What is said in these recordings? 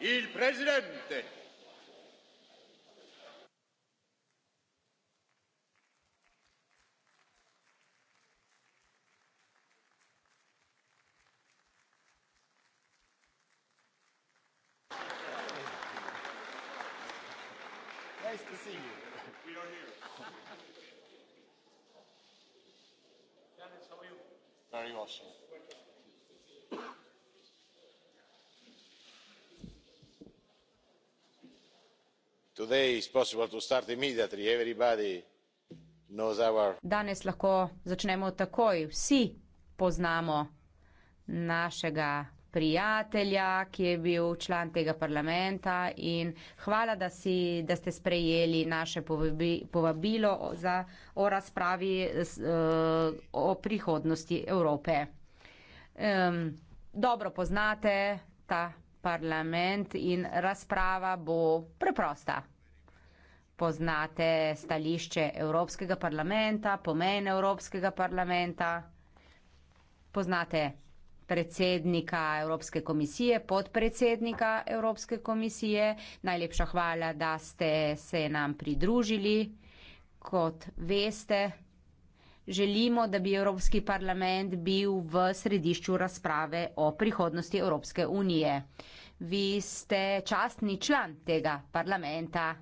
il presidente Today is possible to start immediately. Everybody knows our. Danes lahko začnemo takoj. Vsi poznamo našega prijatelja, ki je bil član tega parlamenta in hvala, da, si, da ste sprejeli naše povabi, povabilo za, o razpravi s, uh, o prihodnosti Evrope. Um, dobro poznate ta parlament in razprava bo preprosta. Poznate stališče Evropskega parlamenta, pomen Evropskega parlamenta, poznate predsednika Evropske komisije, podpredsednika Evropske komisije. Najlepša hvala, da ste se nam pridružili. Kot veste, želimo, da bi Evropski parlament bil v središču razprave o prihodnosti Evropske unije. Vi ste častni član tega parlamenta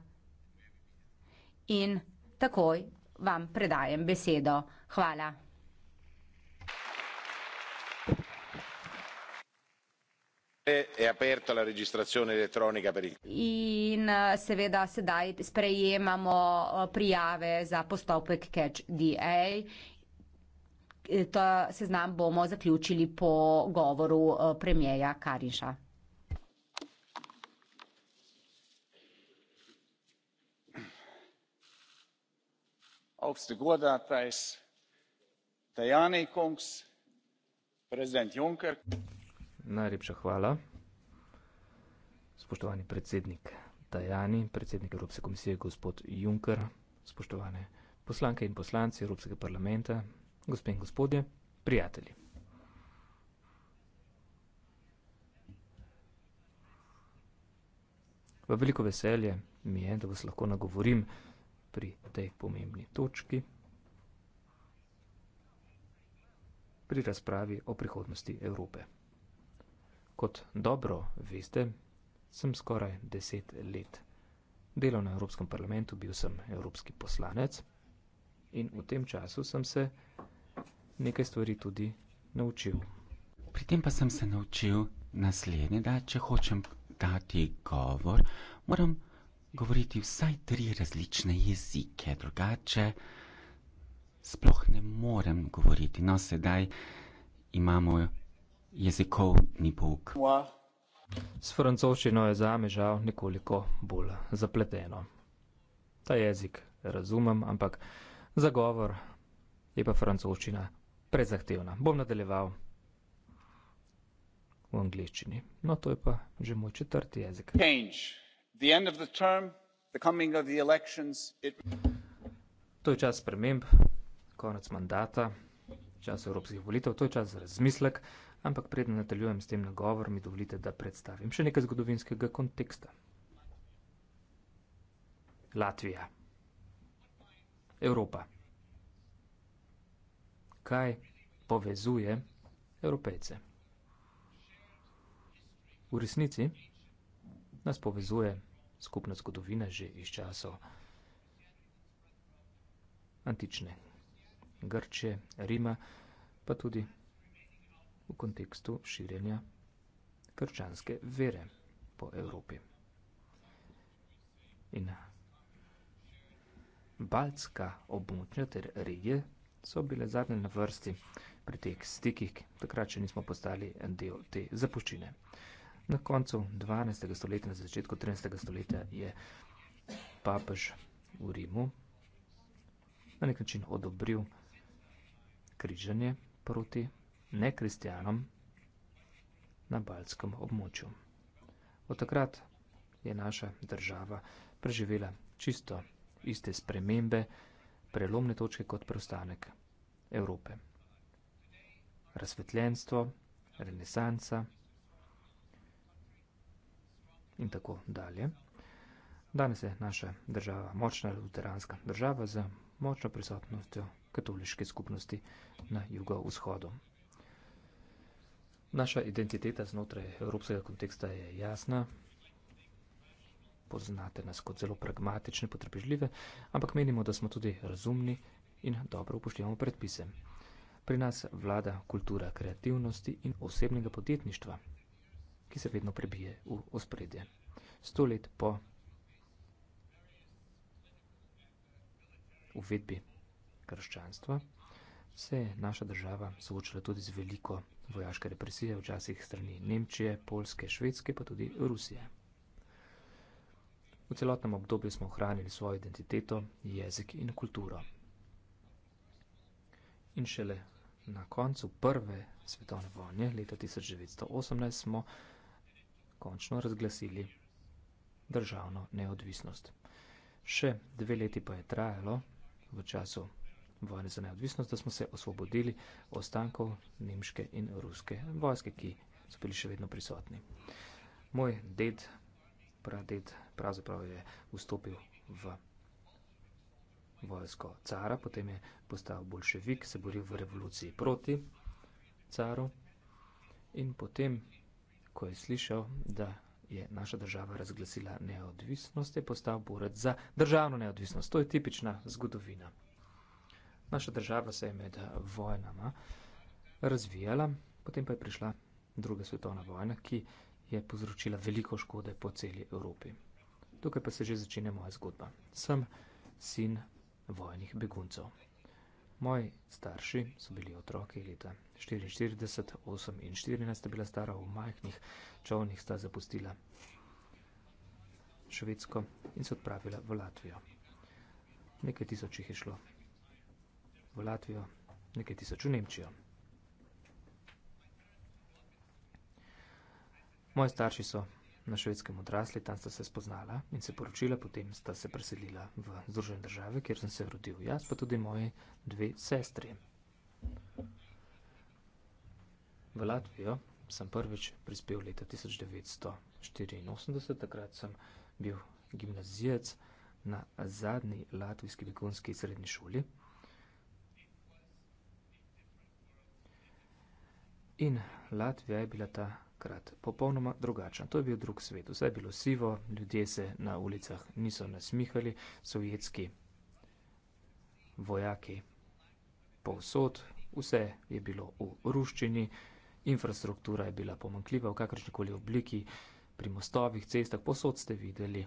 in takoj vam predajem besedo. Hvala. è aperta la registrazione elettronica per il in eh, seveda sedaj sprejemamo eh, prijave za postopek catch da eh, ta seznam bomo zaključili po govoru premijeja Kariša. Predsednik Juncker. Najlepša hvala. Spoštovani predsednik Tajani, predsednik Evropske komisije, gospod Juncker, spoštovane poslanke in poslanci Evropskega parlamenta, gospe in gospodje, prijatelji. V veliko veselje mi je, da vas lahko nagovorim pri tej pomembni točki, pri razpravi o prihodnosti Evrope. Kot dobro veste, sem skoraj deset let delal na Evropskem parlamentu, bil sem evropski poslanec in v tem času sem se nekaj stvari tudi naučil. Pri tem pa sem se naučil naslednje, da če hočem dati govor, moram govoriti vsaj tri različne jezike, drugače sploh ne morem govoriti. No, sedaj imamo jezikovni pouk. S francoščino je zame žal nekoliko bolj zapleteno. Ta jezik razumem, ampak za govor je pa francoščina prezahtevna. Bom nadaljeval v angliščini. No, to je pa že moj četrti jezik. To je čas sprememb, konec mandata, čas evropskih volitev, to je čas za razmislek ampak preden nadaljujem s tem nagovor, mi dovolite, da predstavim še nekaj zgodovinskega konteksta. Latvija. Evropa. Kaj povezuje evropejce? V resnici nas povezuje skupna zgodovina že iz časov antične Grče, Rima, pa tudi v kontekstu širjenja krčanske vere po Evropi. In baltska območja ter regije so bile zadnje na vrsti pri teh stikih, takrat še nismo postali del te zapuščine. Na koncu 12. stoletja, na začetku 13. stoletja je papež v Rimu na nek način odobril križanje proti nekristijanom na balskem območju. Od takrat je naša država preživela čisto iste spremembe, prelomne točke kot preostanek Evrope. Razsvetljenstvo, renesansa in tako dalje. Danes je naša država močna luteranska država z močno prisotnostjo katoliške skupnosti na jugovzhodu. Naša identiteta znotraj evropskega konteksta je jasna. Poznate nas kot zelo pragmatične, potrpežljive, ampak menimo, da smo tudi razumni in dobro upoštevamo predpise. Pri nas vlada kultura kreativnosti in osebnega podjetništva, ki se vedno prebije v ospredje. Sto let po uvedbi krščanstva se je naša država soočala tudi z veliko vojaške represije včasih strani Nemčije, Polske, Švedske, pa tudi Rusije. V celotnem obdobju smo ohranili svojo identiteto, jezik in kulturo. In šele na koncu prve svetovne vojne leta 1918 smo končno razglasili državno neodvisnost. Še dve leti pa je trajalo v času vojne za neodvisnost, da smo se osvobodili ostankov nemške in ruske vojske, ki so bili še vedno prisotni. Moj ded, praded, pravzaprav je vstopil v vojsko cara, potem je postal bolševik, se boril v revoluciji proti caru in potem, ko je slišal, da je naša država razglasila neodvisnost, je postal borec za državno neodvisnost. To je tipična zgodovina. Naša država se je med vojnama razvijala, potem pa je prišla druga svetovna vojna, ki je povzročila veliko škode po celi Evropi. Tukaj pa se že začne moja zgodba. Sem sin vojnih beguncev. Moji starši so bili otroki leta 44, 8 in 14, bila stara v majhnih čovnih, sta zapustila Švedsko in se odpravila v Latvijo. Nekaj tisoč jih je šlo v Latvijo, nekaj tisoč v Nemčijo. Moji starši so na švedskem odrasli, tam sta se spoznala in se poročila, potem sta se preselila v Združene države, kjer sem se rodil jaz, pa tudi moji dve sestri. V Latvijo sem prvič prispel leta 1984, takrat sem bil gimnazijec na zadnji latvijski begunski srednji šoli. In Latvija je bila takrat popolnoma drugačna. To je bil drug svet. Vse je bilo sivo, ljudje se na ulicah niso nasmihali, sovjetski vojaki povsod, vse je bilo v ruščini, infrastruktura je bila pomankljiva v kakršnikoli obliki, pri mostovih, cestah, posod ste videli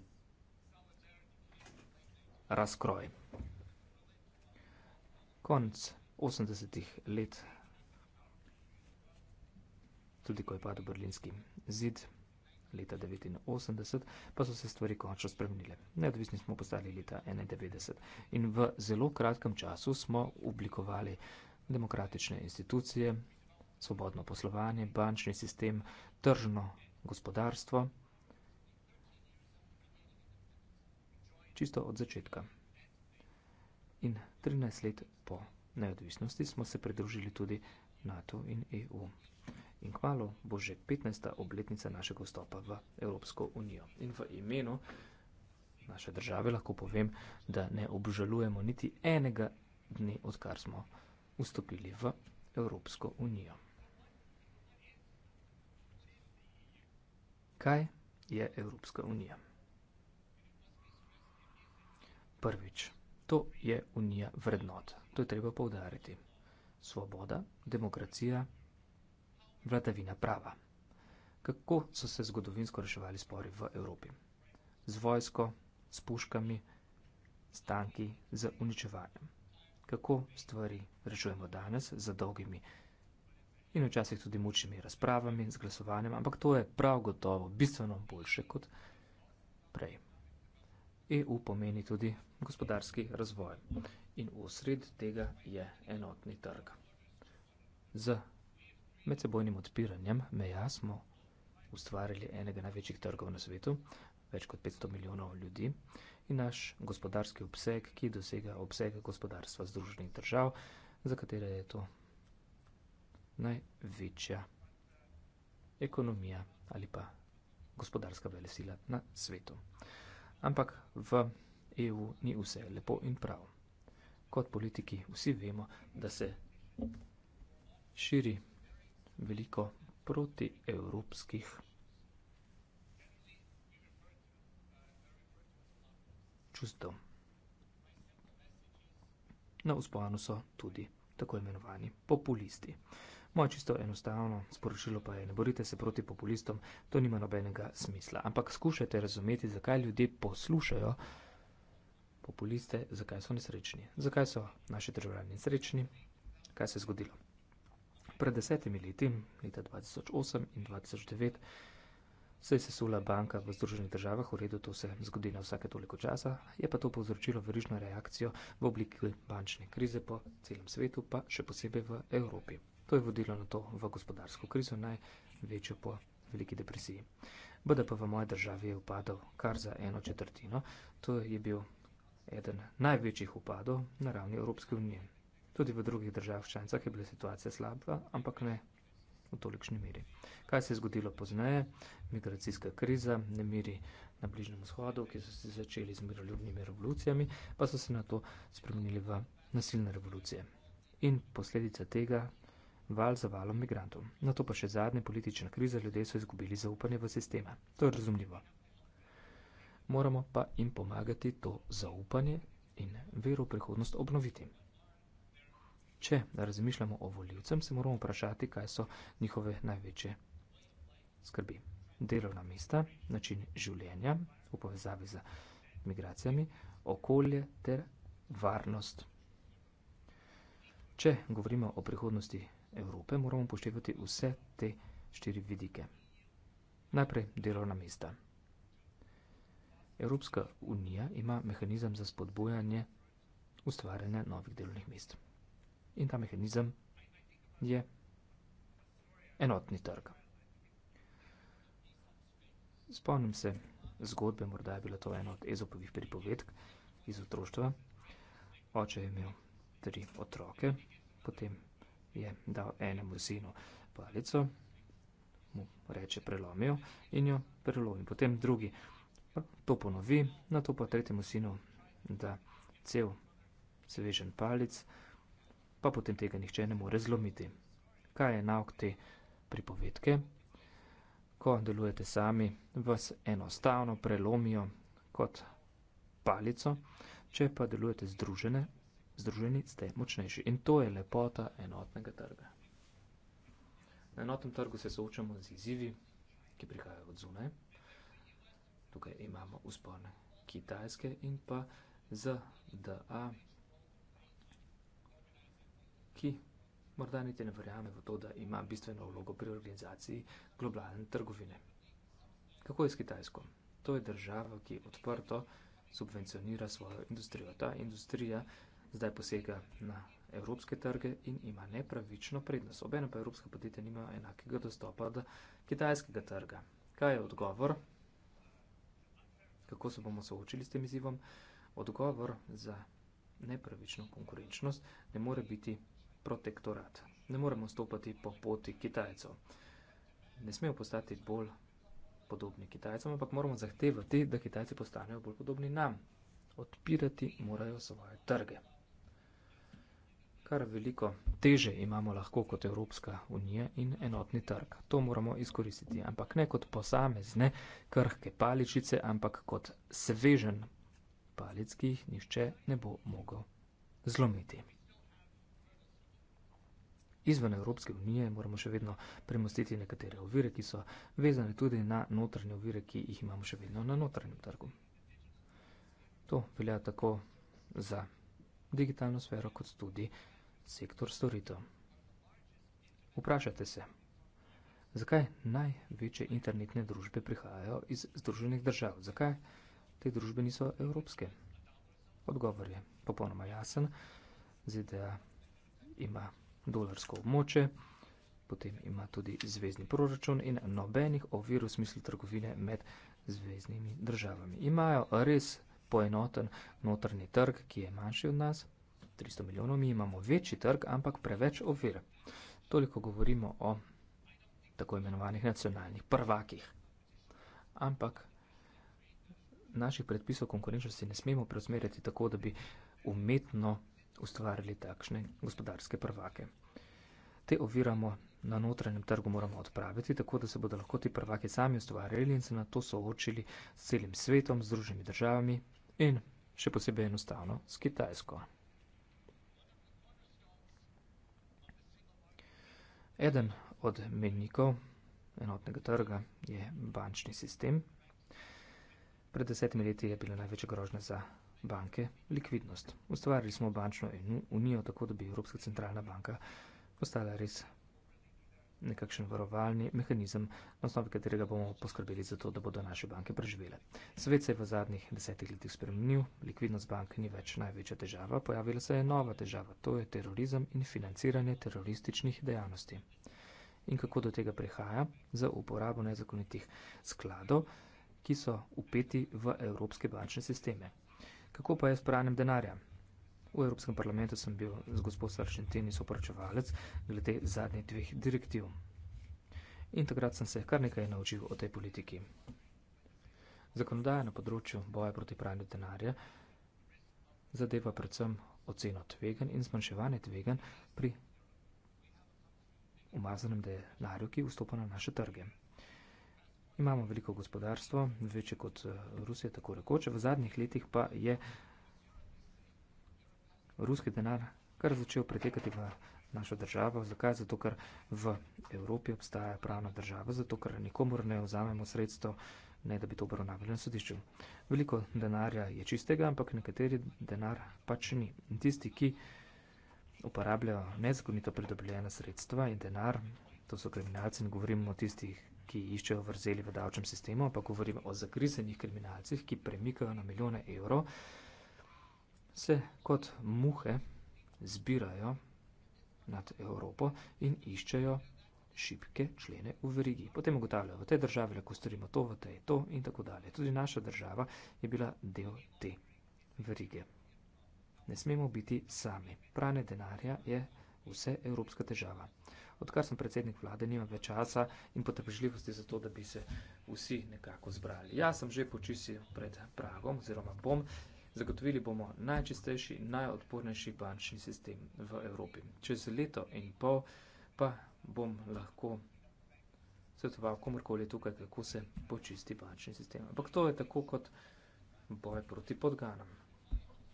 razkroj. Konc 80-ih let tudi ko je padel berlinski zid leta 1989, pa so se stvari končno spremenile. Neodvisni smo postali leta 1991 in v zelo kratkem času smo oblikovali demokratične institucije, svobodno poslovanje, bančni sistem, tržno gospodarstvo. Čisto od začetka. In 13 let po neodvisnosti smo se pridružili tudi NATO in EU in kmalo bo že 15. obletnica našega vstopa v Evropsko unijo. In v imenu naše države lahko povem, da ne obžalujemo niti enega dne, odkar smo vstopili v Evropsko unijo. Kaj je Evropska unija? Prvič, to je unija vrednot. To je treba povdariti. Svoboda, demokracija, vladavina prava. Kako so se zgodovinsko reševali spori v Evropi? Z vojsko, s puškami, s tanki, z uničevanjem. Kako stvari rešujemo danes z dolgimi in včasih tudi mučnimi razpravami, z glasovanjem, ampak to je prav gotovo bistveno boljše kot prej. EU pomeni tudi gospodarski razvoj in v sred tega je enotni trg. Z Med sebojnim odpiranjem meja smo ustvarili enega največjih trgov na svetu, več kot 500 milijonov ljudi, in naš gospodarski obseg, ki dosega obseg gospodarstva Združenih držav, za katere je to največja ekonomija ali pa gospodarska velesila na svetu. Ampak v EU ni vse lepo in prav. Kot politiki vsi vemo, da se širi veliko protievropskih čustev. Na vzponu so tudi tako imenovani populisti. Moje čisto enostavno sporočilo pa je, ne borite se proti populistom, to nima nobenega smisla. Ampak skušajte razumeti, zakaj ljudje poslušajo populiste, zakaj so nesrečni, zakaj so naši državljani nesrečni, kaj se je zgodilo. Pred desetimi leti, leta 2008 in 2009, se je sesula banka v Združenih državah, v redu to se zgodi na vsake toliko časa, je pa to povzročilo verižno reakcijo v obliki bančne krize po celem svetu, pa še posebej v Evropi. To je vodilo na to v gospodarsko krizo, največjo po veliki depresiji. BDP v moje državi je upadal kar za eno četrtino, to je bil eden največjih upadov na ravni Evropske unije. Tudi v drugih državah članicah je bila situacija slaba, ampak ne v tolikšni meri. Kaj se je zgodilo pozneje? Migracijska kriza, nemiri na Bližnjem vzhodu, ki so se začeli z miroljubnimi revolucijami, pa so se na to spremenili v nasilne revolucije. In posledica tega val za valom migrantov. Na to pa še zadnja politična kriza, ljudje so izgubili zaupanje v sistema. To je razumljivo. Moramo pa jim pomagati to zaupanje in vero v prihodnost obnoviti. Če razmišljamo o voljivcem, se moramo vprašati, kaj so njihove največje skrbi. Delovna mesta, način življenja v povezavi z migracijami, okolje ter varnost. Če govorimo o prihodnosti Evrope, moramo upoštevati vse te štiri vidike. Najprej delovna mesta. Evropska unija ima mehanizem za spodbojanje ustvarjanja novih delovnih mest in ta mehanizem je enotni trg. Spomnim se zgodbe, morda je bila to ena od ezopovih pripovedk iz otroštva. Oče je imel tri otroke, potem je dal enemu sinu palico, mu reče prelomijo in jo prelomi. Potem drugi to ponovi, na to pa tretjemu sinu, da cel svežen palic, pa potem tega nihče ne more zlomiti. Kaj je nauk te pripovedke? Ko delujete sami, vas enostavno prelomijo kot palico, če pa delujete združene, združeni ste močnejši. In to je lepota enotnega trga. Na enotnem trgu se soočamo z izzivi, ki prihajajo od zunaj. Tukaj imamo uspone kitajske in pa ZDA, ki morda niti ne verjame v to, da ima bistveno vlogo pri organizaciji globalne trgovine. Kako je s Kitajsko? To je država, ki odprto subvencionira svojo industrijo. Ta industrija zdaj posega na evropske trge in ima nepravično prednost. Obena pa evropska podjetja nima enakega dostopa do kitajskega trga. Kaj je odgovor? Kako se bomo soočili s tem izzivom? Odgovor za nepravično konkurenčnost ne more biti protektorat. Ne moremo stopiti po poti Kitajcev. Ne smemo postati bolj podobni Kitajcem, ampak moramo zahtevati, da Kitajci postanejo bolj podobni nam. Odpirati morajo svoje trge. Kar veliko teže imamo lahko kot Evropska unija in enotni trg. To moramo izkoristiti, ampak ne kot posamezne krhke paličice, ampak kot svežen palic, ki jih nišče ne bo mogel zlomiti izven Evropske unije, moramo še vedno premostiti nekatere ovire, ki so vezane tudi na notranje ovire, ki jih imamo še vedno na notranjem trgu. To velja tako za digitalno sfero, kot tudi sektor storitev. Vprašajte se, zakaj največje internetne družbe prihajajo iz Združenih držav? Zakaj te družbe niso evropske? Odgovor je popolnoma jasen. ZDA ima dolarsko območje, potem ima tudi zvezdni proračun in nobenih ovir v smislu trgovine med zvezdnimi državami. Imajo res poenoten notrni trg, ki je manjši od nas, 300 milijonov, mi imamo večji trg, ampak preveč ovir. Toliko govorimo o tako imenovanih nacionalnih prvakih. Ampak naših predpisov konkurenčnosti ne smemo preusmerjati tako, da bi umetno ustvarili takšne gospodarske prvake te oviramo na notranjem trgu moramo odpraviti, tako da se bodo lahko ti prvaki sami ustvarjali in se na to soočili s celim svetom, z družnimi državami in še posebej enostavno s Kitajsko. Eden od menikov enotnega trga je bančni sistem. Pred desetimi leti je bila največja grožnja za banke likvidnost. Ustvarili smo bančno unijo, tako da bi Evropska centralna banka postala res nekakšen varovalni mehanizem, na osnovi katerega bomo poskrbeli za to, da bodo naše banke preživele. Svet se je v zadnjih desetih letih spremenil, likvidnost bank ni več največja težava, pojavila se je nova težava, to je terorizem in financiranje terorističnih dejavnosti. In kako do tega prihaja? Za uporabo nezakonitih skladov, ki so upeti v evropske bančne sisteme. Kako pa je s pranjem denarja? V Evropskem parlamentu sem bil z gospod Sarčentini soporočevalec glede zadnjih dveh direktiv. In takrat sem se kar nekaj naučil o tej politiki. Zakonodaja na področju boja proti pranju denarja zadeva predvsem oceno tvegan in zmanjševanje tvegan pri umazanem denarju, ki vstopa na naše trge. Imamo veliko gospodarstvo, večje kot eh, Rusija, tako rekoče, v zadnjih letih pa je ruski denar kar začel pretekati v našo državo. Zakaj? Zato, ker v Evropi obstaja pravna država, zato, ker nikomor ne vzamemo sredstvo, ne da bi to obravnavali na sodišču. Veliko denarja je čistega, ampak nekateri denar pač ni. In tisti, ki uporabljajo nezakonito pridobljena sredstva in denar, to so kriminalci, ne govorimo o tistih, ki iščejo vrzeli v davčnem sistemu, ampak govorimo o zakrisenih kriminalcih, ki premikajo na milijone evrov se kot muhe zbirajo nad Evropo in iščejo šibke člene v verigi. Potem ugotavljajo, v tej državi lahko storimo to, v tej to in tako dalje. Tudi naša država je bila del te verige. Ne smemo biti sami. Prane denarja je vse evropska težava. Odkar sem predsednik vlade, nimam več časa in potrpežljivosti za to, da bi se vsi nekako zbrali. Jaz sem že počisil pred pragom oziroma bom. Zagotovili bomo najčistejši, najodpornejši bančni sistem v Evropi. Čez leto in pol pa bom lahko svetoval komorkoli tukaj, kako se počisti bančni sistem. Ampak to je tako kot boj proti podganam.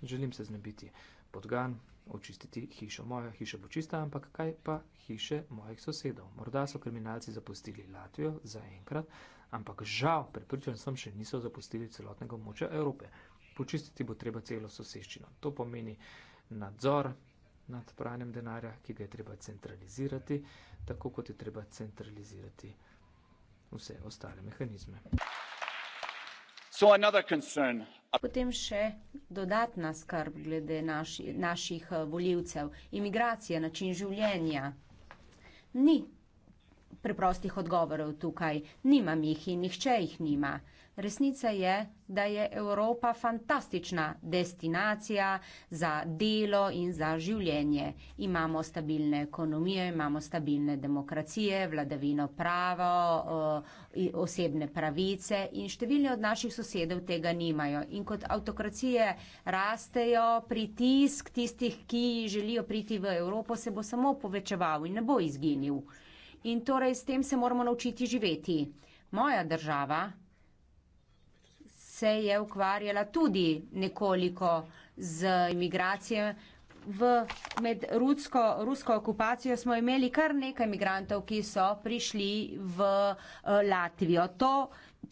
Želim se znebiti podgan, očistiti hišo. Moja hiša bo čista, ampak kaj pa hiše mojih sosedov? Morda so kriminalci zapustili Latvijo za enkrat, ampak žal, prepričan sem, še niso zapustili celotnega območja Evrope počistiti bo treba celo soseščino. To pomeni nadzor nad pranjem denarja, ki ga je treba centralizirati, tako kot je treba centralizirati vse ostale mehanizme. Potem še dodatna skrb glede naši, naših eh, voljivcev, imigracije, način življenja. Ni preprostih odgovorov tukaj. Nimam jih in nihče jih nima. Resnica je, da je Evropa fantastična destinacija za delo in za življenje. Imamo stabilne ekonomije, imamo stabilne demokracije, vladavino pravo, osebne pravice in številni od naših sosedov tega nimajo. In kot avtokracije rastejo, pritisk tistih, ki želijo priti v Evropo, se bo samo povečeval in ne bo izginil in torej s tem se moramo naučiti živeti. Moja država se je ukvarjala tudi nekoliko z imigracije. V, med rudsko, rusko okupacijo smo imeli kar nekaj imigrantov, ki so prišli v uh, Latvijo. To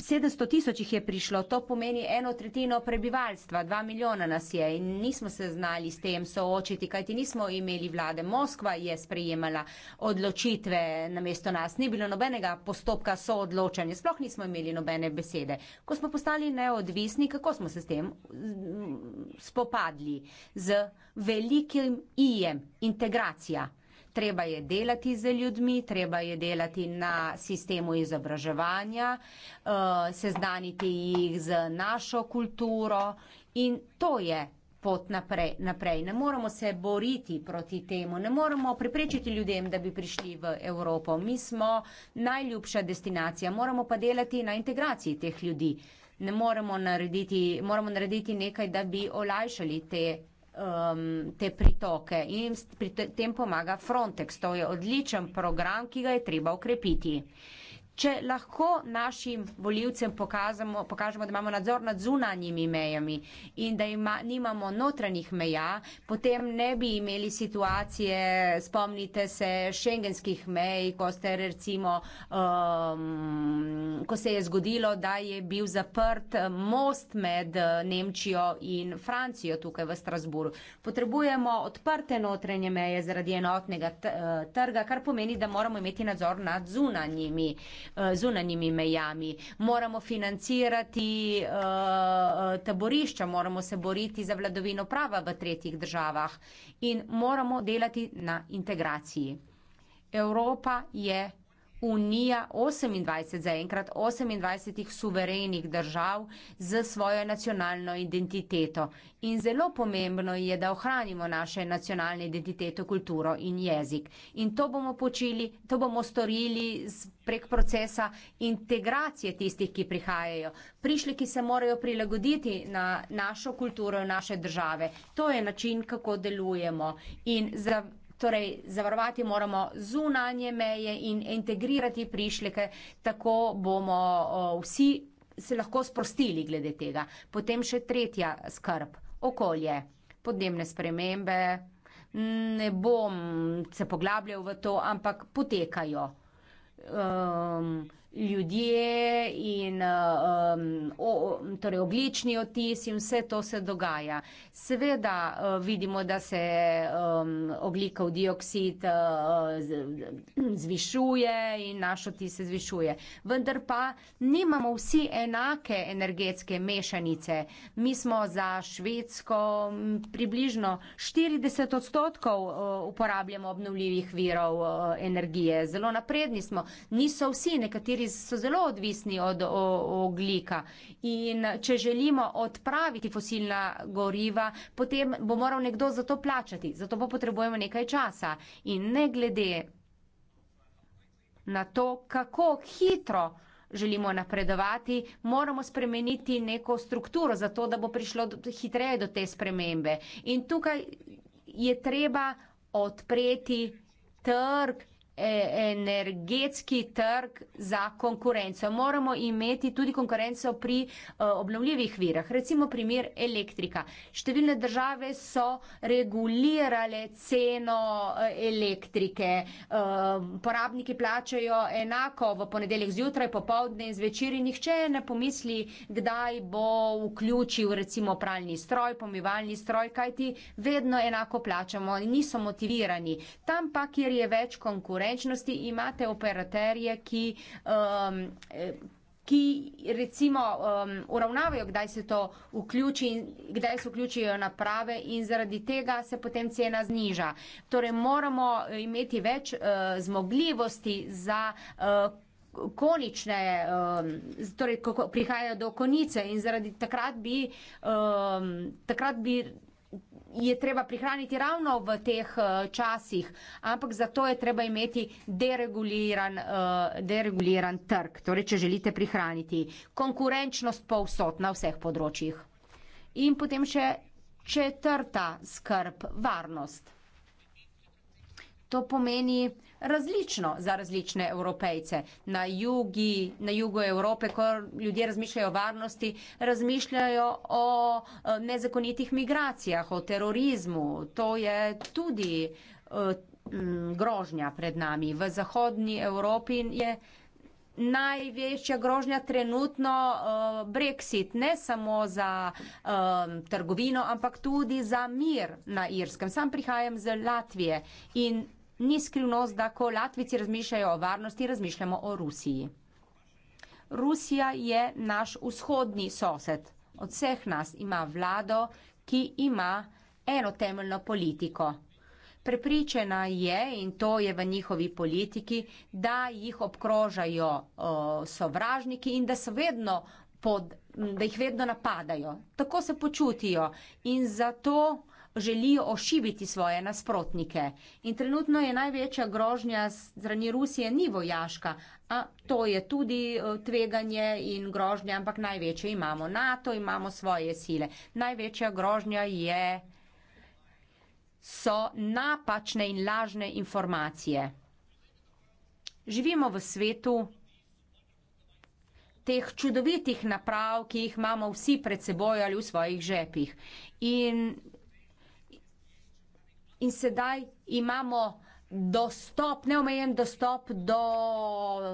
700 tisoč jih je prišlo, to pomeni eno tretjino prebivalstva, dva milijona nas je in nismo se znali s tem soočiti, kajti nismo imeli vlade. Moskva je sprejemala odločitve na mesto nas, ni bilo nobenega postopka soodločanja, sploh nismo imeli nobene besede. Ko smo postali neodvisni, kako smo se s tem mm, spopadli? Z velikim ijem integracija treba je delati z ljudmi, treba je delati na sistemu izobraževanja, eh, seznaniti jih z našo kulturo in to je pot naprej, naprej. Ne moramo se boriti proti temu, ne moramo preprečiti ljudem, da bi prišli v Evropo. Mi smo najljubša destinacija, moramo pa delati na integraciji teh ljudi. Ne moremo narediti, moramo narediti nekaj, da bi olajšali te um, te pritoke in pri tem pomaga Frontex. To je odličen program, ki ga je treba ukrepiti. Če lahko našim voljivcem pokažemo, pokažemo, da imamo nadzor nad zunanjimi mejami in da ima, nimamo notranjih meja, potem ne bi imeli situacije, spomnite se, šengenskih mej, ko, ste, recimo, um, ko se je zgodilo, da je bil zaprt eh, most med eh, Nemčijo in Francijo tukaj v Strasburu. Potrebujemo odprte notranje meje zaradi enotnega eh, trga, kar pomeni, da moramo imeti nadzor nad zunanjimi. Eh, zunanjimi mejami. Moramo financirati eh, eh, taborišča, moramo se boriti za vladovino prava v tretjih državah in moramo delati na integraciji. Evropa je Unija 28, zaenkrat 28 suverenih držav z svojo nacionalno identiteto. In zelo pomembno je, da ohranimo naše nacionalne identitete, kulturo in jezik. In to bomo počeli, to bomo storili prek procesa integracije tistih, ki prihajajo. Prišli, ki se morajo prilagoditi na našo kulturo in naše države. To je način, kako delujemo. In za torej zavarovati moramo zunanje meje in integrirati prišleke, tako bomo vsi se lahko sprostili glede tega. Potem še tretja skrb, okolje, podnebne spremembe, ne bom se poglabljal v to, ampak potekajo. Um, ljudje in eh, um, o, torej oglični otis in vse to se dogaja. Seveda uh, vidimo, da se um, oglikov dioksid uh, zvišuje in naš otis se zvišuje. Vendar pa nimamo vsi enake energetske mešanice. Mi smo za Švedsko približno 40 odstotkov uh, uporabljamo obnovljivih virov uh, energije. Zelo napredni smo. Niso vsi, nekateri nekateri so zelo odvisni od oglika in če želimo odpraviti fosilna goriva, potem bo moral nekdo za to plačati, zato bo potrebujemo nekaj časa in ne glede na to, kako hitro želimo napredovati, moramo spremeniti neko strukturo za to, da bo prišlo hitreje do te spremembe. In tukaj je treba odpreti trg E, energetski trg za konkurenco. Moramo imeti tudi konkurenco pri e, obnovljivih virah, recimo primer elektrika. Številne države so regulirale ceno e, elektrike, porabniki plačajo enako v ponedeljek zjutraj, popovdne in zvečer in nihče ne pomisli, kdaj bo vključil recimo pralni stroj, pomivalni stroj, kajti vedno enako plačamo in niso motivirani. Tam pa, kjer je več konkurenca, konkurenčnosti, imate operaterje, ki. Um, eh, ki recimo um, uravnavajo, kdaj se to vključi, kdaj se vključijo naprave in zaradi tega se potem cena zniža. Torej moramo eh, imeti več uh, zmogljivosti za uh, konične, um, torej ko prihajajo do konice in zaradi takrat bi, um, takrat bi je treba prihraniti ravno v teh eh, časih, ampak zato je treba imeti dereguliran, eh, dereguliran trg, torej če želite prihraniti konkurenčnost povsod na vseh področjih. In potem še četrta skrb, varnost to pomeni različno za različne evropejce. Na, jugi, na jugu Evrope, ko ljudje razmišljajo o varnosti, razmišljajo o eh, nezakonitih migracijah, o terorizmu. To je tudi eh, grožnja pred nami. V zahodni Evropi je največja grožnja trenutno eh, Brexit, ne samo za um, trgovino, ampak tudi za mir na Irskem. Sam prihajam z Latvije in Ni skrivnost, da ko Latvici razmišljajo o varnosti, razmišljamo o Rusiji. Rusija je naš vzhodni sosed. Od vseh nas ima vlado, ki ima eno temeljno politiko. Prepričana je, in to je v njihovi politiki, da jih obkrožajo o, sovražniki in da, vedno pod, da jih vedno napadajo. Tako se počutijo in zato želijo ošibiti svoje nasprotnike. In trenutno je največja grožnja strani Rusije ni vojaška, a to je tudi e, tveganje in grožnja, ampak največje imamo NATO, imamo svoje sile. Največja grožnja je, so napačne in lažne informacije. Živimo v svetu teh čudovitih naprav, ki jih imamo vsi pred seboj ali v svojih žepih. In in sedaj imamo dostop, neomejen dostop do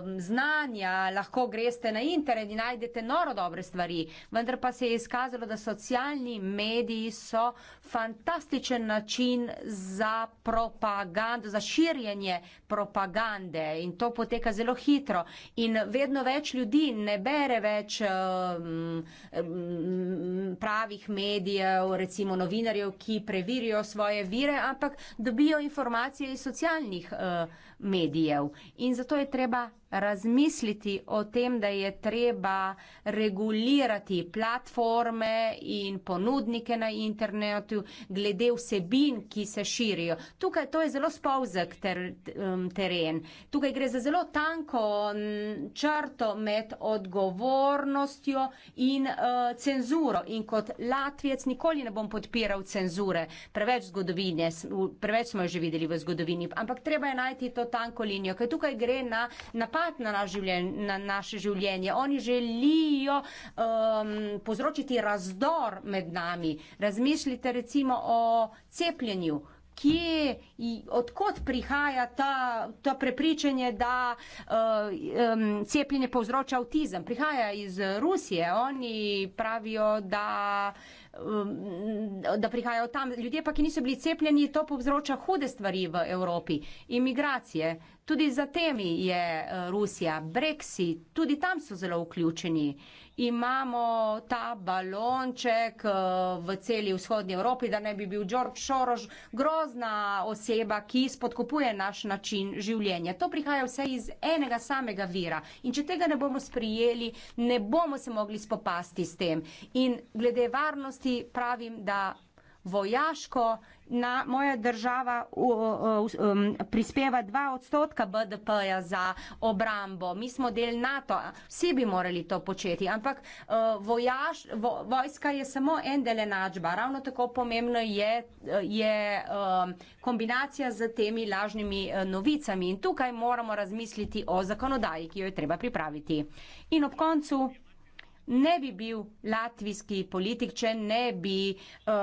mm, znanja, lahko greste na internet in najdete noro dobre stvari, vendar pa se je izkazalo, da socialni mediji so fantastičen način za propagando, za širjenje propagande in to poteka zelo hitro in vedno več ljudi ne bere več um, um, pravih medijev, recimo novinarjev, ki preverijo svoje vire, ampak dobijo informacije iz socialnih medijev socialnih eh, medijev. In zato je treba razmisliti o tem, da je treba regulirati platforme in ponudnike na internetu glede vsebin, ki se širijo. Tukaj to je zelo spolzek ter, um, teren. Tukaj gre za zelo tanko črto med odgovornostjo in uh, cenzuro. In kot latvijec nikoli ne bom podpiral cenzure. Preveč zgodovine, preveč smo jo že videli v zgodovini, ampak treba je najti to tanko linijo, ker tukaj gre na napad na, naš življenje, na naše življenje. Oni želijo um, povzročiti razdor med nami. Razmišljite recimo o cepljenju. Kje, odkot prihaja ta, ta prepričanje, da uh, um, cepljenje povzroča avtizem? Prihaja iz Rusije. Oni pravijo, da uh, Um, da prihajajo tam ljudje, pa ki niso bili cepljeni, to povzroča hude stvari v Evropi. Imigracije, tudi za temi je uh, Rusija, Brexit, tudi tam so zelo vključeni imamo ta balonček eh, v celi vzhodnji Evropi, da ne bi bil George Soros grozna oseba, ki spodkopuje naš način življenja. To prihaja vse iz enega samega vira in če tega ne bomo sprijeli, ne bomo se mogli spopasti s tem. In glede varnosti pravim, da vojaško na moja država u, u, u, um, prispeva dva odstotka BDP-ja za obrambo. Mi smo del NATO, vsi bi morali to početi, ampak uh, vojaš, vo, vojska je samo en del enačba. Ravno tako pomembno je, uh, je um, kombinacija z temi lažnimi uh, novicami in tukaj moramo razmisliti o zakonodaji, ki jo je treba pripraviti. In ob koncu ne bi bil latvijski politik, če ne bi uh,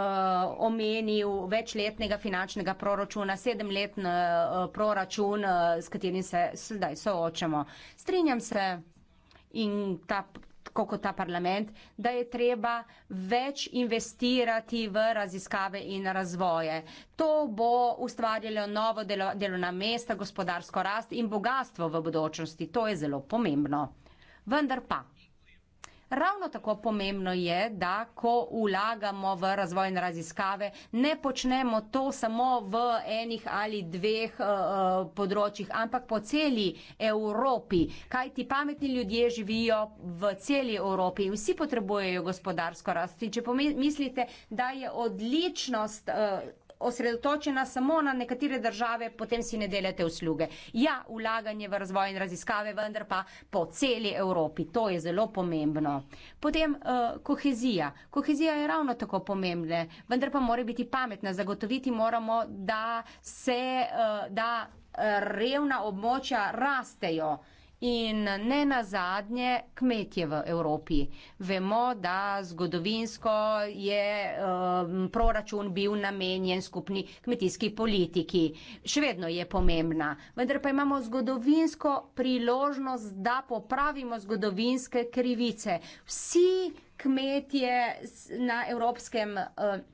omenil večletnega finančnega proračuna, sedemletn uh, eh, proračun, uh, s katerim se sedaj soočamo. Strinjam se in ta kot ta parlament, da je treba več investirati v raziskave in razvoje. To bo ustvarjalo novo delo, delovna mesta, gospodarsko rast in bogatstvo v budočnosti. To je zelo pomembno. Vendar pa. Ravno tako pomembno je, da ko vlagamo v razvoj in raziskave, ne počnemo to samo v enih ali dveh uh, področjih, ampak po celi Evropi. Kaj ti pametni ljudje živijo v celi Evropi in vsi potrebujejo gospodarsko rast. In če pomislite, da je odličnost. Uh, osredotočena samo na nekatere države, potem si ne delete usluge. Ja, vlaganje v razvoj in raziskave, vendar pa po celi Evropi. To je zelo pomembno. Potem uh, kohezija. Kohezija je ravno tako pomembna, vendar pa mora biti pametna. Zagotoviti moramo, da se uh, da eh, revna območja rastejo. Uh, In ne na zadnje, kmetje v Evropi. Vemo, da zgodovinsko je um, proračun bil namenjen skupni kmetijski politiki. Še vedno je pomembna. Vendar pa imamo zgodovinsko priložnost, da popravimo zgodovinske krivice. Vsi kmetje na evropskem. Um,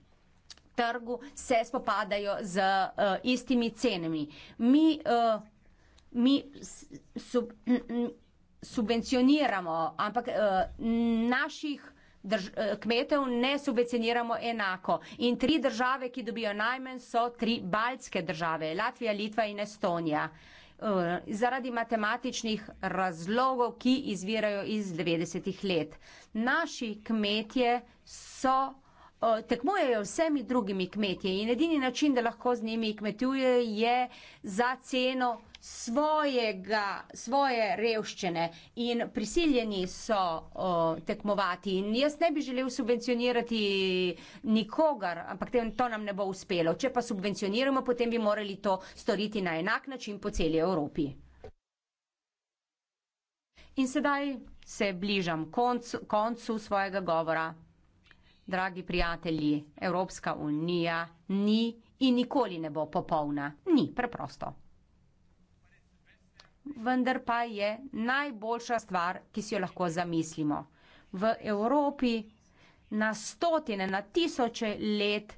trgu se spopadajo z uh, istimi cenami. Mi uh, mi sub, subvencioniramo, ampak uh, naših drž, eh, kmetov ne subvencioniramo enako. In tri države, ki dobijo najmanj, so tri baltske države - Latvija, Litva in Estonija. Uh, zaradi matematičnih razlogov, ki izvirajo iz 90-ih let. Naši kmetje so, uh, tekmujejo vsemi drugimi kmetje in edini način, da lahko z njimi kmetuje, je za ceno svojega, svoje revščine in prisiljeni so o, tekmovati. In jaz ne bi želel subvencionirati nikogar, ampak te, to nam ne bo uspelo. Če pa subvencioniramo, potem bi morali to storiti na enak način po celi Evropi. In sedaj se bližam koncu, koncu svojega govora. Dragi prijatelji, Evropska unija ni in nikoli ne bo popolna. Ni, preprosto vendar pa je najboljša stvar, ki si jo lahko zamislimo. V Evropi na stotine, na tisoče let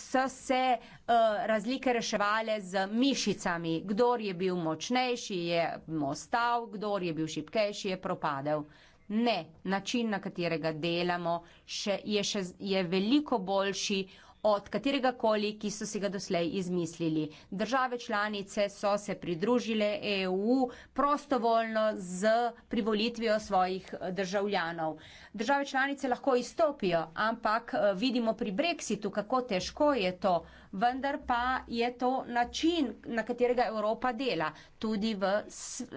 so se uh, razlike reševale z mišicami. Kdor je bil močnejši, je ostal, kdor je bil šipkejši, je propadel. Ne, način, na katerega delamo, še, je, še, je veliko boljši od katerega koli, ki so si ga doslej izmislili. Države članice so se pridružile EU prostovoljno z privolitvijo svojih državljanov. Države članice lahko izstopijo, ampak eh, vidimo pri Brexitu, kako težko je to, vendar pa je to način, na katerega Evropa dela. Tudi v,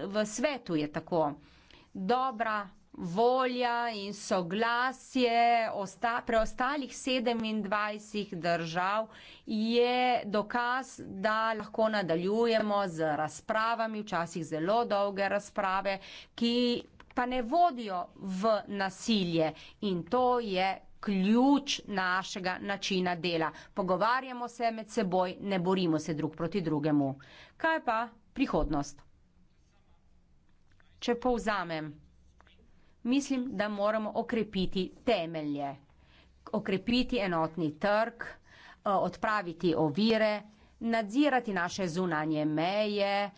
v svetu je tako. Dobra volja in soglasje preostalih 27 držav je dokaz, da lahko nadaljujemo z razpravami, včasih zelo dolge razprave, ki pa ne vodijo v nasilje in to je ključ našega načina dela. Pogovarjamo se med seboj, ne borimo se drug proti drugemu. Kaj pa prihodnost? Če povzamem mislim, da moramo okrepiti temelje, okrepiti enotni trg, eh, odpraviti ovire, nadzirati naše zunanje meje,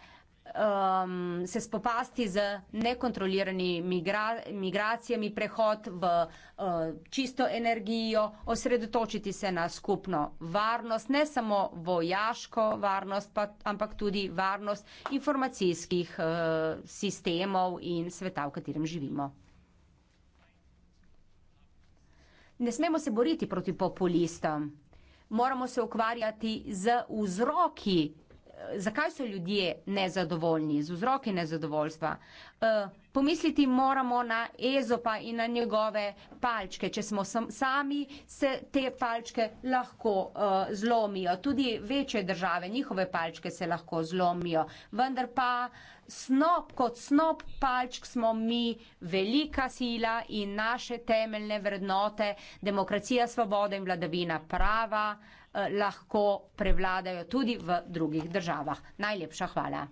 um, se spopasti z nekontroliranimi migra migracijami, prehod v uh, čisto energijo, osredotočiti se na skupno varnost, ne samo vojaško varnost, pa, ampak tudi varnost informacijskih uh, sistemov in sveta, v katerem živimo. ne smemo se boriti proti populistom. Moramo se ukvarjati z vzroki, eh, zakaj so ljudje nezadovoljni, z vzroki nezadovoljstva. Eh, pomisliti moramo na Ezopa in na njegove palčke, če smo sami, se te palčke lahko eh, zlomijo. Tudi večje države, njihove palčke se lahko zlomijo. Vendar pa snop kot snop palčk smo mi velika sila in naše temeljne vrednote, demokracija, svoboda in vladavina prava eh, lahko prevladajo tudi v drugih državah. Najlepša hvala.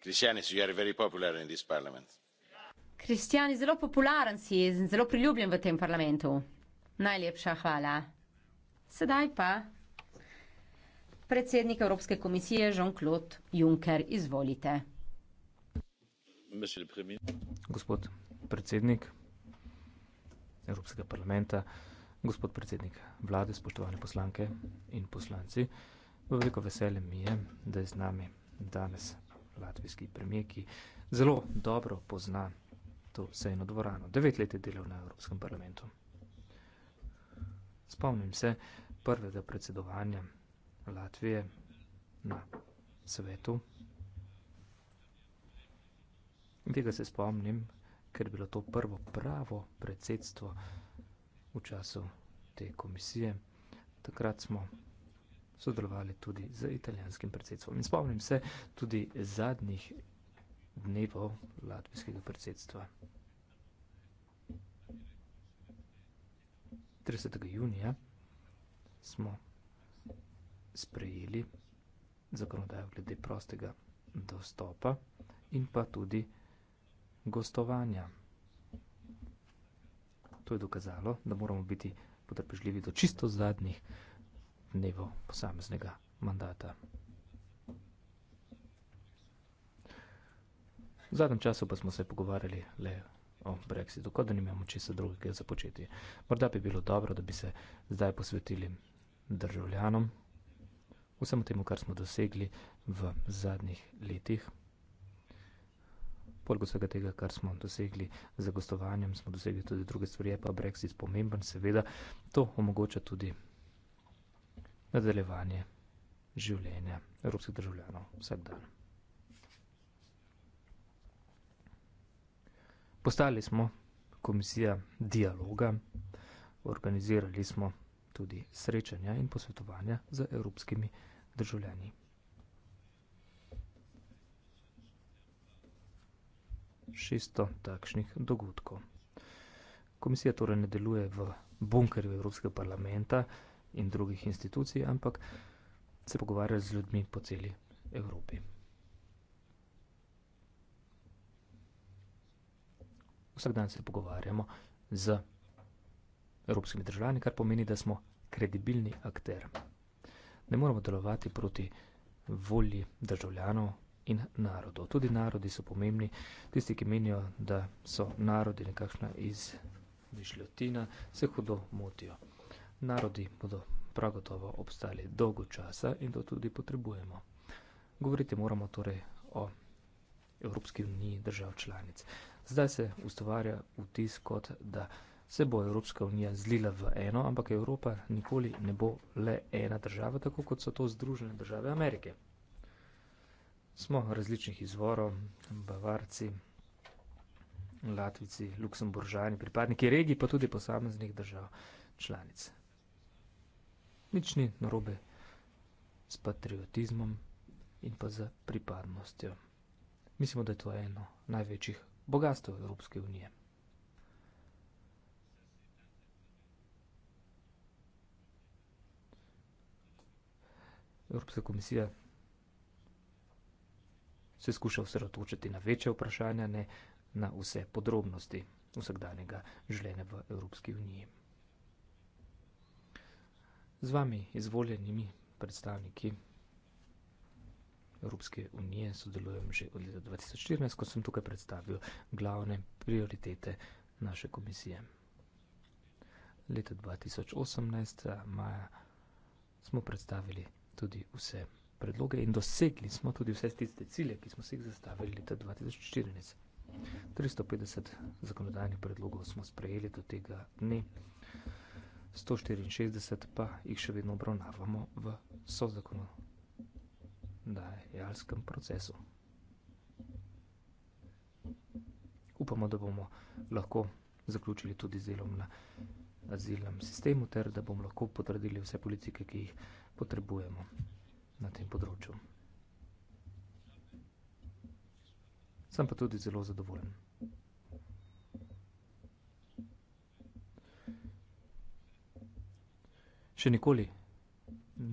christianity is very very popular in this parliament. Kristijan je zelo popularen, si zelo priljubljen v tem parlamentu. Najlepša hvala. Sedaj pa predsednik Evropske komisije Jean-Claude Juncker, izvolite. Gospod predsednik Evropskega parlamenta, gospod predsednik vlade, spoštovane poslanke in poslanci, veliko veselje mi je, da je z nami danes latvijski premijer, ki zelo dobro pozna to sejno dvorano. Devet let je delal na Evropskem parlamentu. Spomnim se prvega predsedovanja Latvije na svetu. Tega se spomnim, ker je bilo to prvo pravo predsedstvo v času te komisije. Takrat smo sodelovali tudi z italijanskim predsedstvom. In spomnim se tudi zadnjih dnevov latvijskega predsedstva. 30. junija smo sprejeli zakonodajo glede prostega dostopa in pa tudi gostovanja. To je dokazalo, da moramo biti potrpežljivi do čisto zadnjih nivo posameznega mandata. V zadnjem času pa smo se pogovarjali le o Brexitu, kot da nimamo česa drugega započeti. Morda bi bilo dobro, da bi se zdaj posvetili državljanom, vsemu temu, kar smo dosegli v zadnjih letih. Poleg vsega tega, kar smo dosegli z gostovanjem, smo dosegli tudi druge stvari, je pa Brexit pomemben, seveda. To omogoča tudi nadaljevanje življenja evropskih državljanov vsak dan. Postali smo komisija dialoga, organizirali smo tudi srečanja in posvetovanja z evropskimi državljani. Šesto takšnih dogodkov. Komisija torej ne deluje v bunkerju Evropskega parlamenta, in drugih institucij, ampak se pogovarjali z ljudmi po celi Evropi. Vsak dan se pogovarjamo z evropskimi državljani, kar pomeni, da smo kredibilni akter. Ne moramo delovati proti volji državljanov in narodov. Tudi narodi so pomembni. Tisti, ki menijo, da so narodi nekakšna iz višljotina, se hudo motijo. Narodi bodo prav gotovo obstali dolgo časa in to tudi potrebujemo. Govoriti moramo torej o Evropski uniji držav članic. Zdaj se ustvarja vtis kot, da se bo Evropska unija zlila v eno, ampak Evropa nikoli ne bo le ena država, tako kot so to združene države Amerike. Smo različnih izvorov, bavarci, latvici, luksemburžani, pripadniki regij, pa tudi posameznih držav članic nič ni narobe s patriotizmom in pa z pripadnostjo. Mislimo, da je to eno največjih bogatstv Evropske unije. Evropska komisija se skuša osredotočiti na večje vprašanja, ne na vse podrobnosti vsakdanjega življenja v Evropski uniji z vami izvoljenimi predstavniki Evropske unije sodelujem že od leta 2014, ko sem tukaj predstavil glavne prioritete naše komisije. Leta 2018, eh, maja, smo predstavili tudi vse predloge in dosegli smo tudi vse tiste cilje, ki smo si jih zastavili leta 2014. 350 zakonodajnih predlogov smo sprejeli do tega dne. 164 pa jih še vedno obravnavamo v sozakonu, da je jalskem procesu. Upamo, da bomo lahko zaključili tudi z delom na azilnem sistemu, ter da bomo lahko potrdili vse politike, ki jih potrebujemo na tem področju. Sem pa tudi zelo zadovoljen. še nikoli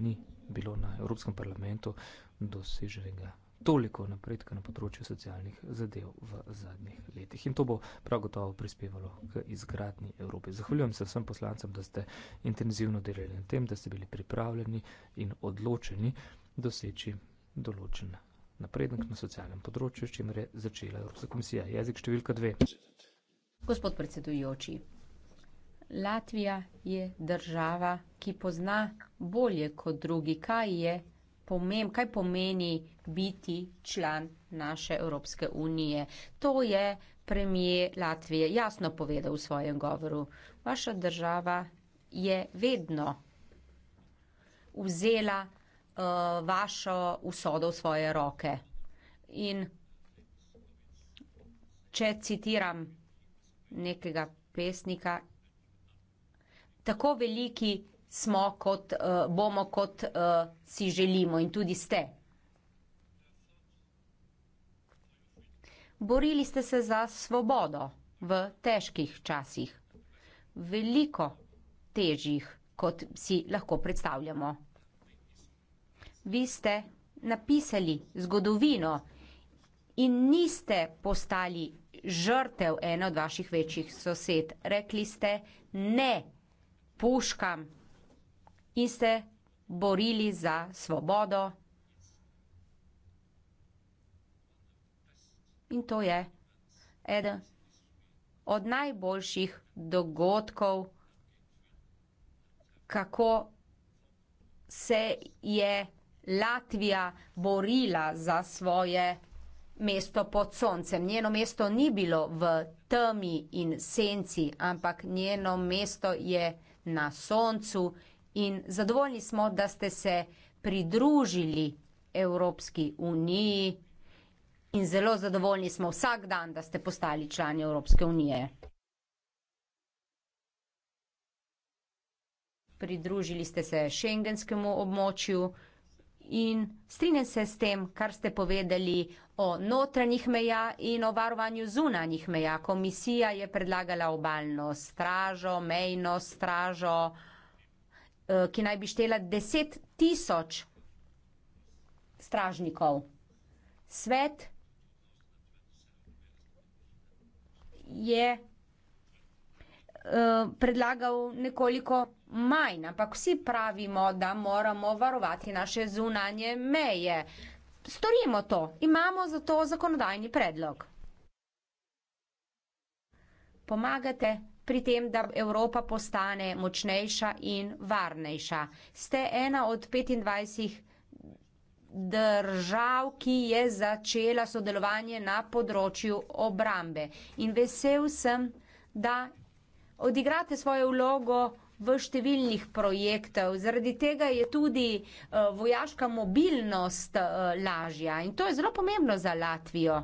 ni bilo na Evropskem parlamentu doseženega toliko napredka na področju socialnih zadev v zadnjih letih. In to bo prav gotovo prispevalo k izgradni Evropi. Zahvaljujem se vsem poslancem, da ste intenzivno delali na tem, da ste bili pripravljeni in odločeni doseči določen napredek na socialnem področju, s čimer je začela Evropska komisija. Jezik številka dve. Gospod predsedujoči, Latvija je država, ki pozna bolje kot drugi, kaj je pomem, kaj pomeni biti član naše Evropske unije. To je premijer Latvije jasno povedal v svojem govoru. Vaša država je vedno vzela uh, vašo usodo v svoje roke. In če citiram nekega pesnika, tako veliki smo, kot uh, bomo, kot uh, si želimo in tudi ste. Borili ste se za svobodo v težkih časih, veliko težjih, kot si lahko predstavljamo. Vi ste napisali zgodovino in niste postali žrtev ene od vaših večjih sosed. Rekli ste ne puškam in se borili za svobodo. In to je eden od najboljših dogodkov, kako se je Latvija borila za svoje mesto pod soncem. Njeno mesto ni bilo v temi in senci, ampak njeno mesto je na soncu in zadovoljni smo, da ste se pridružili Evropski uniji in zelo zadovoljni smo vsak dan, da ste postali člani Evropske unije. Pridružili ste se šengenskemu območju in strinjam se s tem, kar ste povedali o notranjih meja in o varovanju zunanjih meja. Komisija je predlagala obaljno stražo, mejno stražo, eh, ki naj bi štela deset tisoč stražnikov. Svet je eh, predlagal nekoliko manj, ampak vsi pravimo, da moramo varovati naše zunanje meje. Storimo to, imamo za to zakonodajni predlog. Pomagate pri tem, da Evropa postane močnejša in varnejša. Ste ena od 25 držav, ki je začela sodelovanje na področju obrambe. In vesel sem, da odigrate svojo vlogo v številnih projektov. Zaradi tega je tudi eh, vojaška mobilnost eh, lažja in to je zelo pomembno za Latvijo.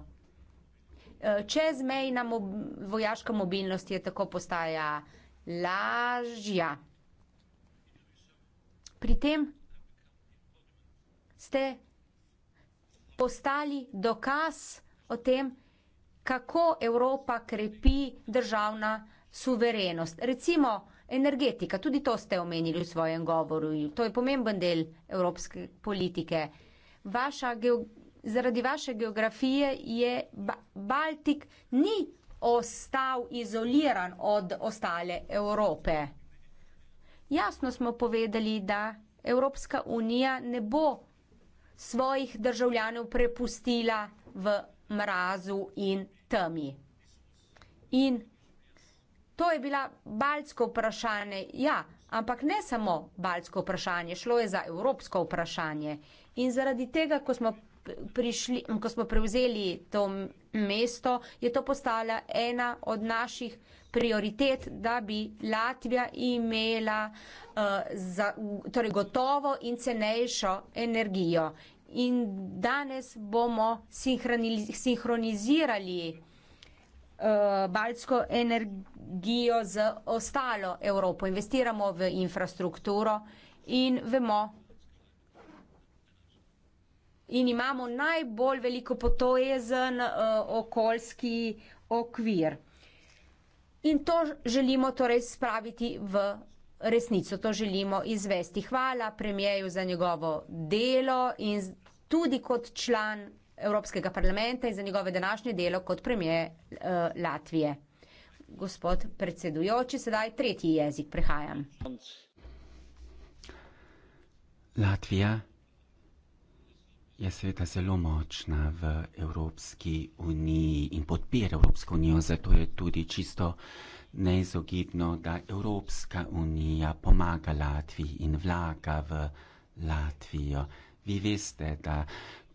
Eh, čezmejna mob vojaška mobilnost je tako postaja lažja. Pri tem ste postali dokaz o tem, kako Evropa krepi državna suverenost. Recimo, energetika, tudi to ste omenili v svojem govoru, to je pomemben del evropske politike. Vaša geog... Zaradi vaše geografije je ba Baltik ni ostal izoliran od ostale Evrope. Jasno smo povedali, da Evropska unija ne bo svojih državljanov prepustila v mrazu in temi. In To je bila baltsko vprašanje, ja, ampak ne samo baltsko vprašanje, šlo je za evropsko vprašanje. In zaradi tega, ko smo, prišli, ko smo prevzeli to mesto, je to postala ena od naših prioritet, da bi Latvija imela uh, za, torej gotovo in cenejšo energijo. In danes bomo sinhronizirali. sinhronizirali Eh, baltsko energijo z ostalo Evropo. Investiramo v infrastrukturo in vemo, in imamo najbolj veliko potojezen uh, okoljski okvir. In to želimo torej spraviti v resnico, to želimo izvesti. Hvala premijeju za njegovo delo in tudi kot član Evropskega parlamenta in za njegove današnje delo kot premije uh, eh, Latvije. Gospod predsedujoči, sedaj tretji jezik prehajam. Latvija je seveda zelo močna v Evropski uniji in podpira Evropsko unijo, zato je tudi čisto neizogibno, da Evropska unija pomaga Latviji in vlaga v Latvijo. Vi veste, da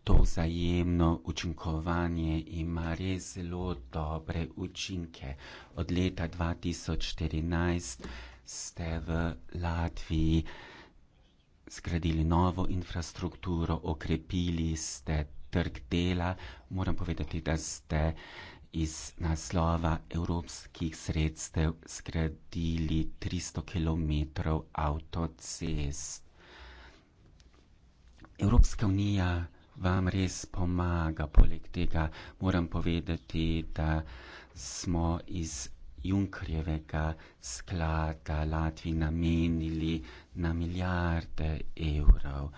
to vzajemno učinkovanje ima res zelo dobre učinke. Od leta 2014 ste v Latviji zgradili novo infrastrukturo, okrepili ste trg dela. Moram povedati, da ste iz naslova evropskih sredstev zgradili 300 kilometrov avtocest. Evropska unija vam res pomaga. Poleg tega moram povedati, da smo iz Junkrjevega sklada Latvi namenili na milijarde evrov.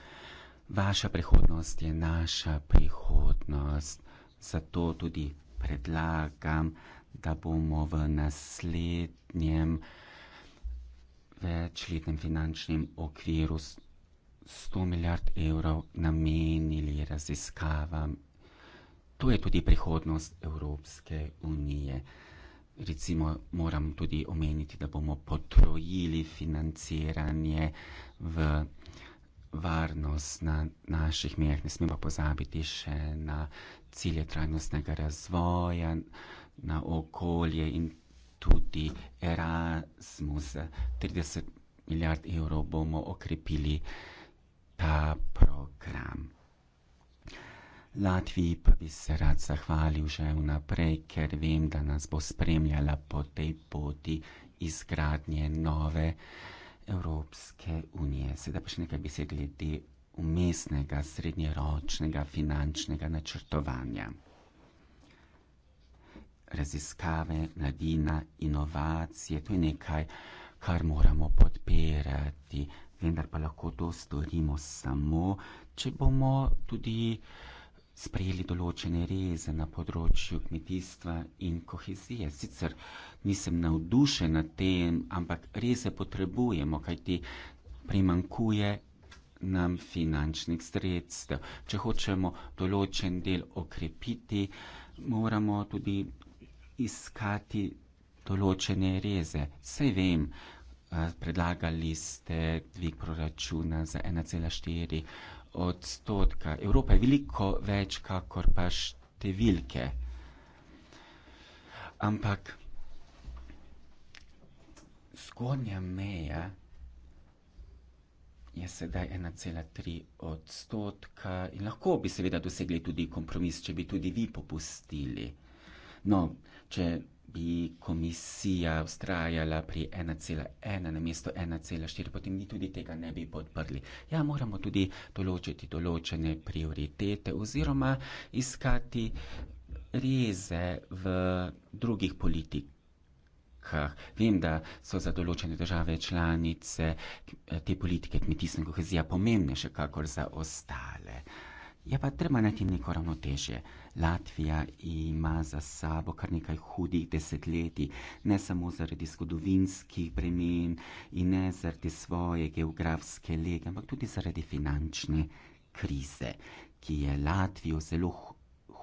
Vaša prihodnost je naša prihodnost, zato tudi predlagam, da bomo v naslednjem večletnem finančnem okviru 100 milijard evrov namenili raziskavam. To je tudi prihodnost Evropske unije. Recimo, moram tudi omeniti, da bomo potrojili financiranje v varnost na naših mejah. Ne smemo pozabiti še na cilje trajnostnega razvoja, na okolje in tudi Erasmus. 30 milijard evrov bomo okrepili ta program. Latviji pa bi se rad zahvalil že vnaprej, ker vem, da nas bo spremljala po tej poti izgradnje nove Evropske unije. Sedaj pa še nekaj besed glede umestnega srednjeročnega finančnega načrtovanja. Raziskave, mladina, inovacije, to je nekaj, kar moramo podpirati, vendar pa lahko to storimo samo, če bomo tudi sprejeli določene reze na področju kmetijstva in kohezije. Sicer nisem navdušen nad tem, ampak reze potrebujemo, kajti primankuje nam finančnih sredstev. Če hočemo določen del okrepiti, moramo tudi iskati določene reze. Vse vem, Eh, predlagali ste dvig proračuna za 1,4 odstotka. Evropa je veliko več, kakor pa številke. Ampak zgornja meja je sedaj 1,3 odstotka in lahko bi seveda dosegli tudi kompromis, če bi tudi vi popustili. No, če bi komisija ustrajala pri 1,1 na mesto 1,4, potem mi tudi tega ne bi podprli. Ja, moramo tudi določiti določene prioritete oziroma iskati reze v drugih politik. Vem, da so za določene države članice eh, te politike kmetijstva in kohezija pomembnejše, kakor za ostale. Uh, Je pa treba najti neko ravnotežje. Latvija ima za sabo kar nekaj hudih desetletij, ne samo zaradi zgodovinskih bremen in ne zaradi svoje geografske lege, ampak tudi zaradi finančne krize, ki je Latvijo zelo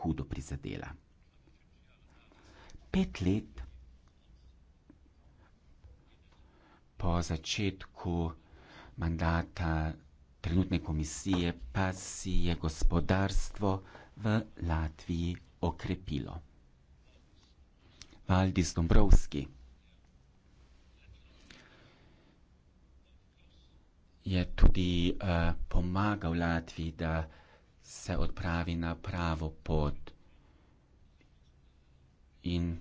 hudo prizadela. Pet let po začetku mandata trenutne komisije pa si je gospodarstvo v Latviji okrepilo. Valdis Dombrovski je tudi uh, pomagal Latviji, da se odpravi na pravo pot. In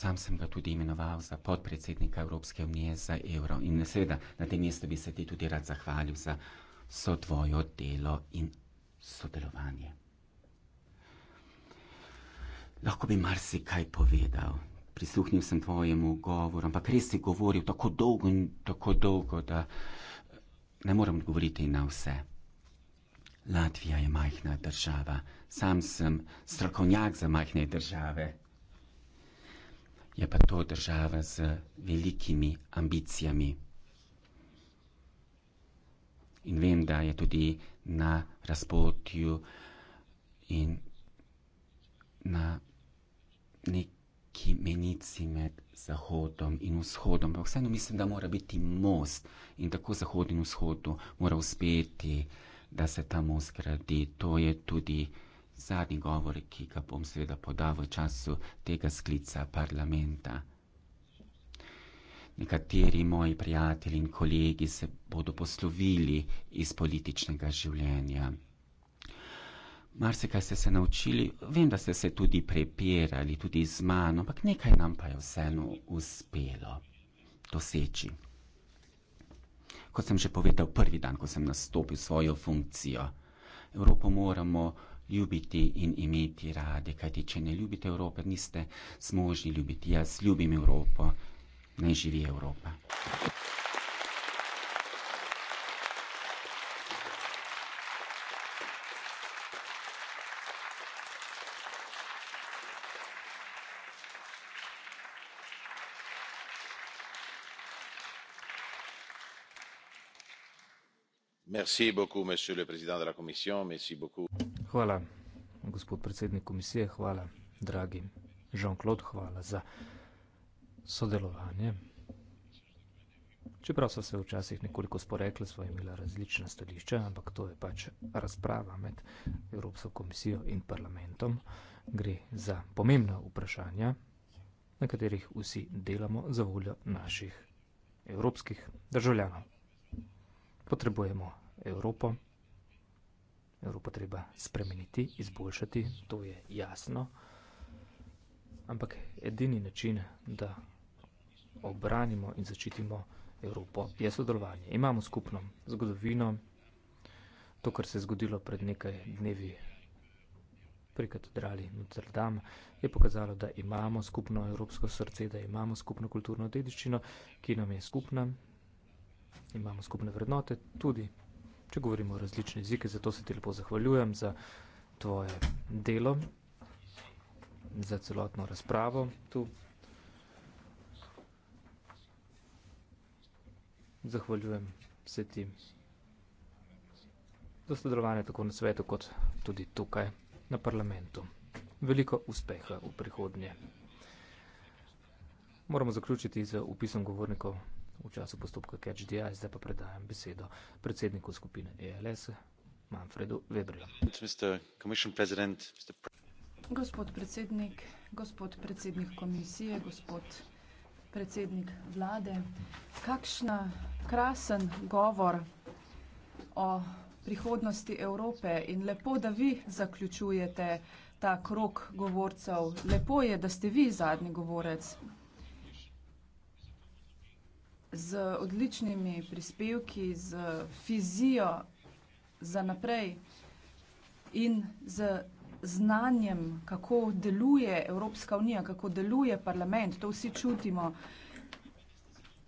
sam sem ga tudi imenoval za podpredsednika Evropske unije za evro. In seveda na tem mestu bi se ti tudi rad zahvalil za so tvojo delo in sodelovanje. Lahko bi marsikaj povedal, prisluhnil sem tvojemu govoru, ampak res si govoril tako dolgo in tako dolgo, da eh, ne morem odgovoriti na vse. Latvija je majhna država, sam sem strokovnjak za majhne države je pa to država z velikimi ambicijami. In vem, da je tudi na razpotju in na neki menici med Zahodom in Vzhodom. Ampak vseeno mislim, da mora biti most in tako Zahod in Vzhod mora uspeti, da se ta most gradi. To je tudi zadnji govor, ki ga bom seveda podal v času tega sklica parlamenta. Nekateri moji prijatelji in kolegi se bodo poslovili iz političnega življenja. Mar se kaj ste se naučili, vem, da ste se tudi prepirali, tudi z mano, ampak nekaj nam pa je vseeno uspelo doseči. Kot sem že povedal prvi dan, ko sem nastopil svojo funkcijo, Evropo moramo ljubiti in imeti radi, kajti če ne ljubite Evrope, niste zmožni ljubiti. Jaz ljubim Evropo, naj živi Evropa. Hvala, gospod predsednik komisije, hvala, dragi Jean-Claude, hvala za sodelovanje. Čeprav so se včasih nekoliko sporekli, smo imeli različna stališča, ampak to je pač razprava med Evropsko komisijo in parlamentom. Gre za pomembna vprašanja, na katerih vsi delamo za voljo naših evropskih državljanov potrebujemo Evropo. Evropo treba spremeniti, izboljšati, to je jasno. Ampak edini način, da obranimo in začitimo Evropo, je sodelovanje. Imamo skupno zgodovino, to, kar se je zgodilo pred nekaj dnevi pri katedrali Notre Dame, je pokazalo, da imamo skupno evropsko srce, da imamo skupno kulturno dediščino, ki nam je skupna, imamo skupne vrednote, tudi če govorimo različne jezike, zato se ti lepo zahvaljujem za tvoje delo, za celotno razpravo tu. Zahvaljujem se ti za sodelovanje tako na svetu kot tudi tukaj na parlamentu. Veliko uspeha v prihodnje. Moramo zaključiti z opisom govornikov v času postopka CatchDI, zdaj pa predajam besedo predsedniku skupine ELS, Manfredu Webrilu. Gospod predsednik, gospod predsednik komisije, gospod predsednik vlade, kakšna krasen govor o prihodnosti Evrope in lepo, da vi zaključujete ta krok govorcev. Lepo je, da ste vi zadnji govorec z odličnimi prispevki, z fizijo za naprej in z znanjem, kako deluje Evropska unija, kako deluje parlament, to vsi čutimo.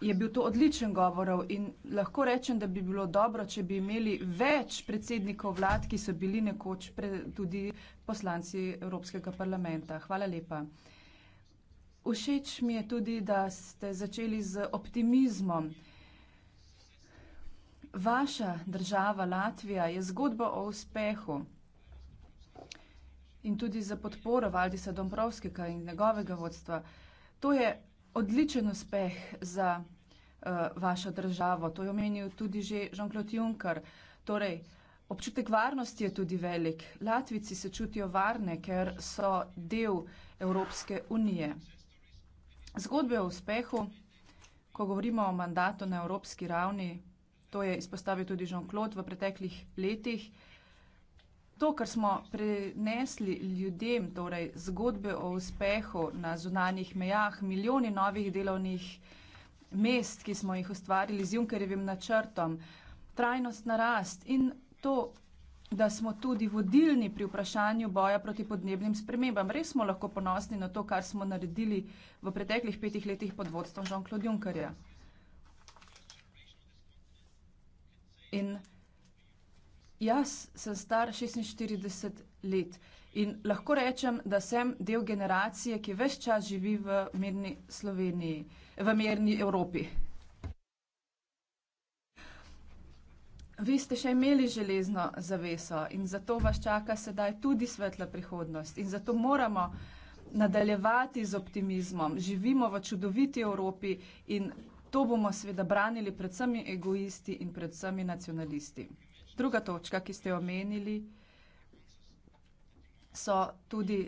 Je bil to odličen govor in lahko rečem, da bi bilo dobro, če bi imeli več predsednikov vlad, ki so bili nekoč pre, tudi poslanci Evropskega parlamenta. Hvala lepa. Všeč mi je tudi, da ste začeli z optimizmom. Vaša država Latvija je zgodba o uspehu. In tudi za podporo Valdisa Dombrovskisa in njegovega vodstva. To je odličen uspeh za, eh, vašo državo, to je omenil tudi že Jean-Claude Juncker. Torej, občutek varnosti je tudi velik. Latvijci se čutijo varne, ker so del Evropske unije. Zgodbe o uspehu, ko govorimo o mandatu na evropski ravni, to je izpostavil tudi Jean-Claude v preteklih letih. To, kar smo prenesli ljudem, torej zgodbe o uspehu na zunanjih mejah, milijoni novih delovnih mest, ki smo jih ustvarili z Junkerjevim načrtom, trajnostna rast in to, da smo tudi vodilni pri vprašanju boja proti podnebnim spremembam. Res smo lahko ponosni na to, kar smo naredili v preteklih petih letih pod vodstvom Jean-Claude Junckerja. In jaz sem star 46 let in lahko rečem, da sem del generacije, ki več čas živi v mirni Sloveniji, v mirni Evropi. Vi ste še imeli železno zaveso in zato vas čaka sedaj tudi svetla prihodnost. In zato moramo nadaljevati z optimizmom. Živimo v čudoviti Evropi in to bomo seveda branili predvsem egoisti in predvsem nacionalisti. Druga točka, ki ste omenili, so tudi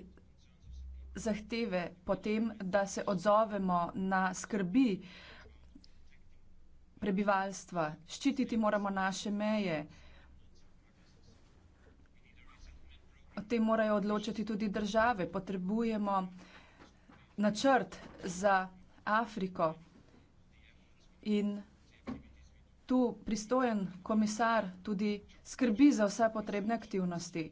zahteve potem, da se odzovemo na skrbi uh, prebivalstva, ščititi moramo naše meje. O tem morajo odločati tudi države. Potrebujemo načrt za Afriko in tu pristojen komisar tudi skrbi za vse potrebne aktivnosti.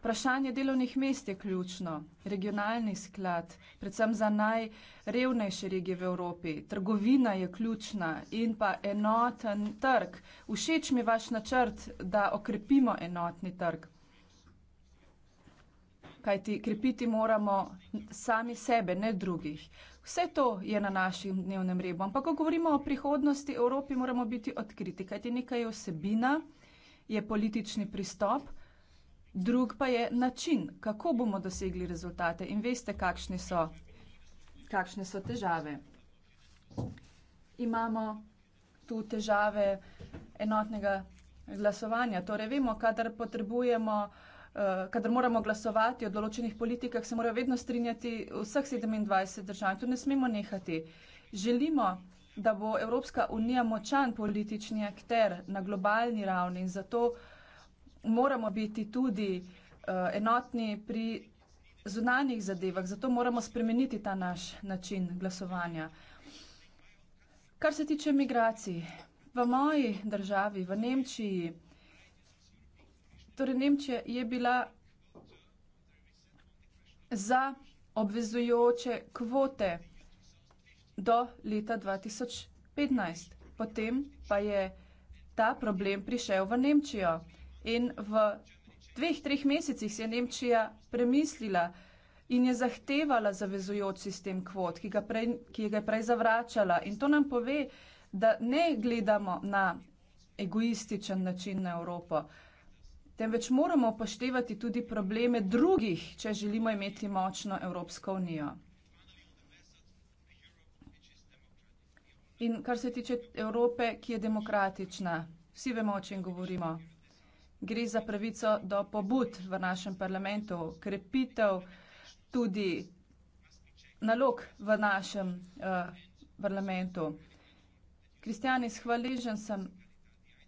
Vprašanje delovnih mest je ključno. Regionalni sklad, predvsem za najrevnejše regije v Evropi. Trgovina je ključna in pa enoten trg. Všeč mi je vaš načrt, da okrepimo enotni trg. Kajti krepiti moramo sami sebe, ne drugih. Vse to je na našem dnevnem redu. Ampak ko govorimo o prihodnosti Evropi, moramo biti odkriti. Kajti nekaj je osebina, je politični pristop drug pa je način, kako bomo dosegli rezultate in veste, kakšne so, kakšne so težave. Imamo tu težave enotnega glasovanja, torej vemo, kadar potrebujemo. Eh, kadar moramo glasovati o določenih politikah, se morajo vedno strinjati vseh 27 držav. To ne smemo nehati. Želimo, da bo Evropska unija močan politični akter na globalni ravni in zato uh, moramo biti tudi uh, enotni pri zunanjih zadevah, zato moramo spremeniti ta naš način glasovanja. Kar se tiče migracij, v moji državi, v Nemčiji, torej Nemčija je bila za obvezujoče kvote do leta 2015. Potem pa je ta problem prišel v Nemčijo. In v dveh, treh mesecih je Nemčija premislila in je zahtevala zavezujoč sistem kvot, ki ga, prej, ki ga je prej zavračala. In to nam pove, da ne gledamo na egoističen način na Evropo, temveč moramo upoštevati tudi probleme drugih, če želimo imeti močno Evropsko unijo. In kar se tiče Evrope, ki je demokratična, vsi vemo, o čem govorimo gre za pravico do pobud v našem parlamentu, krepitev tudi nalog v našem uh, parlamentu. Kristjani, hvaležen sem,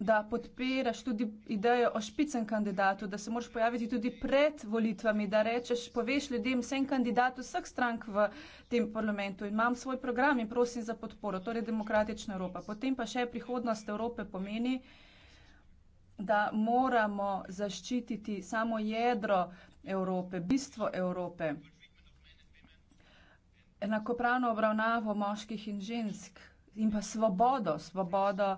da podpiraš tudi idejo o špicen kandidatu, da se moraš pojaviti tudi pred volitvami, da rečeš, poveš ljudem, sem kandidat vseh strank v tem parlamentu in imam svoj program in prosim za podporo, torej demokratična Evropa. Potem pa še prihodnost Evrope pomeni, uh, da moramo zaščititi samo jedro Evrope, bistvo Evrope, enakopravno obravnavo moških in žensk in pa svobodo, svobodo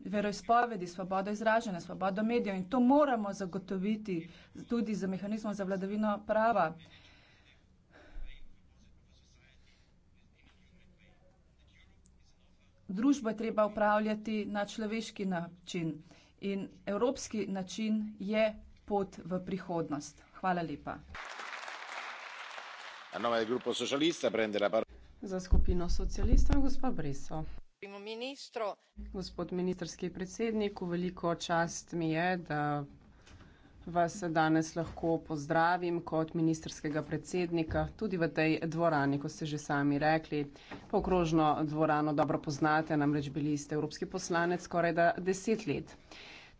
veroizpovedi, svobodo izražene, svobodo medijev in to moramo zagotoviti tudi za mehanizmom za vladavino prava. Družbo je treba upravljati na človeški način in evropski način je pot v prihodnost. Hvala lepa. Za skupino socialistov, gospod Breso. Gospod ministerski predsednik, veliko čast mi je, da vas danes lahko pozdravim kot ministerskega predsednika tudi v tej dvorani, kot ste že sami rekli. Okrožno dvorano dobro poznate, namreč bili ste evropski poslanec skoraj da deset let.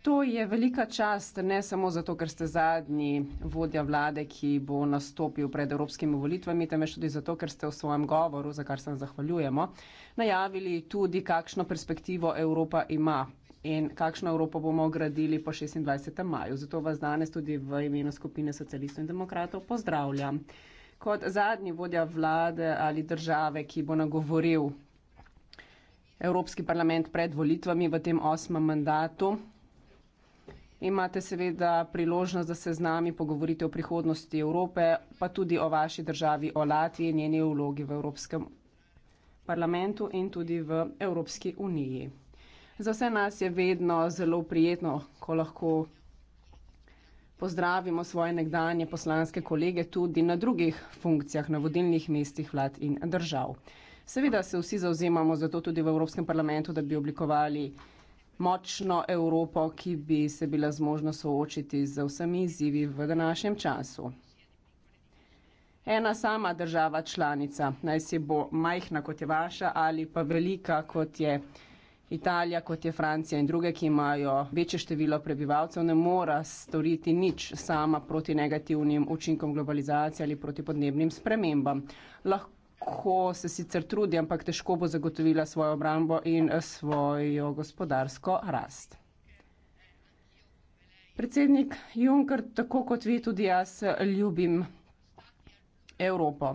To je velika čast, ne samo zato, ker ste zadnji vodja vlade, ki bo nastopil pred evropskimi volitvami, temveč tudi zato, ker ste v svojem govoru, za kar se vam zahvaljujemo, najavili tudi, kakšno perspektivo Evropa ima in kakšno Evropo bomo gradili po 26. maju. Zato vas danes tudi v imenu skupine socialistov in demokratov pozdravljam. Kot zadnji vodja vlade ali države, ki bo nagovoril Evropski parlament pred volitvami v tem osmem mandatu, Imate seveda priložnost, da se z nami pogovorite o prihodnosti Evrope, pa tudi o vaši državi, o Latviji in njeni vlogi v Evropskem parlamentu in tudi v Evropski uniji. Za vse nas je vedno zelo prijetno, ko lahko pozdravimo svoje nekdanje poslanske kolege tudi na drugih funkcijah, na vodilnih mestih vlad in držav. Seveda se vsi zauzemamo za to tudi v Evropskem parlamentu, da bi oblikovali močno Evropo, ki bi se bila zmožna soočiti z vsemi izzivi v današnjem času. Ena sama država članica, naj si bo majhna kot je vaša ali pa velika kot je Italija, kot je Francija in druge, ki imajo večje število prebivalcev, ne mora storiti nič sama proti negativnim učinkom globalizacije ali proti podnebnim spremembam. Lahko kako se sicer trudi, ampak težko bo zagotovila svojo obrambo in eh, svojo gospodarsko rast. Predsednik Juncker, tako kot vi, tudi jaz eh, ljubim Evropo.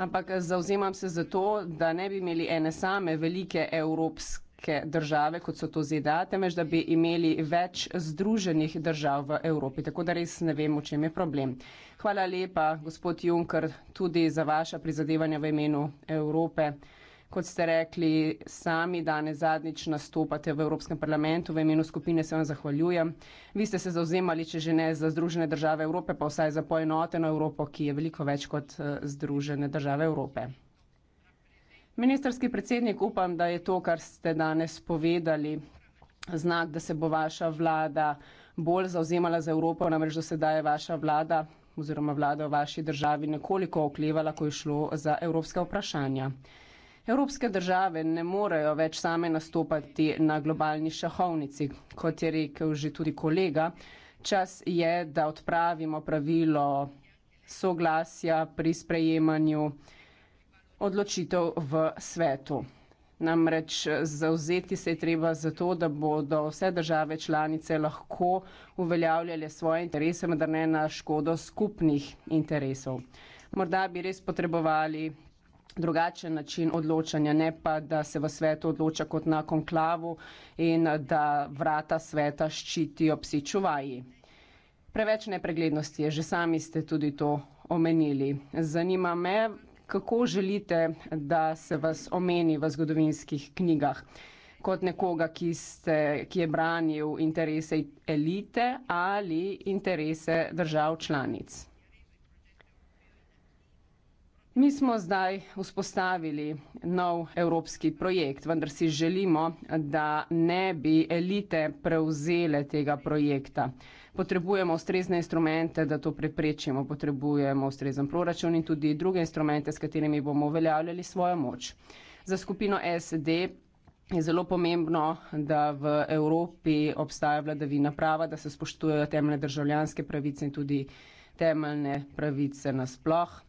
Ampak eh, zauzemam se za to, da ne bi imeli ene same velike evropske velike države, kot so to ZDA, temveč da bi imeli več združenih držav v Evropi. Tako da res ne vem, v čem je problem. Hvala lepa, gospod Juncker, tudi za vaša prizadevanja v imenu Evrope. Kot ste rekli, sami danes zadnjič nastopate v Evropskem parlamentu, v imenu skupine se vam zahvaljujem. Vi ste se zauzemali, če že ne za Združene države Evrope, pa vsaj za poenoteno Evropo, ki je veliko več kot eh, Združene države Evrope. Ministrski predsednik, upam, da je to, kar ste danes povedali, znak, da se bo vaša vlada bolj zauzemala za Evropo, namreč do sedaj je vaša vlada oziroma vlada v vaši državi nekoliko oklevala, ko je šlo za evropske vprašanja. Evropske države ne morejo več same nastopati na globalni šahovnici, kot je rekel že tudi kolega. Čas je, da odpravimo pravilo soglasja pri sprejemanju odločitev v svetu. Namreč zauzeti se je treba za to, da bodo vse države članice lahko uveljavljale svoje interese, vendar ne na škodo skupnih interesov. Morda bi res potrebovali drugačen način odločanja, ne pa, da se v svetu odloča kot na konklavu in da vrata sveta ščitijo psi čuvaji. Preveč nepreglednosti je, že sami ste tudi to omenili. Zanima me, kako želite, da se vas omeni v zgodovinskih knjigah? Kot nekoga, ki, ste, ki je branil interese elite ali interese držav članic. Mi smo zdaj vzpostavili nov evropski projekt, vendar si želimo, da ne bi elite prevzele tega projekta potrebujemo ustrezne instrumente, da to preprečimo, potrebujemo ustrezen proračun in tudi druge instrumente, s katerimi bomo uveljavljali svojo moč. Za skupino SD je zelo pomembno, da v Evropi obstaja vladavina prava, da se spoštujejo temeljne državljanske pravice in tudi temeljne pravice nasploh.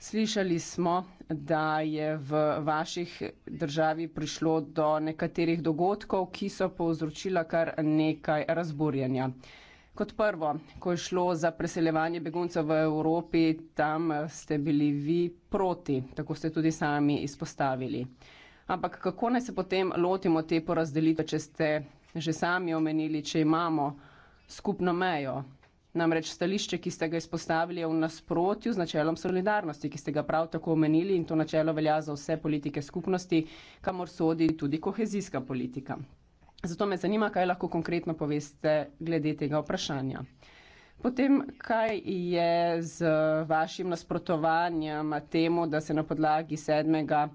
Slišali smo, da je v vaših državi prišlo do nekaterih dogodkov, ki so povzročila kar nekaj razburjanja. Kot prvo, ko je šlo za preseljevanje beguncev v Evropi, tam ste bili vi proti, tako ste tudi sami izpostavili. Ampak kako naj se potem lotimo te porazdelitve, če ste že sami omenili, če imamo skupno mejo? Namreč stališče, ki ste ga izpostavili, je v nasprotju z načelom solidarnosti, ki ste ga prav tako omenili in to načelo velja za vse politike skupnosti, kamor sodi tudi kohezijska politika. Zato me zanima, kaj lahko konkretno poveste glede tega vprašanja. Potem, kaj je z vašim nasprotovanjem temu, da se na podlagi sedmega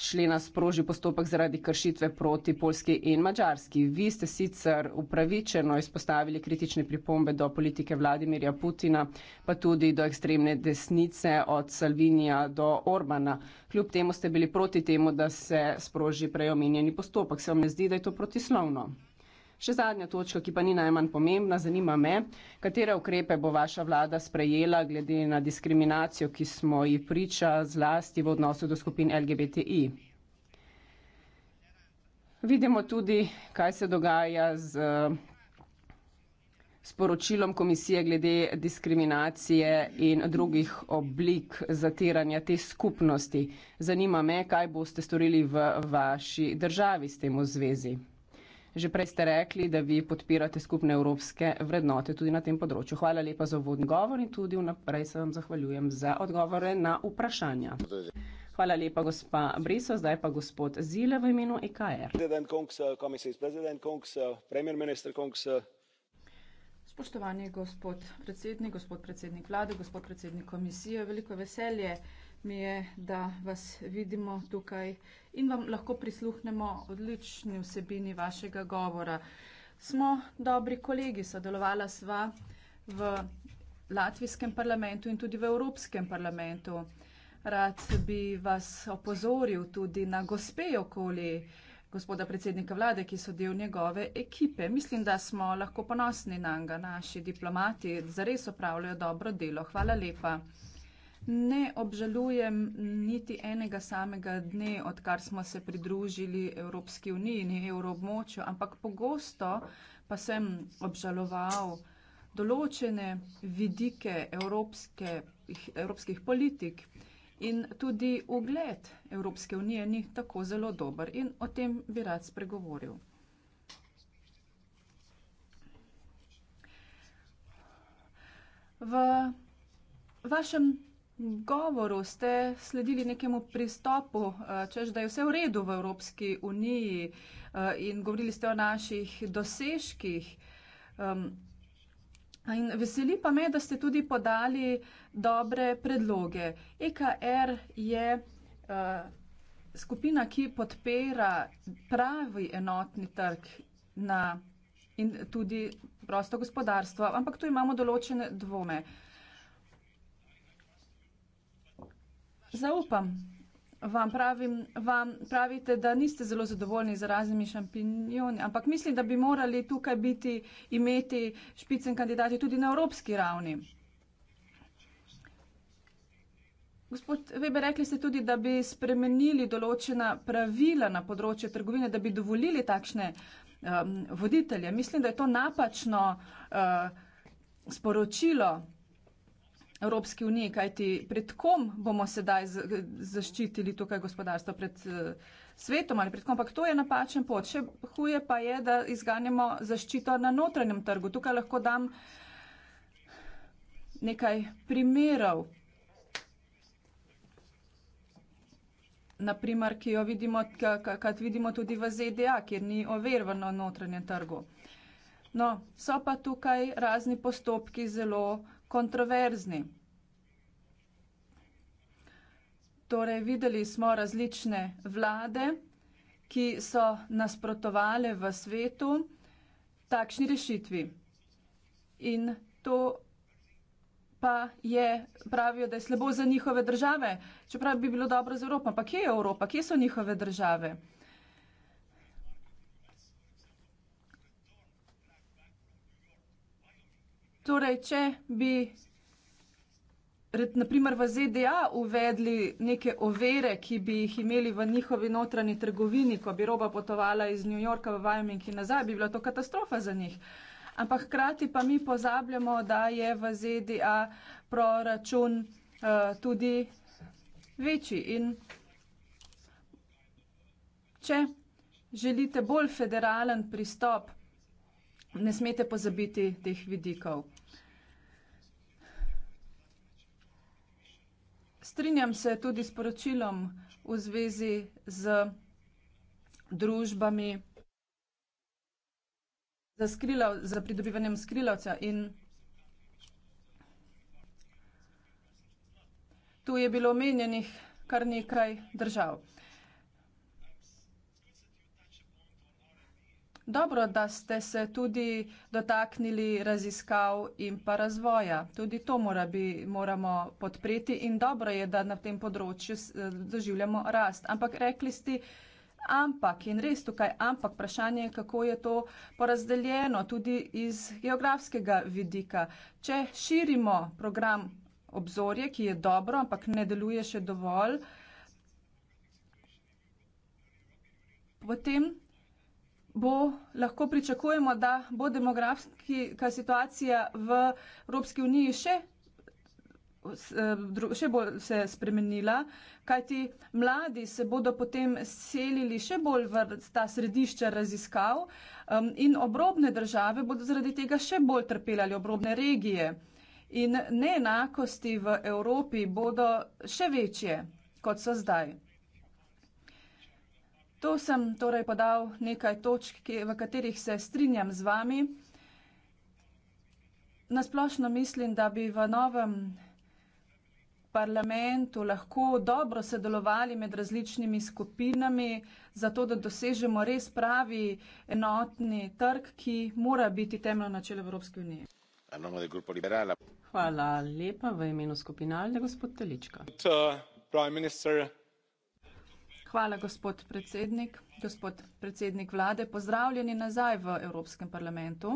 člena sproži postopek zaradi kršitve proti Polski in Mačarski. Vi ste sicer upravičeno izpostavili kritične pripombe do politike Vladimirja Putina, pa tudi do ekstremne desnice od Salvinija do Orbana. Kljub temu ste bili proti temu, da se sproži prejomenjeni postopek. Se vam ne zdi, da je to protislovno? Še zadnja točka, ki pa ni najmanj pomembna, zanima me, katere ukrepe bo vaša vlada sprejela glede na diskriminacijo, ki smo ji priča zlasti v odnosu do skupin LGBTI. Vidimo tudi, kaj se dogaja z sporočilom komisije glede diskriminacije in drugih oblik zatiranja te skupnosti. Zanima me, kaj boste storili v vaši državi s tem v zvezi. Že prej ste rekli, da vi podpirate skupne evropske vrednote tudi na tem področju. Hvala lepa za vodni govor in tudi vnaprej se vam zahvaljujem za odgovore na vprašanja. Hvala lepa, gospa Briso. Zdaj pa gospod Zile v imenu EKR. Spoštovani gospod predsednik, gospod predsednik vlade, gospod predsednik komisije, veliko veselje mi je, da vas vidimo tukaj in vam lahko prisluhnemo odlični vsebini vašega govora. Smo dobri kolegi, sodelovala sva v Latvijskem parlamentu in tudi v Evropskem parlamentu. Rad bi vas opozoril tudi na gospe okoli gospoda predsednika vlade, ki so del njegove ekipe. Mislim, da smo lahko ponosni na njega. Naši diplomati zares opravljajo dobro delo. Hvala lepa ne obžalujem niti enega samega dne, odkar smo se pridružili Evropski uniji in evroobmočju, ampak pogosto pa sem obžaloval določene vidike evropske, evropskih politik in tudi ugled Evropske unije ni tako zelo dober in o tem bi rad spregovoril. V vašem govoru ste sledili nekemu pristopu, eh, češ, da je vse v redu v Evropski uniji eh, in govorili ste o naših dosežkih. In veseli pa me, da ste tudi podali dobre predloge. EKR er je eh, skupina, ki podpira pravi enotni trg na in tudi prosto gospodarstvo, ampak tu imamo določene dvome. Zaupam. Vam pravim, vam pravite, da niste zelo zadovoljni z raznimi šampinjoni, ampak mislim, da bi morali tukaj biti, imeti špicen kandidati tudi na evropski ravni. Gospod Weber, rekli ste tudi, da bi spremenili določena pravila na področju trgovine, da bi dovolili takšne um, voditelje. Mislim, da je to napačno uh, sporočilo. Evropski uniji, kajti pred kom bomo sedaj zaščitili tukaj gospodarstvo, pred eh, svetom ali pred kom, ampak to je napačen pot. Še huje pa je, da izganjamo zaščito na notranjem trgu. Tukaj lahko dam nekaj primerov. Naprimer, ki jo vidimo, kad vidimo tudi v ZDA, kjer ni overvano notranjem trgu. No, so pa tukaj razni postopki zelo kontroverzni. Torej, videli smo različne vlade, ki so nasprotovale v svetu takšni rešitvi. In to pa je, pravijo, da je slabo za njihove države, čeprav bi bilo dobro za Evropo. Pa kje je Evropa, kje so njihove države? Torej, če bi naprimer v ZDA uvedli neke overe, ki bi jih imeli v njihovi notranji trgovini, ko bi roba potovala iz New Yorka v Wyoming in nazaj, bi bila to katastrofa za njih. Ampak hkrati pa mi pozabljamo, da je v ZDA proračun uh, tudi večji. In če želite bolj federalen pristop, ne smete pozabiti teh vidikov. strinjam se tudi s poročilom v zvezi z družbami za, skrilav, za pridobivanjem skrilavca. In tu je bilo omenjenih kar nekaj držav. Dobro, da ste se tudi dotaknili raziskav in pa razvoja. Tudi to mora bi, moramo podpreti in dobro je, da na tem področju doživljamo rast. Ampak rekli ste, ampak in res tukaj, ampak vprašanje je, kako je to porazdeljeno tudi iz geografskega vidika. Če širimo program obzorje, ki je dobro, ampak ne deluje še dovolj, potem bo lahko pričakujemo, da bo demografska situacija v Evropski uniji še, eh, še bolj se spremenila, kajti mladi se bodo potem selili še bolj v ta središča raziskav ehm, in obrobne države bodo zaradi tega še bolj trpelali obrobne regije. In neenakosti v Evropi bodo še večje, kot so zdaj. To sem torej podal nekaj točk, v katerih se strinjam z vami. Nasplošno mislim, da bi v novem parlamentu lahko dobro sodelovali med različnimi skupinami, zato da dosežemo res pravi enotni trg, ki mora biti temeljno načelo Evropske unije. Hvala lepa v imenu skupinalne gospod Telička. Prime minister, Hvala, gospod predsednik. Gospod predsednik vlade, pozdravljeni nazaj v Evropskem parlamentu.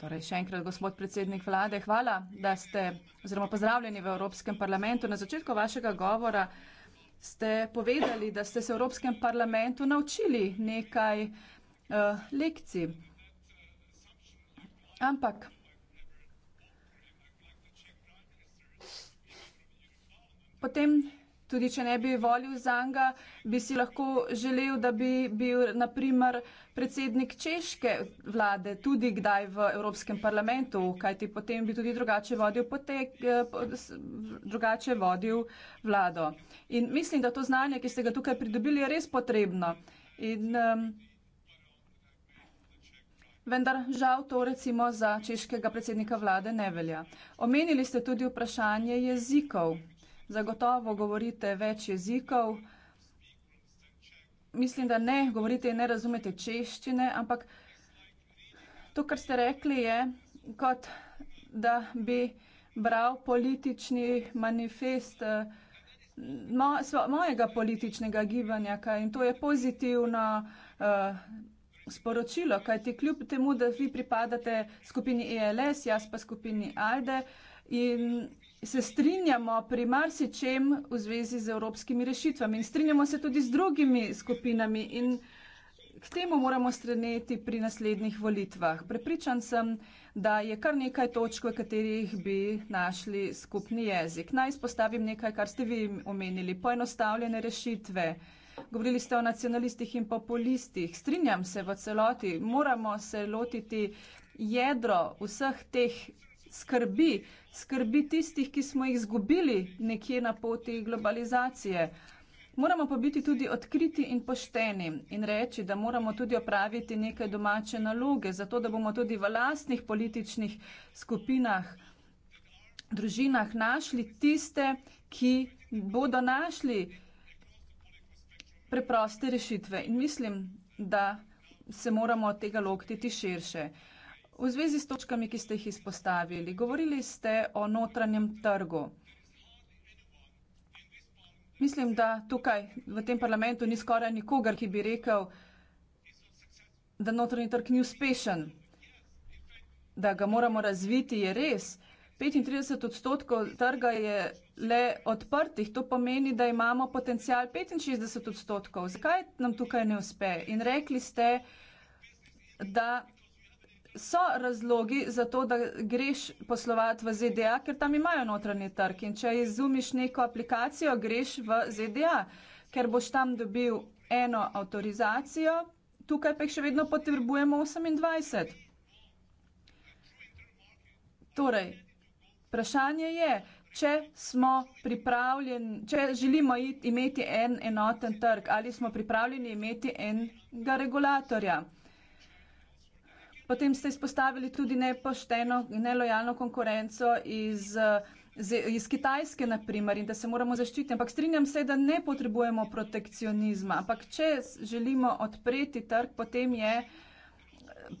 Torej, še enkrat, gospod predsednik vlade, hvala, da ste oziroma pozdravljeni v Evropskem parlamentu. Na začetku vašega govora ste povedali, da ste se v Evropskem parlamentu naučili nekaj uh, lekcij. Ampak potem tudi, če ne bi volil za njega, bi si lahko želel, da bi bil naprimer predsednik češke vlade tudi kdaj v Evropskem parlamentu, kajti potem bi tudi drugače vodil, potek, eh, drugače vodil vlado. In mislim, da to znanje, ki ste ga tukaj pridobili, je res potrebno. In, um, Vendar žal to recimo za češkega predsednika vlade ne velja. Omenili ste tudi vprašanje jezikov. Zagotovo govorite več jezikov. Mislim, da ne govorite in ne razumete češčine, ampak to, kar ste rekli, je kot da bi bral politični manifest eh, mo mojega političnega gibanja. In to je pozitivno uh, sporočilo, kajti kljub temu, da vi pripadate skupini ELS, jaz pa skupini AIDE in se strinjamo pri marsičem v zvezi z evropskimi rešitvami in strinjamo se tudi z drugimi skupinami in k temu moramo streneti pri naslednjih volitvah. Prepričan sem, da je kar nekaj točk, v katerih bi našli skupni jezik. Naj spostavim nekaj, kar ste vi omenili, poenostavljene rešitve. Govorili ste o nacionalistih in populistih. Strinjam se v celoti, moramo se lotiti jedro vseh teh skrbi, skrbi tistih, ki smo jih izgubili nekje na poti globalizacije. Moramo pa biti tudi odkriti in pošteni in reči, da moramo tudi opraviti nekaj domače naloge, zato da bomo tudi v lastnih političnih skupinah, družinah našli tiste, ki bodo našli preproste rešitve. In mislim, da se moramo tega loktiti širše. V zvezi s točkami, ki ste jih izpostavili, govorili ste o notranjem trgu. Mislim, da tukaj v tem parlamentu ni skoraj nikogar, ki bi rekel, da notranji trg ni uspešen, da ga moramo razviti, je res. 35 odstotkov trga je le odprtih, to pomeni, da imamo potencial 65 odstotkov. Zakaj nam tukaj ne uspe? In rekli ste, da so razlogi za to, da greš poslovati v ZDA, ker tam imajo notranji trg. In če izumiš neko aplikacijo, greš v ZDA, ker boš tam dobil eno avtorizacijo, tukaj pa jih še vedno potrebujemo 28. Torej, vprašanje je, če smo pripravljeni, če želimo imeti en enoten trg, ali smo pripravljeni imeti enega regulatorja. Potem ste izpostavili tudi nepošteno in nelojalno konkurenco iz, z, iz Kitajske, naprimer, in da se moramo zaščititi. Ampak strinjam se, da ne potrebujemo protekcionizma. Ampak če želimo odpreti trg, potem je.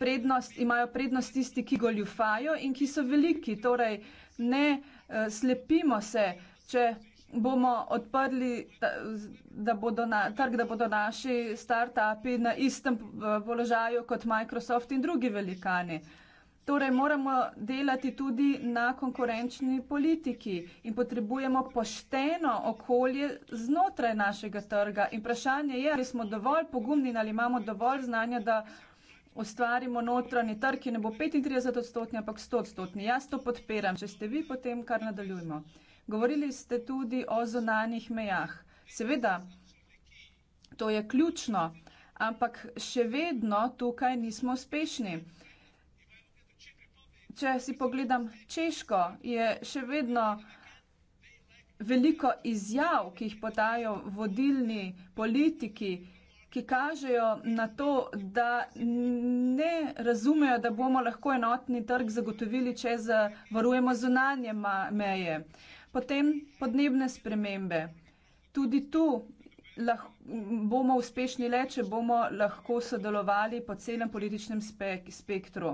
Prednost, imajo prednost tisti, ki goljufajo in ki so veliki. Torej, ne uh, slepimo se, če bomo odprli, da, da, na, trg, da bodo naši start-upi na istem eh, položaju kot Microsoft in drugi velikani. Torej, moramo delati tudi na konkurenčni politiki in potrebujemo pošteno okolje znotraj našega trga. In vprašanje je, ali smo dovolj pogumni in ali imamo dovolj znanja, da ustvarimo notranji trg, ki ne bo 35 odstotni, ampak 100 odstotni. Jaz to podpiram. Če ste vi, potem kar nadaljujmo. Govorili ste tudi o zonanih mejah. Seveda, to je ključno, ampak še vedno tukaj nismo uspešni. Če si pogledam Češko, je še vedno veliko izjav, ki jih podajo vodilni politiki, ki kažejo na to, da ne razumejo, da bomo lahko enotni trg zagotovili, če zavarujemo zunanje meje. Potem podnebne spremembe. Tudi tu lahko, bomo uspešni le, če bomo lahko sodelovali po celem političnem spek spektru.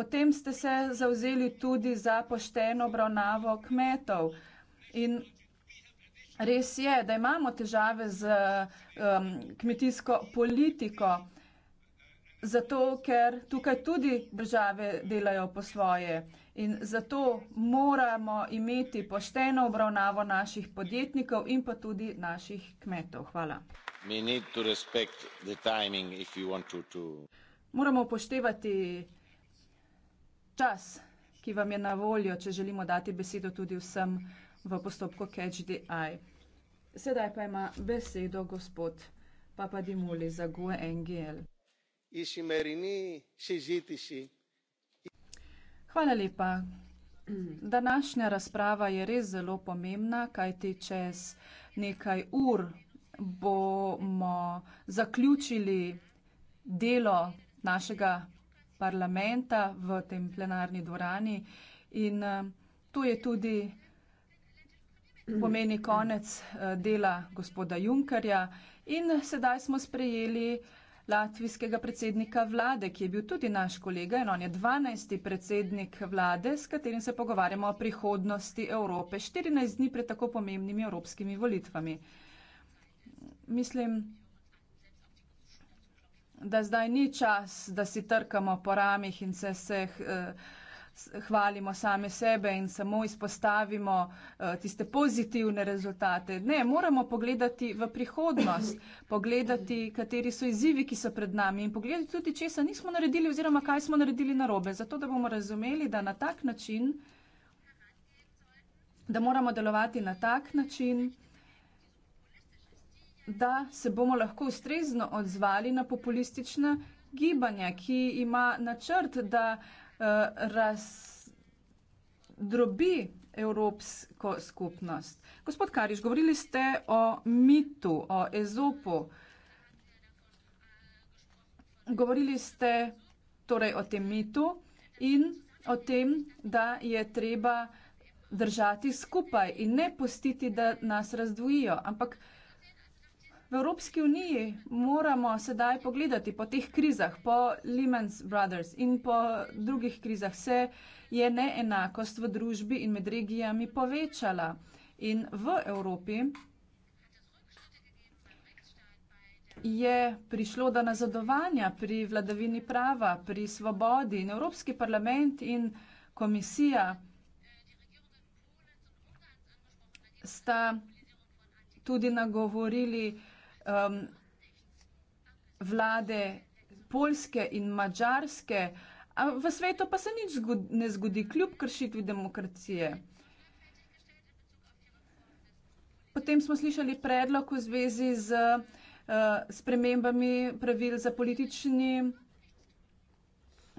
Potem ste se zauzeli tudi za pošteno obravnavo kmetov. In res je, da imamo težave z um, kmetijsko politiko. Zato, ker tukaj tudi države delajo po svoje in zato moramo imeti pošteno obravnavo naših podjetnikov in pa tudi naših kmetov. Hvala. To to, to... Moramo upoštevati čas, ki vam je na voljo, če želimo dati besedo tudi vsem v postopku Catch the Eye. Sedaj pa ima besedo gospod Papa Dimuli za GUE NGL η σημερινή συζήτηση. Hvala lepa. Današnja razprava je res zelo pomembna, kajti čez nekaj ur bomo zaključili delo našega parlamenta v tem plenarni dvorani in eh, to je tudi pomeni konec eh, dela gospoda Junkerja in sedaj smo sprejeli latvijskega predsednika vlade, ki je bil tudi naš kolega in on je 12. predsednik vlade, s katerim se pogovarjamo o prihodnosti Evrope 14 dni pred tako pomembnimi evropskimi volitvami. Mislim, da zdaj ni čas, da si trkamo po ramih in se se. Uh, eh, hvalimo same sebe in samo izpostavimo eh, tiste pozitivne rezultate. Ne, moramo pogledati v prihodnost, pogledati, kateri so izzivi, ki so pred nami in pogledati tudi, česa nismo naredili oziroma kaj smo naredili narobe, zato da bomo razumeli, da na tak način, da moramo delovati na tak način, da se bomo lahko ustrezno odzvali na populistična gibanja, ki ima načrt, da Eh, razdrobi evropsko skupnost. Gospod Kariš, govorili ste o mitu, o ezopu. Govorili ste torej o tem mitu in o tem, da je treba držati skupaj in ne pustiti, da nas razdvojijo. Ampak V Evropski uniji moramo sedaj pogledati po teh krizah, po Lehman Brothers in po drugih krizah, se je neenakost v družbi in med regijami povečala. In v Evropi je prišlo do nazadovanja pri vladavini prava, pri svobodi in Evropski parlament in komisija sta tudi nagovorili, um, vlade Polske in Mačarske, a v svetu pa se nič zgod, ne zgodi, kljub kršitvi demokracije. Potem smo slišali predlog v zvezi z uh, spremembami pravil za politični,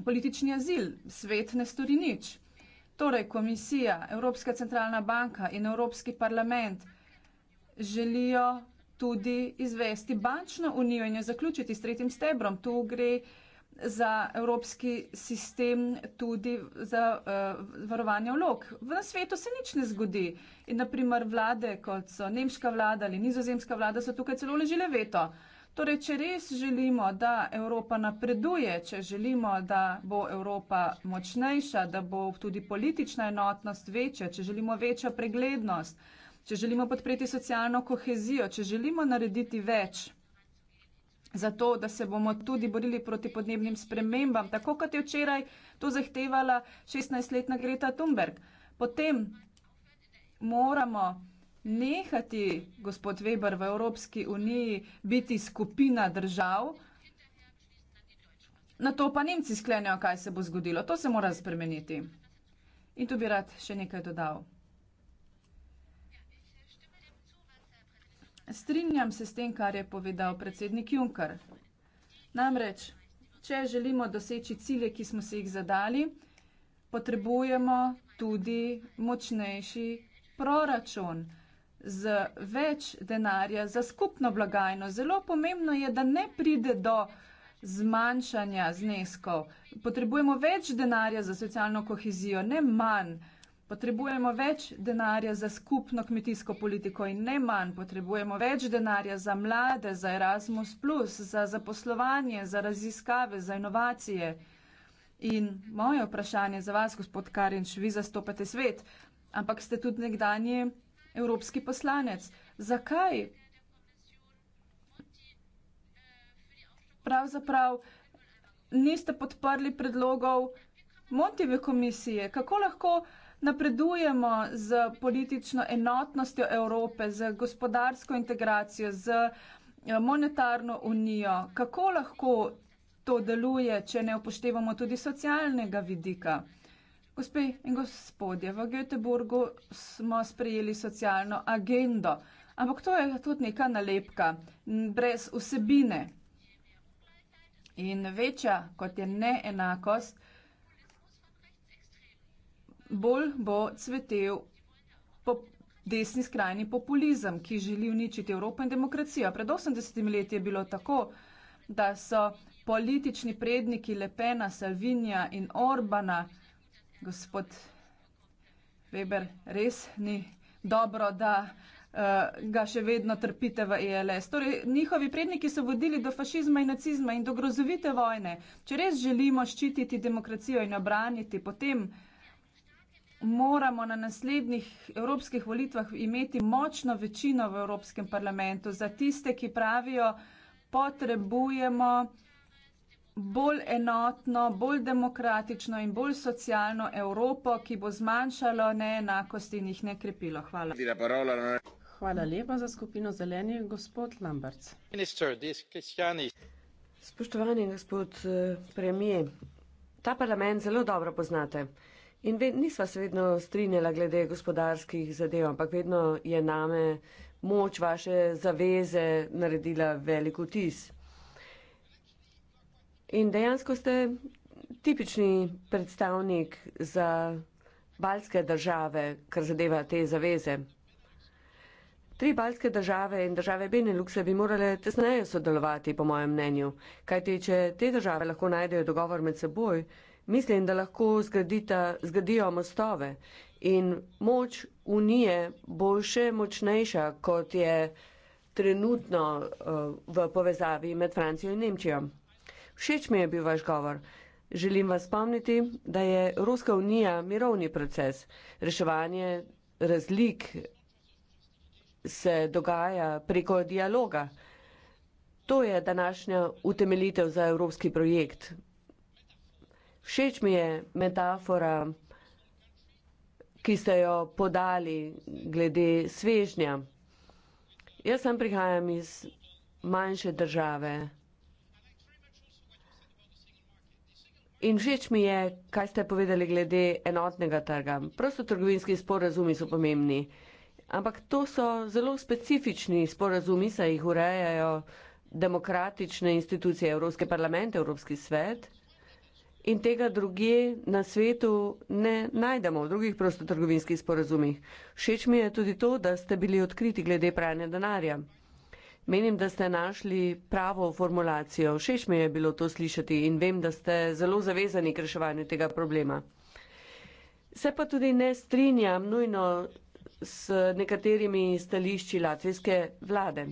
politični azil. Svet ne stori nič. Torej, komisija, Evropska centralna banka in Evropski parlament želijo tudi izvesti bančno unijo in jo zaključiti s tretjim stebrom. Tu gre za evropski sistem tudi za uh, varovanje vlog. V svetu se nič ne zgodi. In naprimer vlade, kot so nemška vlada ali nizozemska vlada, so tukaj celo ležile veto. Torej, če res želimo, da Evropa napreduje, če želimo, da bo Evropa močnejša, da bo tudi politična enotnost večja, če želimo večjo preglednost, če želimo podpreti socialno kohezijo, če želimo narediti več za to, da se bomo tudi borili proti podnebnim spremembam, tako kot je včeraj to zahtevala 16-letna Greta Thunberg. Potem moramo nehati, gospod Weber, v Evropski uniji biti skupina držav, na to pa Nemci sklenijo, kaj se bo zgodilo. To se mora spremeniti. In tu bi rad še nekaj dodal. Strinjam se s tem, kar je povedal predsednik Juncker. Namreč, če želimo doseči cilje, ki smo si jih zadali, potrebujemo tudi močnejši proračun z več denarja za skupno blagajno. Zelo pomembno je, da ne pride do zmanjšanja zneskov. Potrebujemo več denarja za socialno kohezijo, ne manj. Potrebujemo več denarja za skupno kmetijsko politiko in ne manj. Potrebujemo več denarja za mlade, za Erasmus, za zaposlovanje, za raziskave, za inovacije. In moje vprašanje za vas, gospod Karinč, vi zastopate svet, ampak ste tudi nekdanji evropski poslanec. Zakaj? Pravzaprav niste podprli predlogov Montive komisije. Kako lahko? napredujemo z politično enotnostjo Evrope, z gospodarsko integracijo, z eh, monetarno unijo, kako lahko to deluje, če ne upoštevamo tudi socialnega vidika? Gospe in gospodje, v Göteborgu smo sprejeli socialno agendo, ampak to je tudi neka nalepka brez vsebine. In večja, kot je neenakost, bolj bo cvetel pop desni skrajni populizem, ki želi uničiti Evropo in demokracijo. Pred 80 leti je bilo tako, da so politični predniki Lepena, Salvinja in Orbana, gospod Weber, res ni dobro, da uh, ga še vedno trpite v ELS. Torej, njihovi predniki so vodili do fašizma in nacizma in do grozovite vojne. Če res želimo ščititi demokracijo in obraniti, potem moramo na naslednjih evropskih volitvah imeti močno večino v Evropskem parlamentu za tiste, ki pravijo, potrebujemo bolj enotno, bolj demokratično in bolj socialno Evropo, ki bo zmanjšalo neenakosti in jih ne krepilo. Hvala. No. Hvala lepa za skupino zelenih, gospod Lamberts. Minister, Spoštovani gospod eh, premije, ta parlament zelo dobro poznate. In ved, nisva se vedno strinjala glede gospodarskih zadev, ampak vedno je name moč vaše zaveze naredila velik vtis. In dejansko ste tipični predstavnik za balske države, kar zadeva te zaveze. Tri balske države in države Beneluxa bi morale tesneje sodelovati, po mojem mnenju. Kaj te, če te države lahko najdejo dogovor med seboj, mislim, da lahko zgradita, zgradijo mostove in moč unije bo še močnejša, kot je trenutno uh, v povezavi med Francijo in Nemčijo. Všeč mi je bil vaš govor. Želim vas spomniti, da je Evropska unija mirovni proces. Reševanje razlik se dogaja preko dialoga. To je današnja utemeljitev za evropski projekt. Všeč mi je metafora, ki ste jo podali glede svežnja. Jaz sem prihajam iz manjše države. In všeč mi je, kaj ste povedali glede enotnega trga. Prostotrgovinski sporazumi so pomembni. Ampak to so zelo specifični sporazumi, saj jih urejajo demokratične institucije, Evropski parlament, Evropski svet in tega druge na svetu ne najdemo v drugih prostotrgovinskih sporazumih. Všeč mi je tudi to, da ste bili odkriti glede pranja denarja. Menim, da ste našli pravo formulacijo. Všeč mi je bilo to slišati in vem, da ste zelo zavezani k reševanju tega problema. Se pa tudi ne strinjam nujno s nekaterimi stališči latvijske vlade.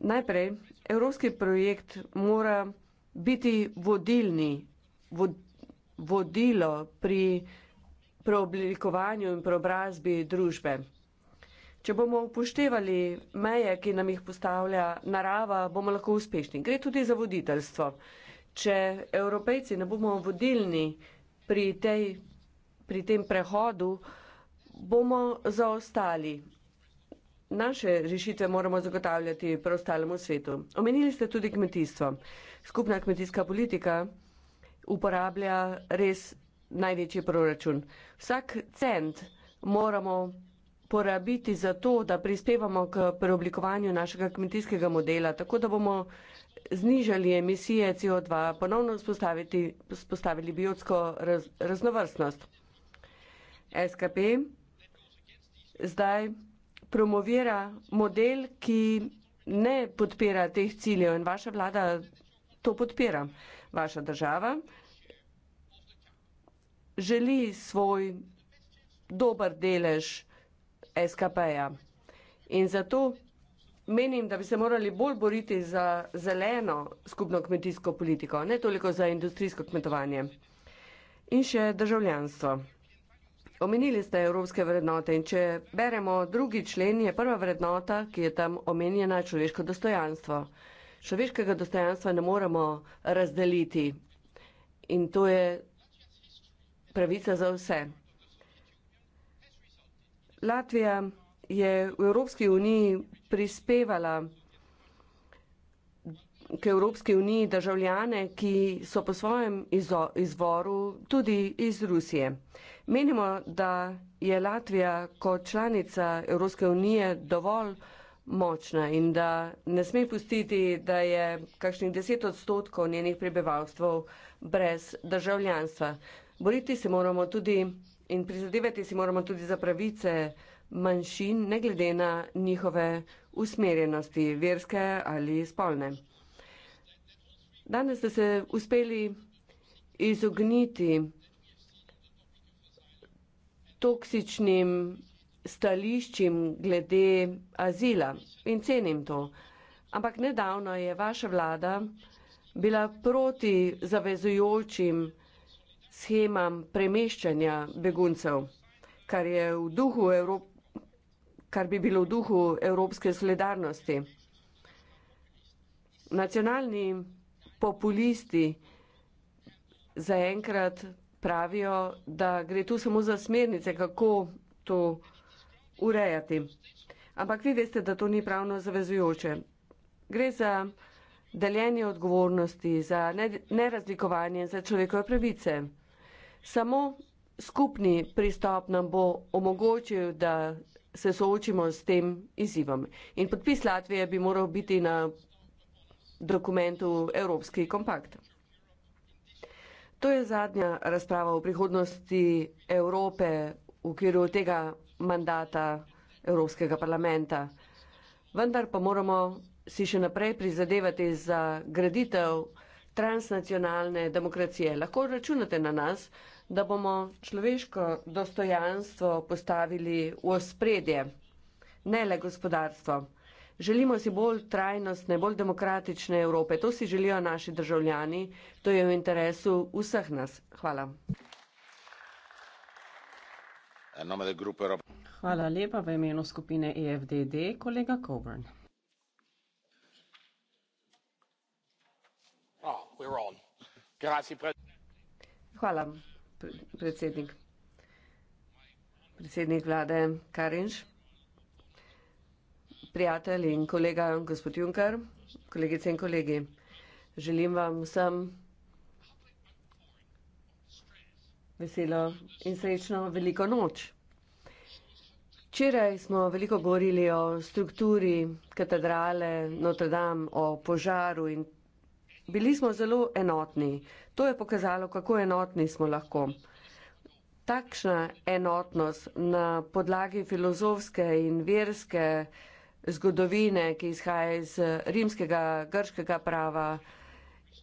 Najprej, evropski projekt mora biti vodilni vodilo pri preoblikovanju in preobrazbi družbe. Če bomo upoštevali meje, ki nam jih postavlja narava, bomo lahko uspešni. Gre tudi za voditeljstvo. Če evropejci ne bomo vodilni pri, tej, pri tem prehodu, bomo zaostali. Naše rešitve moramo zagotavljati preostalemu svetu. Omenili ste tudi kmetijstvo. Skupna kmetijska politika uporablja res največji proračun. Vsak cent moramo porabiti za to, da prispevamo k preoblikovanju našega kmetijskega modela, tako da bomo znižali emisije CO2, ponovno spostavili biotsko raz, raznovrstnost. SKP zdaj promovira model, ki ne podpira teh ciljev in vaša vlada to podpira vaša država želi svoj dober delež SKP-ja. In zato menim, da bi se morali bolj boriti za zeleno skupno kmetijsko politiko, ne toliko za industrijsko kmetovanje. In še državljanstvo. Omenili ste evropske vrednote in če beremo drugi člen, je prva vrednota, ki je tam omenjena, človeško dostojanstvo človeškega dostojanstva ne moremo razdeliti. In to je pravica za vse. Latvija je v Evropski uniji prispevala k Evropski uniji državljane, ki so po svojem izo, izvoru tudi iz Rusije. Menimo, da je Latvija kot članica Evropske unije dovolj močna in da ne sme pustiti, da je kakšnih deset odstotkov njenih prebivalstvov brez državljanstva. Boriti se moramo tudi in prizadevati si moramo tudi za pravice manjšin, ne glede na njihove usmerjenosti, verske ali spolne. Danes ste se uspeli izogniti toksičnim stališčim glede azila in cenim to. Ampak nedavno je vaša vlada bila proti zavezujočim schemam premeščanja beguncev, kar, je v duhu Evrop kar bi bilo v duhu evropske solidarnosti. Nacionalni populisti zaenkrat pravijo, da gre tu samo za smernice, kako to urejati. Ampak vi veste, da to ni pravno zavezujoče. Gre za deljenje odgovornosti, za nerazlikovanje, za človekove pravice. Samo skupni pristop nam bo omogočil, da se soočimo s tem izzivom. In podpis Latvije bi moral biti na dokumentu Evropski kompakt. To je zadnja razprava o prihodnosti Evrope v okviru tega mandata Evropskega parlamenta. Vendar pa moramo si še naprej prizadevati za graditev transnacionalne demokracije. Lahko računate na nas, da bomo človeško dostojanstvo postavili v ospredje, ne le gospodarstvo. Želimo si bolj trajnostne, bolj demokratične Evrope. To si želijo naši državljani. To je v interesu vseh nas. Hvala. Hvala lepa v imenu skupine EFDD, kolega Coburn. Oh, Hvala, predsednik. Predsednik vlade Karinš, prijatelj in kolega gospod Juncker, kolegice in kolegi. Želim vam vsem veselo in srečno veliko noč. Včeraj smo veliko govorili o strukturi katedrale Notre Dame, o požaru in bili smo zelo enotni. To je pokazalo, kako enotni smo lahko. Takšna enotnost na podlagi filozofske in verske zgodovine, ki izhaja iz rimskega, grškega prava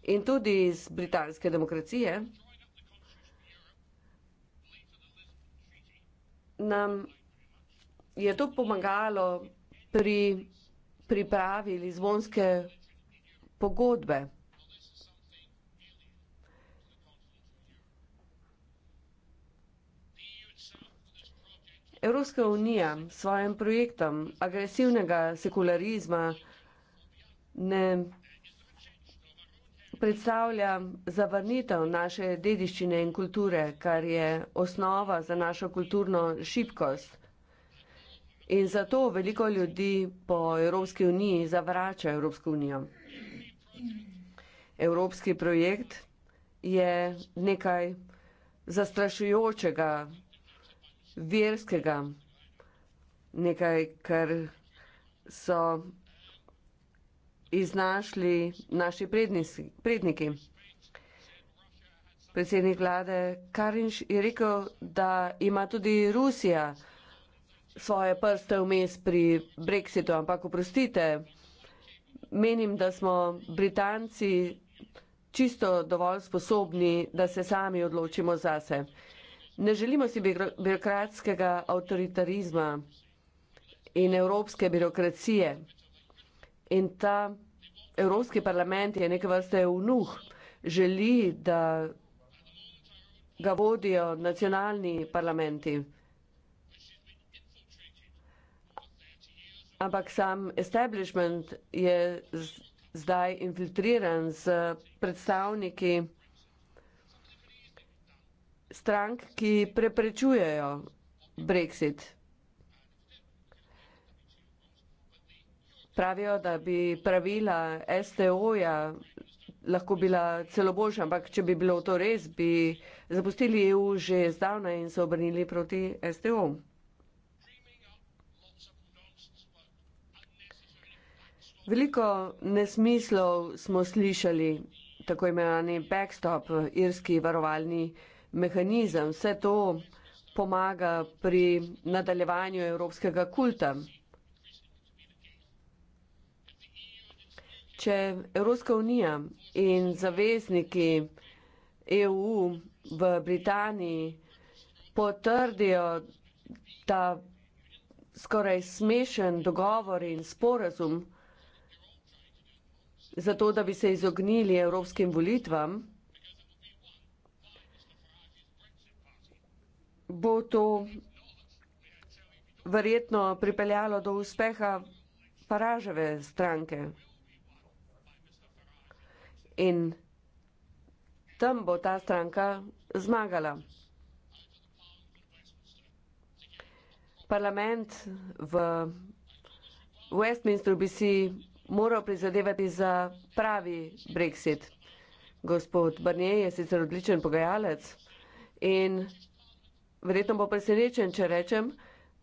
in tudi iz britanske demokracije, nam je to pomagalo pri pripravi Lizbonske pogodbe. Evropska unija s svojim projektom agresivnega sekularizma ne predstavlja zavrnitev naše dediščine in kulture, kar je osnova za našo kulturno šibkost. In zato veliko ljudi po Evropski uniji zavrača Evropsko unijo. Evropski projekt je nekaj zastrašujočega, verskega, nekaj, kar so iznašli naši predniki. Predsednik vlade Karinš je rekel, da ima tudi Rusija svoje prste vmes pri Brexitu, ampak oprostite, menim, da smo Britanci čisto dovolj sposobni, da se sami odločimo zase. Ne želimo si birokratskega avtoritarizma in evropske birokracije. In ta Evropski parlament je neke vrste vnuh, želi, da ga vodijo nacionalni parlamenti. Ampak sam establishment je zdaj infiltriran z predstavniki strank, ki preprečujejo Brexit. pravijo, da bi pravila STO-ja lahko bila celo boljša, ampak če bi bilo to res, bi zapustili EU že zdavna in se obrnili proti STO. Veliko nesmislov smo slišali, tako imenovani backstop, irski varovalni mehanizem. Vse to pomaga pri nadaljevanju evropskega kulta. če Evropska unija in zavezniki EU v Britaniji potrdijo ta skoraj smešen dogovor in sporazum, zato da bi se izognili evropskim volitvam, bo to verjetno pripeljalo do uspeha paražave stranke in tam bo ta stranka zmagala. Parlament v Westminsteru bi si moral prizadevati za pravi Brexit. Gospod Barnier je sicer odličen pogajalec in verjetno bo presenečen, če rečem,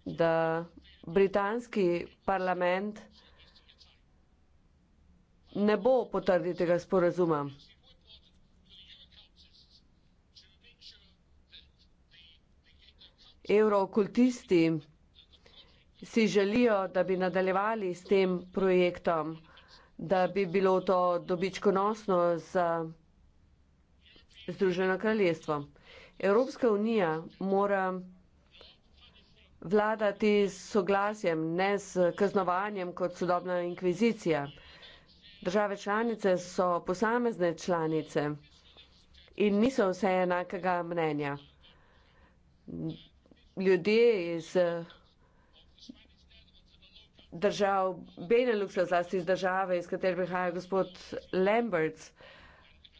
da britanski parlament ne bo potrdil tega sporazuma. Evrookultisti si želijo, da bi nadaljevali s tem projektom, da bi bilo to dobičkonosno za Združeno kraljestvo. Evropska unija mora vladati s soglasjem, ne s kaznovanjem kot sodobna inkvizicija. Države članice so posamezne članice in niso vse enakega mnenja. Ljudje iz držav Beneluxa, zlasti iz države, iz katerih prihaja gospod Lamberts,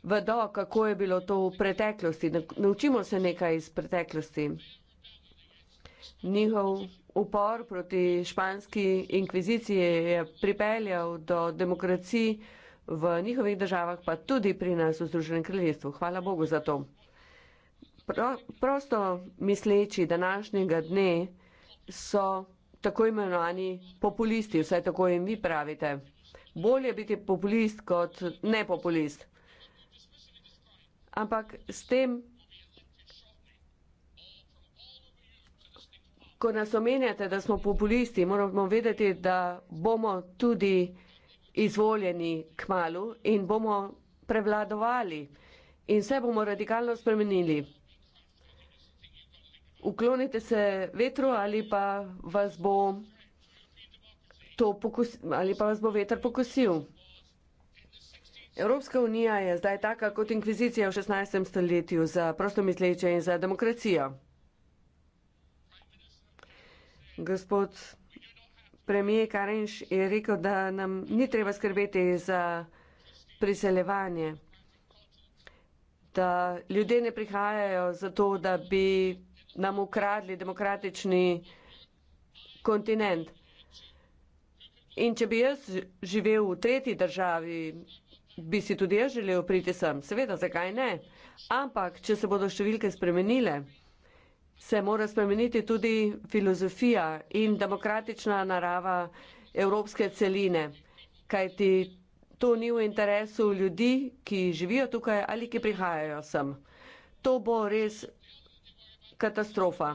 vedo, kako je bilo to v preteklosti. Naučimo se nekaj iz preteklosti. Njihov upor proti španski inkviziciji je pripeljal do demokracij v njihovih državah, pa tudi pri nas v Združenem kraljestvu. Hvala Bogu za to. Pro, prosto misleči današnjega dne so tako imenovani populisti, vsaj tako jim vi pravite. Bolje biti populist kot nepopulist. Ampak s tem Ko nas omenjate, da smo populisti, moramo vedeti, da bomo tudi izvoljeni k malu in bomo prevladovali in vse bomo radikalno spremenili. Uklonite se vetru ali pa vas bo to pokusil, ali pa vas bo veter pokusil. Evropska unija je zdaj taka kot inkvizicija v 16. stoletju za prostomisleče in za demokracijo. Gospod premije Karenš je rekel, da nam ni treba skrbeti za priseljevanje, da ljudje ne prihajajo zato, da bi nam ukradli demokratični kontinent. In če bi jaz živel v tretji državi, bi si tudi jaz želel priti sem. Seveda, zakaj ne? Ampak, če se bodo številke spremenile, se mora spremeniti tudi filozofija in demokratična narava evropske celine, kajti to ni v interesu ljudi, ki živijo tukaj ali ki prihajajo sem. To bo res katastrofa.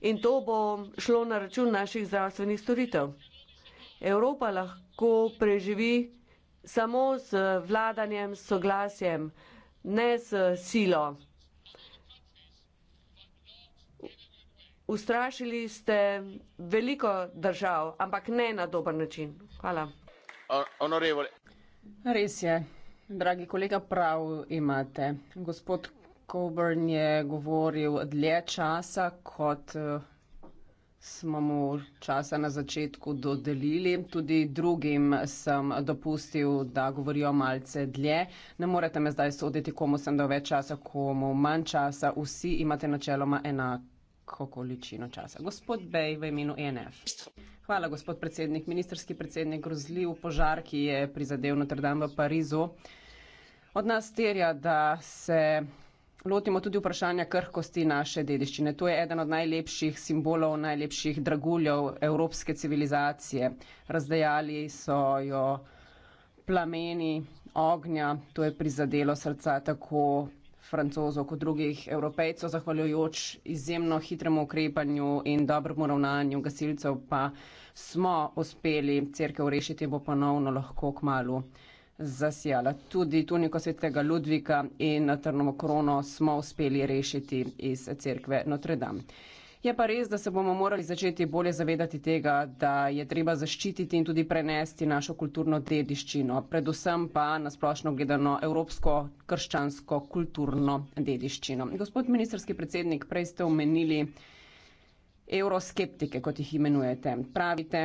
In to bo šlo na račun naših zdravstvenih storitev. Evropa lahko preživi samo z vladanjem, soglasjem, ne s silo. ustrašili ste veliko držav, ampak ne na dober način. Hvala. Honorevole. Res je, dragi kolega, prav imate. Gospod Coburn je govoril dlje časa, kot smo mu časa na začetku dodelili. Tudi drugim sem dopustil, da govorijo malce dlje. Ne morete me zdaj soditi, komu sem dal več časa, komu manj časa. Vsi imate načeloma enako enako količino časa. Gospod Bej v imenu ENF. Hvala, gospod predsednik. Ministrski predsednik grozljiv požar, ki je prizadel Notre Dame v Parizu, od nas terja, da se lotimo tudi vprašanja krhkosti naše dediščine. To je eden od najlepših simbolov, najlepših draguljev evropske civilizacije. Razdajali so jo plameni ognja, to je prizadelo srca tako francozov kot drugih evropejcev, zahvaljujoč izjemno hitremu ukrepanju in dobremu ravnanju gasilcev, pa smo uspeli crkev rešiti in bo ponovno lahko k malu zasijala. Tudi tuniko svetega Ludvika in Trnovo krono smo uspeli rešiti iz crkve Notre Dame. Je pa res, da se bomo morali začeti bolje zavedati tega, da je treba zaščititi in tudi prenesti našo kulturno dediščino, predvsem pa nasplošno gledano evropsko krščansko kulturno dediščino. Gospod ministerski predsednik, prej ste omenili evroskeptike, kot jih imenujete. Pravite,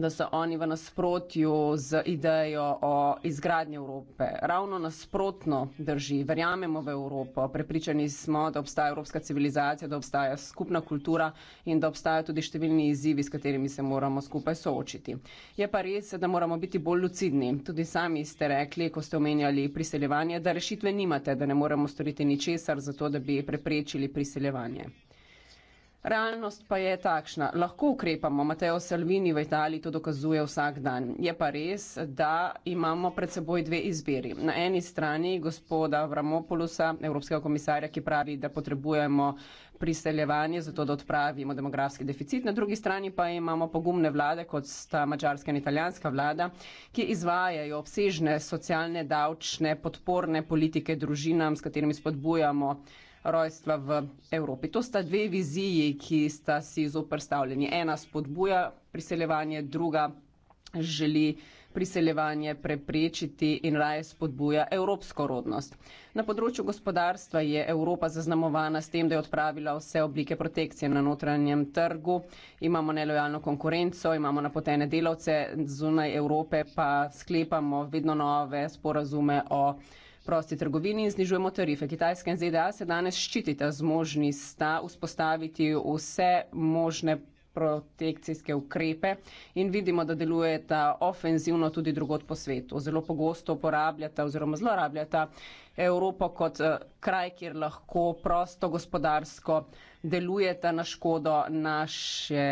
da so oni v nasprotju z idejo o izgradnji Evrope. Ravno nasprotno drži, verjamemo v Evropo, prepričani smo, da obstaja evropska civilizacija, da obstaja skupna kultura in da obstajajo tudi številni izzivi, s katerimi se moramo skupaj soočiti. Je pa res, da moramo biti bolj lucidni. Tudi sami ste rekli, ko ste omenjali priseljevanje, da rešitve nimate, da ne moremo storiti ničesar za to, da bi preprečili priseljevanje. Realnost pa je takšna. Lahko ukrepamo. Mateo Salvini v Italiji to dokazuje vsak dan. Je pa res, da imamo pred seboj dve izbiri. Na eni strani gospoda Vramopolusa, evropskega komisarja, ki pravi, da potrebujemo priseljevanje, zato da odpravimo demografski deficit. Na drugi strani pa imamo pogumne vlade, kot sta mačarska in italijanska vlada, ki izvajajo obsežne socialne, davčne, podporne politike družinam, s katerimi spodbujamo rojstva v Evropi. To sta dve viziji, ki sta si zoprstavljeni. Ena spodbuja priseljevanje, druga želi priseljevanje preprečiti in raje spodbuja evropsko rodnost. Na področju gospodarstva je Evropa zaznamovana s tem, da je odpravila vse oblike protekcije na notranjem trgu. Imamo nelojalno konkurenco, imamo napotene delavce, zunaj Evrope pa sklepamo vedno nove sporazume o prosti trgovini in znižujemo tarife. Kitajska in ZDA se danes ščitita zmožni sta vzpostaviti vse možne protekcijske ukrepe in vidimo, da delujeta ofenzivno tudi drugot po svetu. Zelo pogosto uporabljata oziroma zlorabljata Evropo kot eh, kraj, kjer lahko prosto gospodarsko delujeta na škodo naše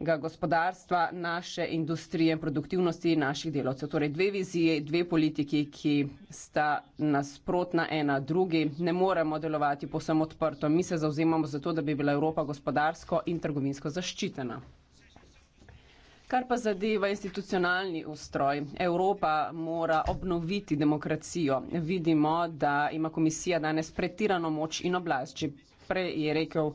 našega gospodarstva, naše industrije in produktivnosti naših delovcev. Torej dve viziji, dve politiki, ki sta nasprotna ena drugi. Ne moremo delovati posem odprto. Mi se zauzemamo za to, da bi bila Evropa gospodarsko in trgovinsko zaščitena. Kar pa zadeva institucionalni ustroj, Evropa mora obnoviti demokracijo. Vidimo, da ima komisija danes pretirano moč in oblast. Če prej je rekel,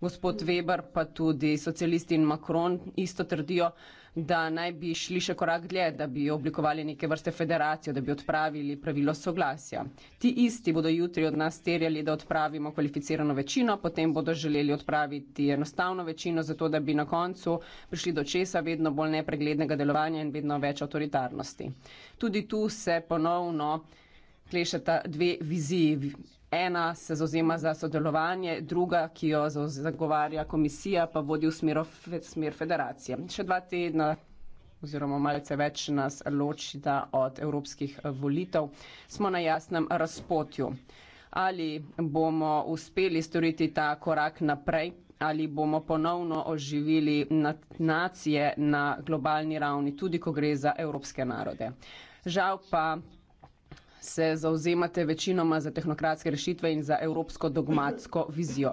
gospod Weber, pa tudi socialisti in Macron isto trdijo, da naj bi šli še korak dlje, da bi oblikovali neke vrste federacijo, da bi odpravili pravilo soglasja. Ti isti bodo jutri od nas terjali, da odpravimo kvalificirano večino, potem bodo želeli odpraviti enostavno večino, zato da bi na koncu prišli do česa vedno bolj nepreglednega delovanja in vedno več avtoritarnosti. Tudi tu se ponovno klešeta dve viziji. Ena se zauzema za sodelovanje, druga, ki jo zagovarja komisija, pa vodi v smer, smer federacije. Še dva tedna oziroma malce več nas loči, da od evropskih eh, volitev smo na jasnem razpotju. Ali bomo uspeli storiti ta korak naprej, ali bomo ponovno oživili nacije na globalni ravni, tudi ko gre za evropske narode. Žal pa se zauzemate večinoma za tehnokratske rešitve in za evropsko dogmatsko vizijo.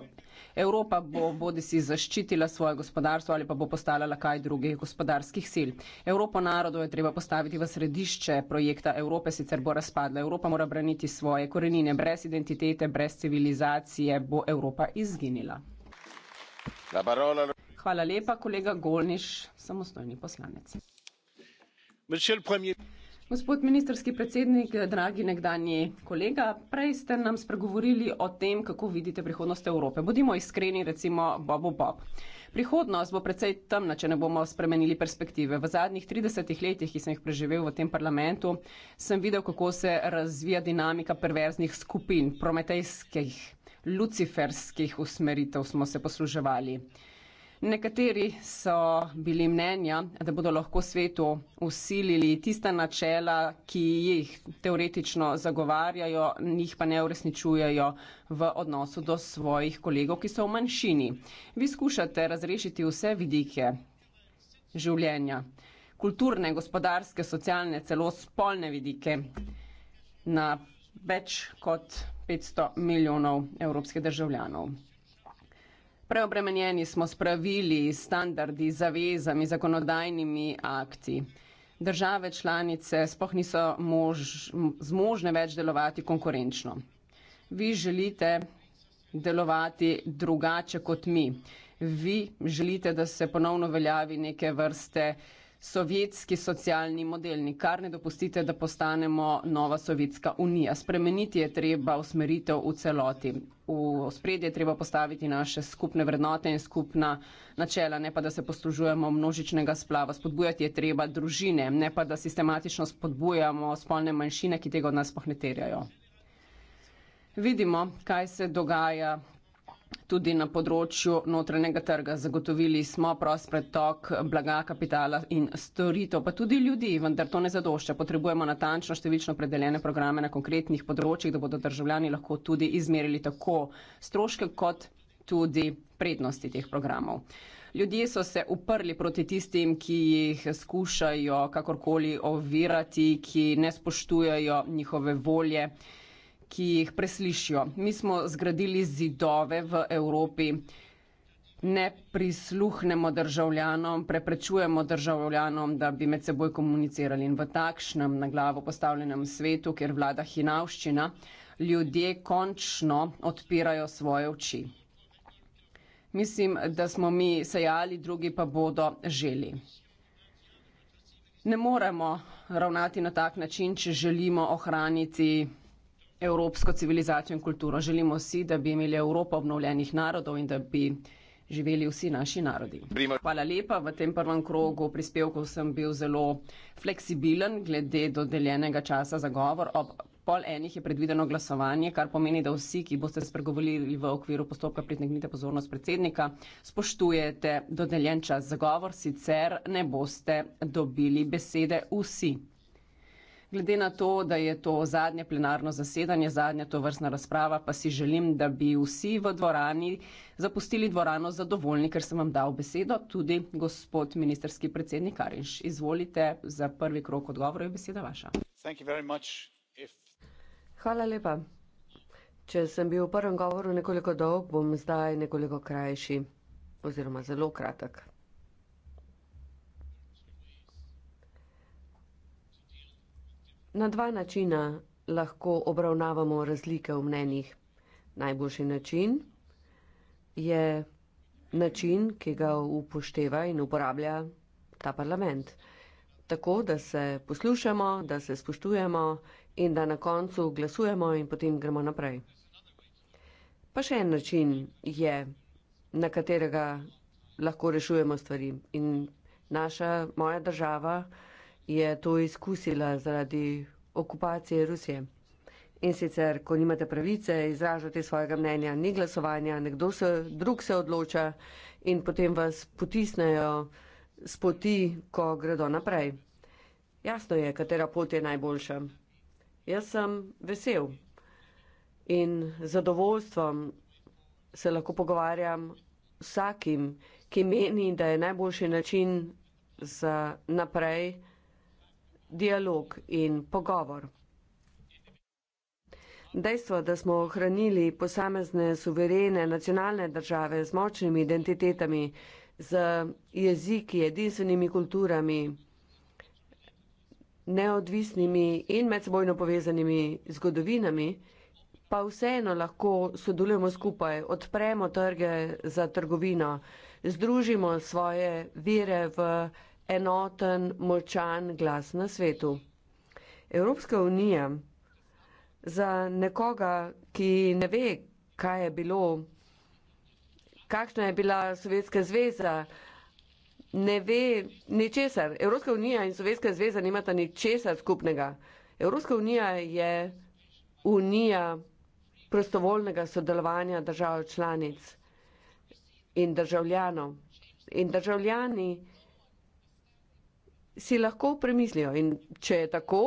Evropa bo bodi si zaščitila svoje gospodarstvo ali pa bo postala kaj drugih gospodarskih sil. Evropo narodov je treba postaviti v središče projekta Evrope, sicer bo razpadla. Evropa mora braniti svoje korenine. Brez identitete, brez civilizacije bo Evropa izginila. Hvala lepa, kolega Golniš, samostojni poslanec. Monsieur le premier. Gospod ministerski predsednik, dragi nekdani kolega, prej ste nam spregovorili o tem, kako vidite prihodnost Evrope. Bodimo iskreni, recimo Bobo Bob. Prihodnost bo precej temna, če ne bomo spremenili perspektive. V zadnjih 30 letih, ki sem jih preživel v tem parlamentu, sem videl, kako se razvija dinamika perverznih skupin, prometejskih, luciferskih usmeritev smo se posluževali. Nekateri so bili mnenja, da bodo lahko svetu usilili tista načela, ki jih teoretično zagovarjajo, njih pa ne uresničujejo v odnosu do svojih kolegov, ki so v manjšini. Vi skušate razrešiti vse vidike življenja, kulturne, gospodarske, socialne, celo spolne vidike na več kot 500 milijonov evropskih državljanov. Preobremenjeni smo s pravili, standardi, zavezami, zakonodajnimi akti. Države članice spoh niso mož, zmožne več delovati konkurenčno. Vi želite delovati drugače kot mi. Vi želite, da se ponovno veljavi neke vrste uh, sovjetski socialni model. Nikar ne dopustite, da postanemo nova Sovjetska unija. Spremeniti je treba usmeritev v celoti. V spredje je treba postaviti naše skupne vrednote in skupna načela, ne pa da se poslužujemo množičnega splava. Spodbujati je treba družine, ne pa da sistematično spodbujamo spolne manjšine, ki tega od nas pohneterjajo. Vidimo, kaj se dogaja tudi na področju notranjega trga. Zagotovili smo prost pretok blaga, kapitala in storitev, pa tudi ljudi, vendar to ne zadošča. Potrebujemo natančno številčno predeljene programe na konkretnih področjih, da bodo državljani lahko tudi izmerili tako stroške kot tudi prednosti teh programov. Ljudje so se uprli proti tistim, ki jih skušajo kakorkoli ovirati, ki ne spoštujejo njihove volje ki jih preslišijo. Mi smo zgradili zidove v Evropi, ne prisluhnemo državljanom, preprečujemo državljanom, da bi med seboj komunicirali in v takšnem na glavo postavljenem svetu, kjer vlada hinavščina, ljudje končno odpirajo svoje oči. Mislim, da smo mi sejali, drugi pa bodo želi. Ne moremo ravnati na tak način, če želimo ohraniti evropsko civilizacijo in kulturo. Želimo si, da bi imeli Evropo obnovljenih narodov in da bi živeli vsi naši narodi. Hvala lepa. V tem prvem krogu prispevkov sem bil zelo fleksibilen glede dodeljenega časa za govor. Ob pol enih je predvideno glasovanje, kar pomeni, da vsi, ki boste spregovorili v okviru postopka, pritegnite pozornost predsednika, spoštujete dodeljen čas za govor, sicer ne boste dobili besede vsi. Glede na to, da je to zadnje plenarno zasedanje, zadnja to vrstna razprava, pa si želim, da bi vsi v dvorani zapustili dvorano zadovoljni, ker sem vam dal besedo, tudi gospod ministerski predsednik Karinš. Izvolite za prvi krok odgovora, je beseda vaša. Hvala lepa. Če sem bil v prvem govoru nekoliko dolg, bom zdaj nekoliko krajši oziroma zelo kratek. Na dva načina lahko obravnavamo razlike v mnenjih. Najboljši način je način, ki ga upošteva in uporablja ta parlament. Tako, da se poslušamo, da se spoštujemo in da na koncu glasujemo in potem gremo naprej. Pa še en način je, na katerega lahko rešujemo stvari. In naša, moja država, je to izkusila zaradi okupacije Rusije. In sicer, ko nimate pravice izražati svojega mnenja, ni glasovanja, nekdo se, drug se odloča in potem vas potisnejo z poti, ko gredo naprej. Jasno je, katera pot je najboljša. Jaz sem vesel in zadovoljstvom se lahko pogovarjam vsakim, ki meni, da je najboljši način za naprej dialog in pogovor. Dejstvo, da smo ohranili posamezne suverene nacionalne države z močnimi identitetami, z jeziki, edinstvenimi kulturami, neodvisnimi in medsebojno povezanimi zgodovinami, pa vseeno lahko sodelujemo skupaj, odpremo trge za trgovino, združimo svoje vire v enoten, močan glas na svetu. Evropska unija za nekoga, ki ne ve, kaj je bilo, kakšna je bila Sovjetska zveza, ne ve ničesar. Evropska unija in Sovjetska zveza nimata ničesar skupnega. Evropska unija je unija prostovoljnega sodelovanja držav članic in državljanov. In državljani si lahko premislijo in če je tako,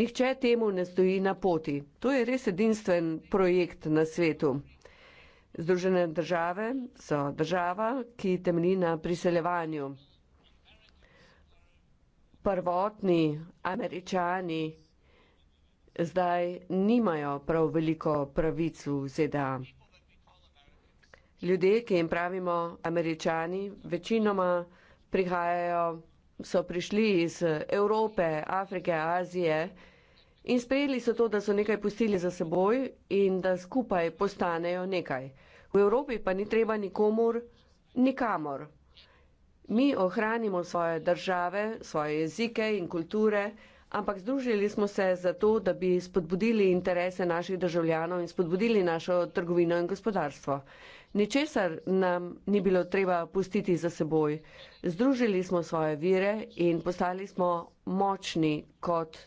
nihče temu ne stoji na poti. To je res edinstven projekt na svetu. Združene države so država, ki temni na priseljevanju. Prvotni američani zdaj nimajo prav veliko pravic v ZDA. Ljudje, ki jim pravimo američani, večinoma prihajajo so prišli iz Evrope, Afrike, Azije in sprejeli so to, da so nekaj pustili za seboj in da skupaj postanejo nekaj. V Evropi pa ni treba nikomor, nikamor. Mi ohranimo svoje države, svoje jezike in kulture, ampak združili smo se zato, da bi spodbudili interese naših državljanov in spodbudili našo trgovino in gospodarstvo. Ničesar nam ni bilo treba pustiti za seboj. Združili smo svoje vire in postali smo močni kot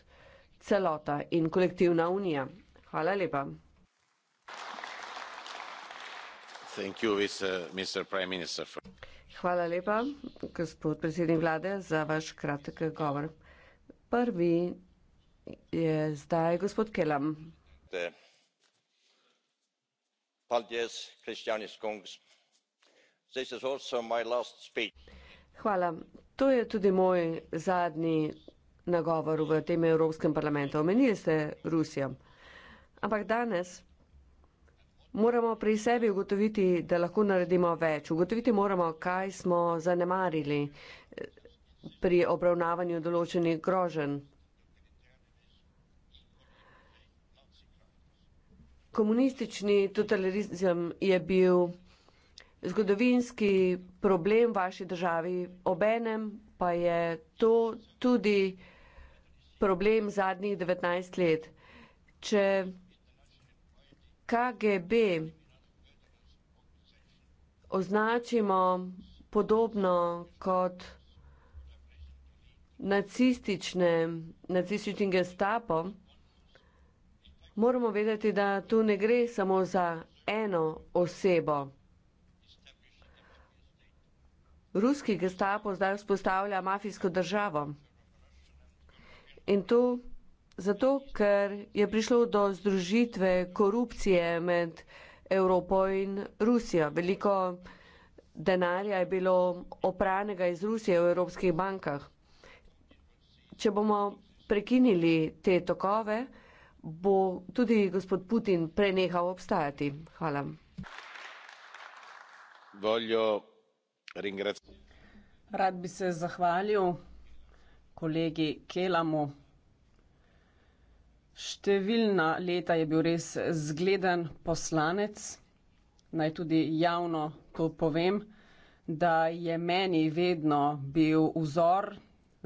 celota in kolektivna unija. Hvala lepa. Uh, Hvala lepa, gospod predsednik vlade, za vaš kratek govor. Prvi je zdaj gospod Kelam. De. Eh, Hvala. To je tudi moj zadnji nagovor v tem Evropskem parlamentu. Omenili ste Rusijo. Ampak danes moramo pri sebi ugotoviti, da lahko naredimo več. Ugotoviti moramo, kaj smo zanemarili pri obravnavanju določenih groženj. komunistični totalitarizem je bil zgodovinski problem v vaši državi, obenem pa je to tudi problem zadnjih 19 let. Če KGB označimo podobno kot nacistične, nacističnim gestapom, moramo vedeti, da tu ne gre samo za eno osebo. Ruski gestapo zdaj vzpostavlja mafijsko državo. In to zato, ker je prišlo do združitve korupcije med Evropo in Rusijo. Veliko denarja je bilo opranega iz Rusije v evropskih bankah. Če bomo prekinili te tokove, bo tudi gospod Putin prenehal obstajati. Hvala. Rad bi se zahvalil kolegi Kelamu. Številna leta je bil res zgleden poslanec, naj tudi javno to povem, da je meni vedno bil vzor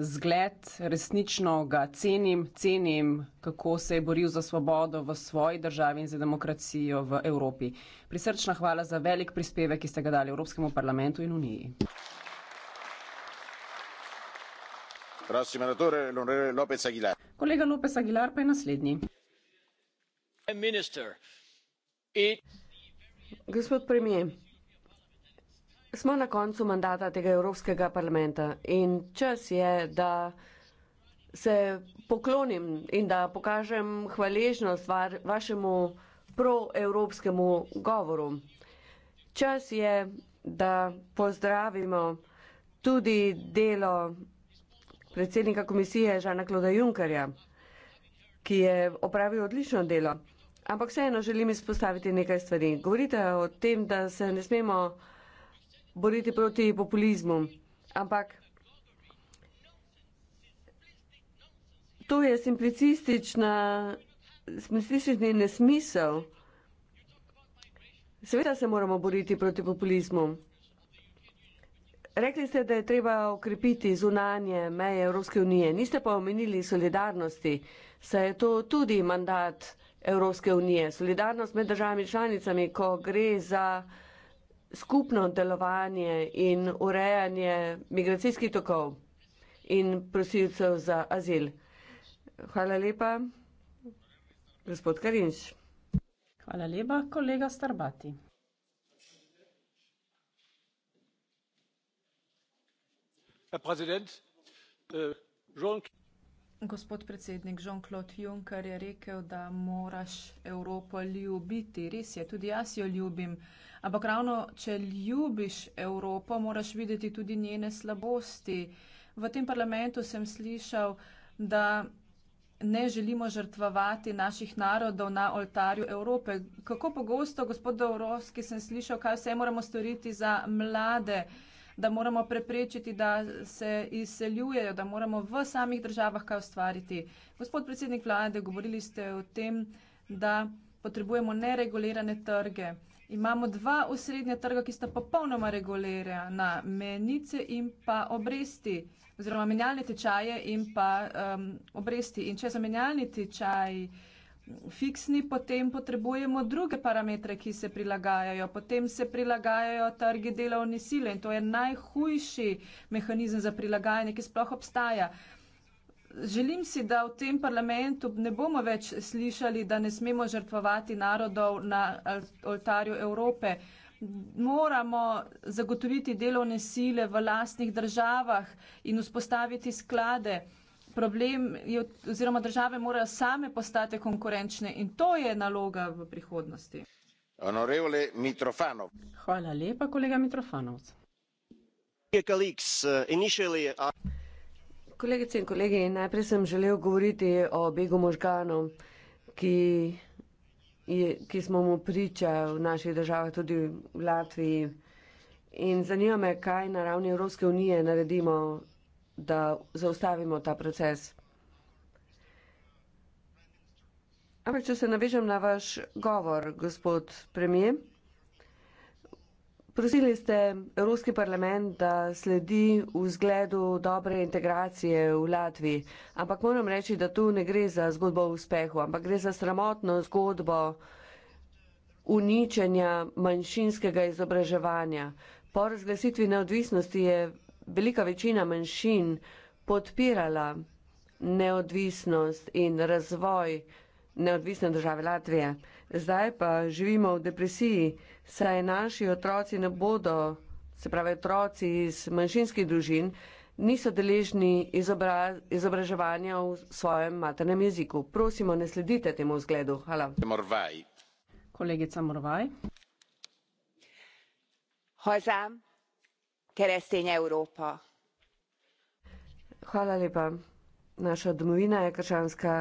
zgled, resnično ga cenim, cenim, kako se je boril za svobodo v svoji državi in za demokracijo v Evropi. Prisrčna hvala za velik prispevek, ki ste ga dali Evropskemu parlamentu in Uniji. Kolega Lopes Aguilar pa je naslednji. Gospod premijer, Smo na koncu mandata tega Evropskega parlamenta in čas je, da se poklonim in da pokažem hvaležnost vašemu proevropskemu govoru. Čas je, da pozdravimo tudi delo predsednika komisije Žana Kloda Junkarja, ki je opravil odlično delo. Ampak vseeno želim izpostaviti nekaj stvari. Govorite o tem, da se ne smemo boriti proti populizmu. Ampak to je simplicistična, simplicistični nesmisel. Seveda se moramo boriti proti populizmu. Rekli ste, da je treba okrepiti zunanje meje Evropske unije. Niste pa omenili solidarnosti, saj je to tudi mandat Evropske unije. Solidarnost med državami članicami, ko gre za skupno delovanje in urejanje migracijskih tokov in prosilcev za azil. Hvala lepa, gospod Karinš. Hvala lepa, kolega Starbati. Äh, gospod predsednik Jean-Claude Juncker je rekel, da moraš Evropo ljubiti. Res je, tudi jaz jo ljubim. Ampak ravno, če ljubiš Evropo, moraš videti tudi njene slabosti. V tem parlamentu sem slišal, da ne želimo žrtvovati naših narodov na oltarju Evrope. Kako pogosto, gospod Dovrovski, sem slišal, kaj vse moramo storiti za mlade, da moramo preprečiti, da se izseljujejo, da moramo v samih državah kaj ustvariti. Gospod predsednik vlade, govorili ste o tem, da potrebujemo neregulirane trge. Imamo dva osrednja trga, ki sta popolnoma regulirana, menice in pa obresti, oziroma menjalne tečaje in pa um, obresti. In če so menjalni tečaji fiksni, potem potrebujemo druge parametre, ki se prilagajajo. Potem se prilagajajo trgi delovne sile in to je najhujši mehanizem za prilagajanje, ki sploh obstaja. Um, Želim si, da v tem parlamentu ne bomo več slišali, da ne smemo žrtvovati narodov na oltarju Evrope. Moramo zagotoviti delovne sile v lastnih državah in vzpostaviti sklade. Problem je, oziroma države morajo same postati konkurenčne in to je naloga v prihodnosti. Hvala lepa, kolega Mitrofanov. Kolegice in kolegi, najprej sem želel govoriti o begu možganov, ki, ki smo mu priča v naših državah, tudi v Latviji. In zanima me, kaj na ravni Evropske unije naredimo, da zaustavimo ta proces. Ampak, če se navežem na vaš govor, gospod premijer. Prosili ste Evropski parlament, da sledi v zgledu dobre integracije v Latviji, ampak moram reči, da tu ne gre za zgodbo o uspehu, ampak gre za sramotno zgodbo uničenja manjšinskega izobraževanja. Po razglasitvi neodvisnosti je velika večina manjšin podpirala neodvisnost in razvoj neodvisne države Latvije. Zdaj pa živimo v depresiji saj naši otroci ne bodo, se pravi otroci iz manjšinskih družin, niso deležni izobra izobraževanja v svojem maternem jeziku. Prosimo, ne sledite temu vzgledu. Hvala. Morvaj. Kolegica Morvaj. Hozam, kerestin Evropa. Hvala lepa. Naša domovina je krščanska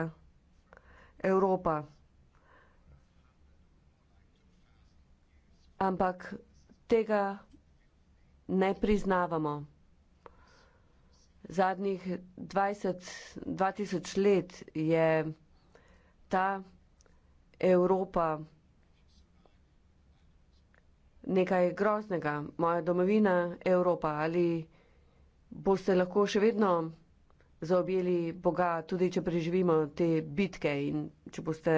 Evropa. ampak tega ne priznavamo. Zadnjih 20, 2000 let je ta Evropa nekaj groznega, moja domovina Evropa ali boste lahko še vedno zaobjeli Boga, tudi če preživimo te bitke in če boste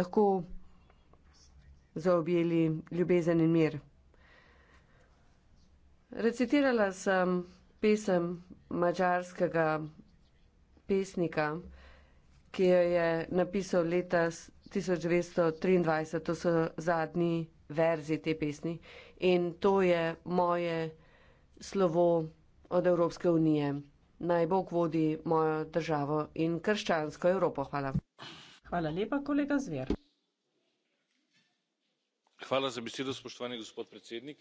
lahko zaobjeli ljubezen in mir. Recitirala sem pesem mačarskega pesnika, ki jo je napisal leta 1923, to so zadnji verzi te pesmi in to je moje slovo od Evropske unije. Naj Bog vodi mojo državo in krščansko Evropo. Hvala. Hvala lepa, kolega Zver spoštovani gospod predsednik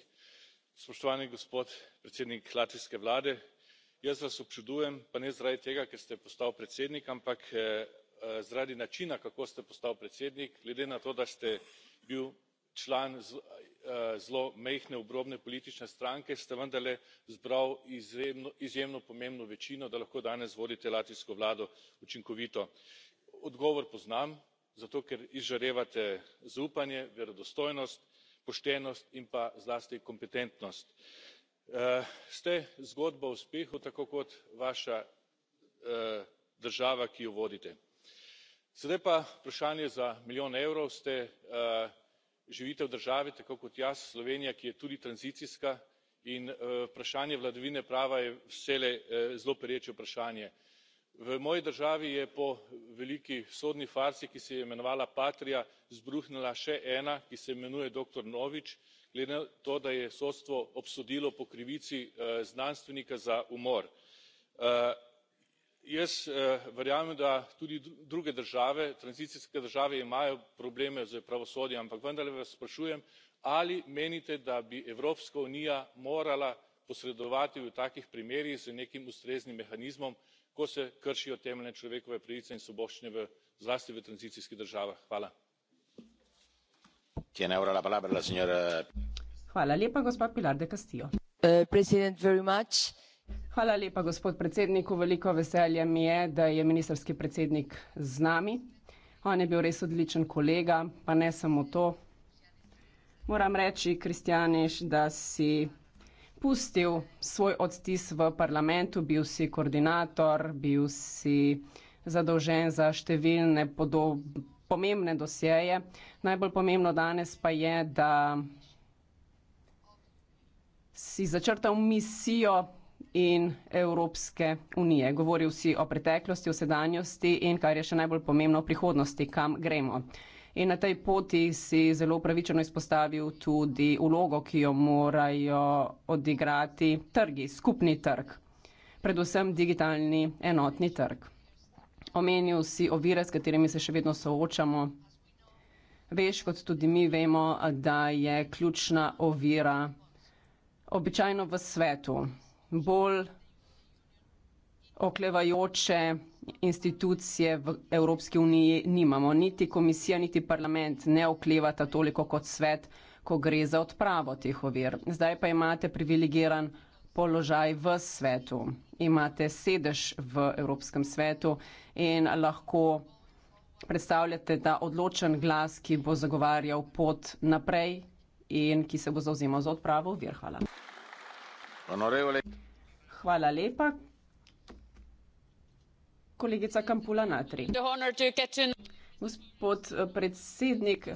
spoštovani gospod predsednik latvijske vlade jaz vas občudujem pa ne zaradi tega ker ste postal predsednik ampak eh, eh, zaradi načina kako ste postal predsednik glede na to da ste bil član eh, zelo majhne obrobne politične stranke ste vendarle zbral izjemno pomembno večino da lahko danes vodite latvijsko vlado učinkovito. odgovor poznam zato ker izžarevate zaupanje verodostojnost poštenost in pa zlasti kompetentnost. Eh, ste zgodba o uspehu tako kot vaša eh, država ki jo vodite. sedaj pa vprašanje za milijon evrov ste eh, živite v državi tako kot jaz slovenija ki je tudi tranzicijska in vprašanje vladavine prava je vselej zelo pereče vprašanje v moji državi je po veliki sodni farsi ki se je imenovala patria izbruhnila še ena ki se imenuje doktor novi glede na to da je sodstvo obsodilo po krivici eh, znanstvenika za umor. Eh, jaz eh, verjamem da tudi druge države tranzicijske države imajo probleme s pravosodjem ampak vendarle vas sprašujem ali menite da bi evropska unija morala posredovati v takih primerih z nekim ustreznim mehanizmom ko se kršijo temeljne človekove pravice in svoboščine zlasti v tranzicijskih državah. hvala eh, lepa gospod predsednik veliko veselje mi je da je ministrski predsednik z nami on je bil res odličen kolega pa ne samo to moram reči cristianis da si pustil svoj odtis v parlamentu, bil si koordinator, bil si zadolžen za številne pomembne dosjeje. Najbolj pomembno danes pa je, da si začrtal misijo in Evropske unije. Govoril si o preteklosti, o sedanjosti in, kar je še najbolj pomembno, o prihodnosti, kam gremo. In na tej poti si zelo upravičeno izpostavil tudi ulogo, ki jo morajo odigrati trgi, skupni trg, predvsem digitalni enotni trg. Omenil si ovire, s katerimi se še vedno soočamo. Veš, kot tudi mi vemo, da je ključna ovira običajno v svetu bolj oklevajoče institucije v Evropski uniji nimamo. Niti komisija, niti parlament ne oklevata toliko kot svet, ko gre za odpravo teh ovir. Zdaj pa imate privilegiran položaj v svetu. Imate sedež v Evropskem svetu in lahko predstavljate ta odločen glas, ki bo zagovarjal pot naprej in ki se bo zauzemal za odpravo ovir. Hvala. Hvala lepa kolegica Kampula Natri. Gospod eh, predsednik,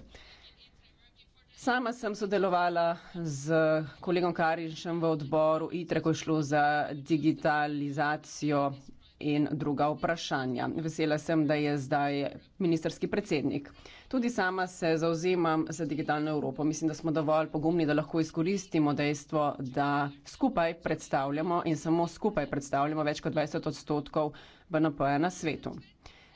sama sem sodelovala z kolegom Karinšem v odboru ITRE, ko je šlo za digitalizacijo in druga vprašanja. Vesela sem, da je zdaj ministerski predsednik. Tudi sama se zauzemam za digitalno Evropo. Mislim, da smo dovolj pogumni, da lahko izkoristimo dejstvo, da skupaj predstavljamo in samo skupaj predstavljamo več kot 20 odstotkov BNP-ja na svetu.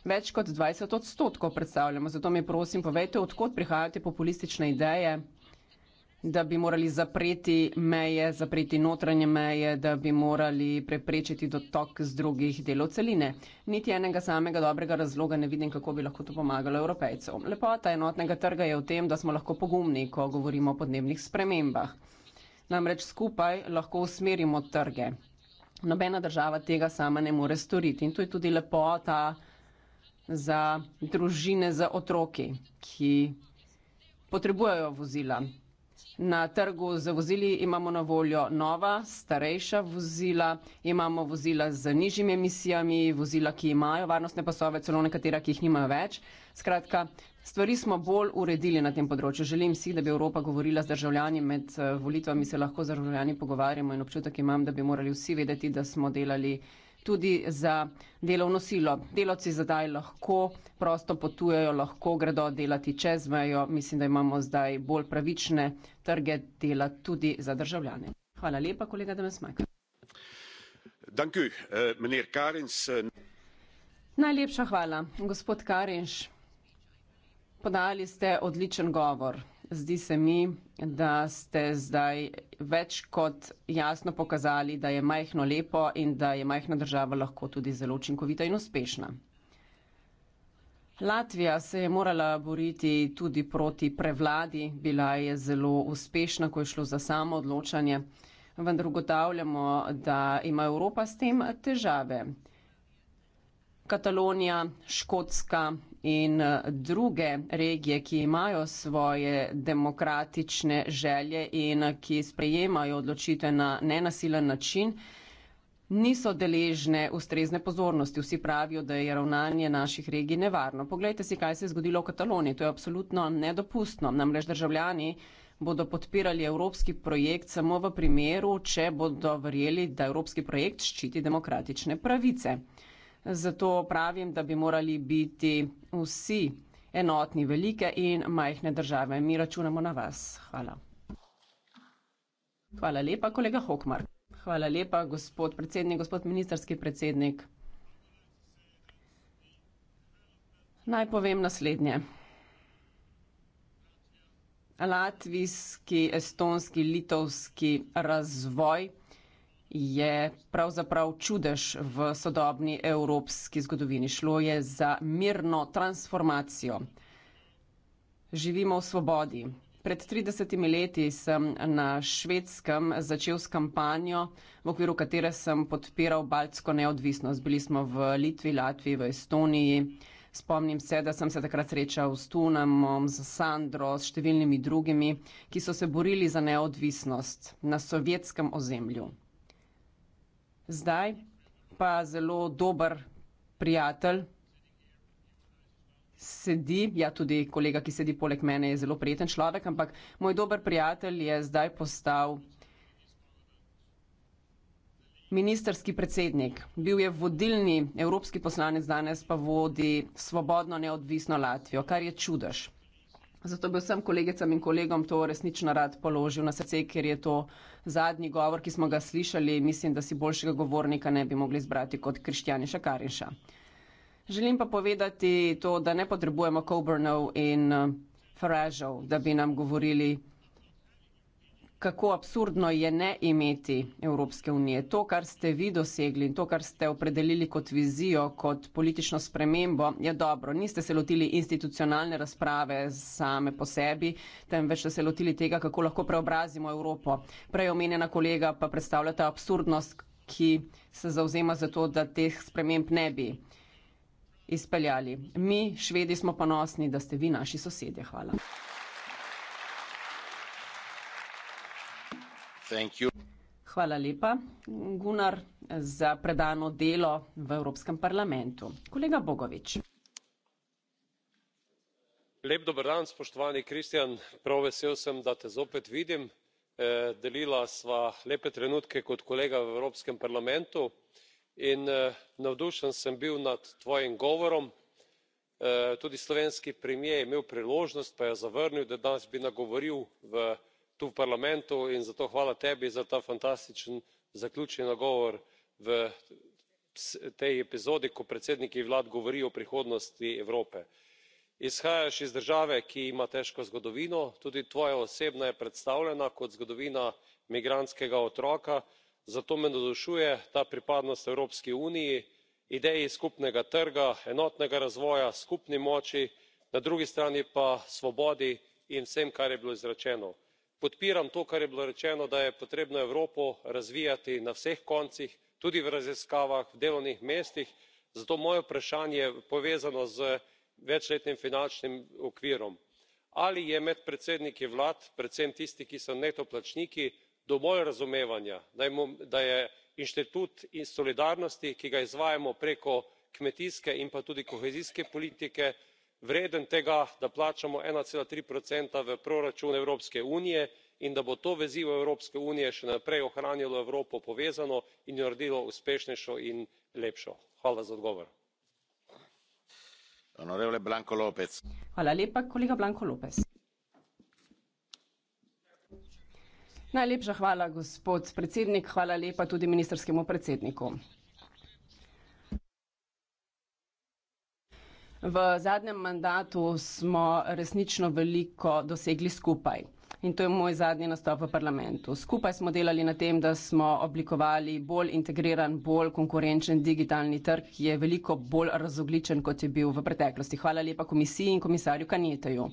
Več kot 20 odstotkov predstavljamo, zato mi prosim povejte, odkot prihajate populistične ideje, da bi morali zapreti meje, zapreti notranje meje, da bi morali preprečiti dotok z drugih delov celine. Niti enega samega dobrega razloga ne vidim, kako bi lahko to pomagalo evropejcem. Lepota enotnega trga je v tem, da smo lahko pogumni, ko govorimo o podnebnih spremembah. Namreč skupaj lahko usmerimo trge nobena država tega sama ne more storiti. In to je tudi lepota za družine, za otroki, ki potrebujejo vozila. Na trgu za vozili imamo na voljo nova, starejša vozila, imamo vozila z nižjimi emisijami, vozila, ki imajo varnostne pasove, celo nekatera, ki jih nimajo več. Skratka, stvari smo bolj uredili na tem področju. Želim si, da bi Evropa govorila z državljani, med eh, volitvami se lahko z državljani pogovarjamo in občutek imam, da bi morali vsi vedeti, da smo delali tudi za delovno silo. Delavci zdaj lahko prosto potujejo, lahko gredo delati čez mejo. Mislim, da imamo zdaj bolj pravične trge dela tudi za državljane. Hvala lepa, kolega Demesmajk. Eh, eh. Najlepša hvala, gospod Karinš. Podali ste odličen govor zdi se mi, da ste zdaj več kot jasno pokazali, da je majhno lepo in da je majhna država lahko tudi zelo učinkovita in uspešna. Latvija se je morala boriti tudi proti prevladi, bila je zelo uspešna, ko je šlo za samo odločanje, vendar ugotavljamo, da ima Evropa s tem težave. Katalonija, Škotska, in eh, druge regije, ki imajo svoje demokratične želje in eh, ki sprejemajo odločitve na nenasilen način, niso deležne ustrezne pozornosti. Vsi pravijo, da je ravnanje naših regij nevarno. Poglejte si, kaj se je zgodilo v Kataloniji. To je absolutno nedopustno. Namreč državljani bodo podpirali evropski projekt samo v primeru, če bodo verjeli, da evropski projekt ščiti demokratične pravice. Zato pravim, da bi morali biti vsi enotni velike in majhne države. Mi računamo na vas. Hvala. Hvala lepa, kolega Hokmark. Hvala lepa, gospod predsednik, gospod ministerski predsednik. Naj povem naslednje. Latvijski, estonski, litovski razvoj je pravzaprav čudež v sodobni evropski zgodovini. Šlo je za mirno transformacijo. Živimo v svobodi. Pred 30 leti sem na švedskem začel s kampanjo, v okviru katere sem podpiral baltsko neodvisnost. Bili smo v Litvi, Latviji, v Estoniji. Spomnim se, da sem se takrat srečal s Tunamom, z Sandro, s številnimi drugimi, ki so se borili za neodvisnost na sovjetskem ozemlju zdaj pa zelo dober prijatelj sedi, ja tudi kolega, ki sedi poleg mene, je zelo prijeten človek, ampak moj dober prijatelj je zdaj postal ministerski predsednik. Bil je vodilni evropski poslanec, danes pa vodi svobodno, neodvisno Latvijo, kar je čudež. Zato bi vsem kolegicam in kolegom to resnično rad položil na srce, ker je to zadnji govor, ki smo ga slišali. Mislim, da si boljšega govornika ne bi mogli izbrati kot Krištjani Šakariša. Želim pa povedati to, da ne potrebujemo Coburnov in eh, Faražov, da bi nam govorili kako absurdno je ne imeti Evropske unije. To, kar ste vi dosegli in to, kar ste opredelili kot vizijo, kot politično spremembo, je dobro. Niste se lotili institucionalne razprave same po sebi, temveč ste se lotili tega, kako lahko preobrazimo Evropo. Prej omenjena kolega pa predstavlja ta absurdnost, ki se zauzema za to, da teh sprememb ne bi izpeljali. Mi, Švedi, smo ponosni, da ste vi naši sosedje. Hvala. Hvala lepa, Gunnar, za predano delo v Evropskem parlamentu. Kolega Bogovič. Lep dober dan, spoštovani Kristjan. Prav vesel sem, da te zopet vidim. Eh, delila sva lepe trenutke kot kolega v Evropskem parlamentu in eh, navdušen sem bil nad tvojim govorom. Eh, tudi slovenski premier je imel priložnost, pa jo zavrnil, da danes bi nagovoril v tu v parlamentu in zato hvala tebi za ta fantastičen zaključni nagovor v tej epizodi ko predsedniki vlad govorijo o prihodnosti evrope. izhajaš iz države ki ima težko zgodovino tudi tvoja osebna je predstavljena kot zgodovina migrantskega otroka zato me navdušuje ta pripadnost evropski uniji ideji skupnega trga enotnega razvoja skupni moči na drugi strani pa svobodi in vsem kar je bilo izrečeno podpiram to kar je bilo rečeno da je potrebno evropo razvijati na vseh koncih tudi v raziskavah v delovnih mestih zato moje vprašanje povezano z večletnim finančnim okvirom ali je med predsedniki vlad predvsem tisti ki so neto plačniki dovolj razumevanja da je inštitut solidarnosti ki ga izvajamo preko kmetijske in pa tudi kohezijske politike vreden tega da plačamo ena tri v proračun evropske unije in da bo to vezivo evropske unije še naprej ohranjalo evropo povezano in jo naredilo uspešnejšo in lepšo. hvala za odgovor. najlepša hvala gospod predsednik hvala lepa tudi ministrskemu predsedniku. V zadnjem mandatu smo resnično veliko dosegli skupaj. In to je moj zadnji nastop v parlamentu. Skupaj smo delali na tem, da smo oblikovali bolj integriran, bolj konkurenčen digitalni trg, ki je veliko bolj razogličen, kot je bil v preteklosti. Hvala lepa komisiji in komisarju Kanjeteju.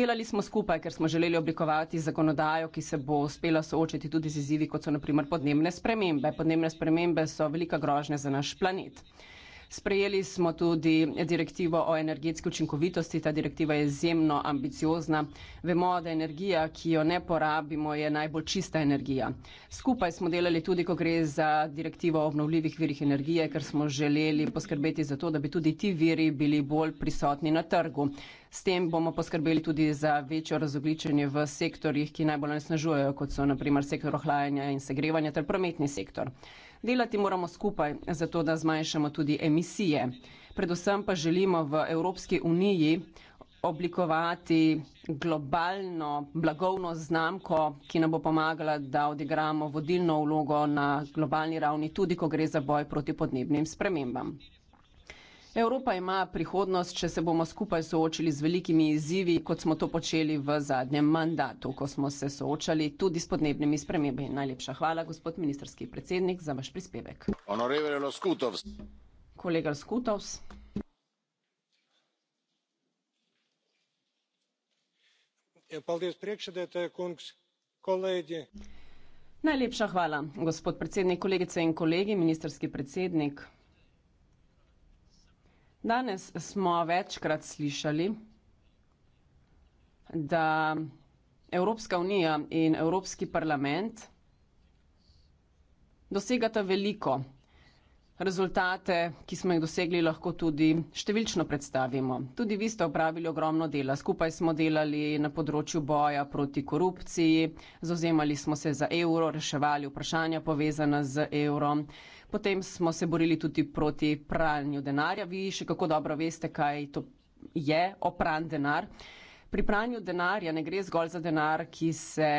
Delali smo skupaj, ker smo želeli oblikovati zakonodajo, ki se bo uspela soočiti tudi z izzivi, kot so naprimer podnebne spremembe. Podnebne spremembe so velika grožnja za naš planet. Sprejeli smo tudi direktivo o energetski učinkovitosti. Ta direktiva je izjemno ambiciozna. Vemo, da energija, ki jo ne porabimo, je najbolj čista energija. Skupaj smo delali tudi, ko gre za direktivo o obnovljivih virih energije, ker smo želeli poskrbeti za to, da bi tudi ti viri bili bolj prisotni na trgu. S tem bomo poskrbeli tudi za večjo razogličenje v sektorjih, ki najbolj nasnažujejo, kot so naprimer sektor ohlajanja in segrevanja ter prometni sektor. Delati moramo skupaj, zato da zmanjšamo tudi emisije. Predvsem pa želimo v Evropski uniji oblikovati globalno blagovno znamko, ki nam bo pomagala, da odigramo vodilno vlogo na globalni ravni, tudi ko gre za boj proti podnebnim spremembam. Evropa ima prihodnost, če se bomo skupaj soočili z velikimi izzivi, kot smo to počeli v zadnjem mandatu, ko smo se soočali tudi s podnebnimi spremembi. Najlepša hvala, gospod ministerski predsednik, za vaš prispevek. Kolega Skutovs. Ja, Najlepša hvala, gospod predsednik, kolegice in kolegi, ministerski predsednik. Danes smo večkrat slišali, da Evropska unija in Evropski parlament dosegata veliko Rezultate, ki smo jih dosegli, lahko tudi številčno predstavimo. Tudi vi ste opravili ogromno dela. Skupaj smo delali na področju boja proti korupciji, zauzemali smo se za evro, reševali vprašanja povezana z evro. Potem smo se borili tudi proti pranju denarja. Vi še kako dobro veste, kaj to je opran denar. Pri pranju denarja ne gre zgolj za denar, ki se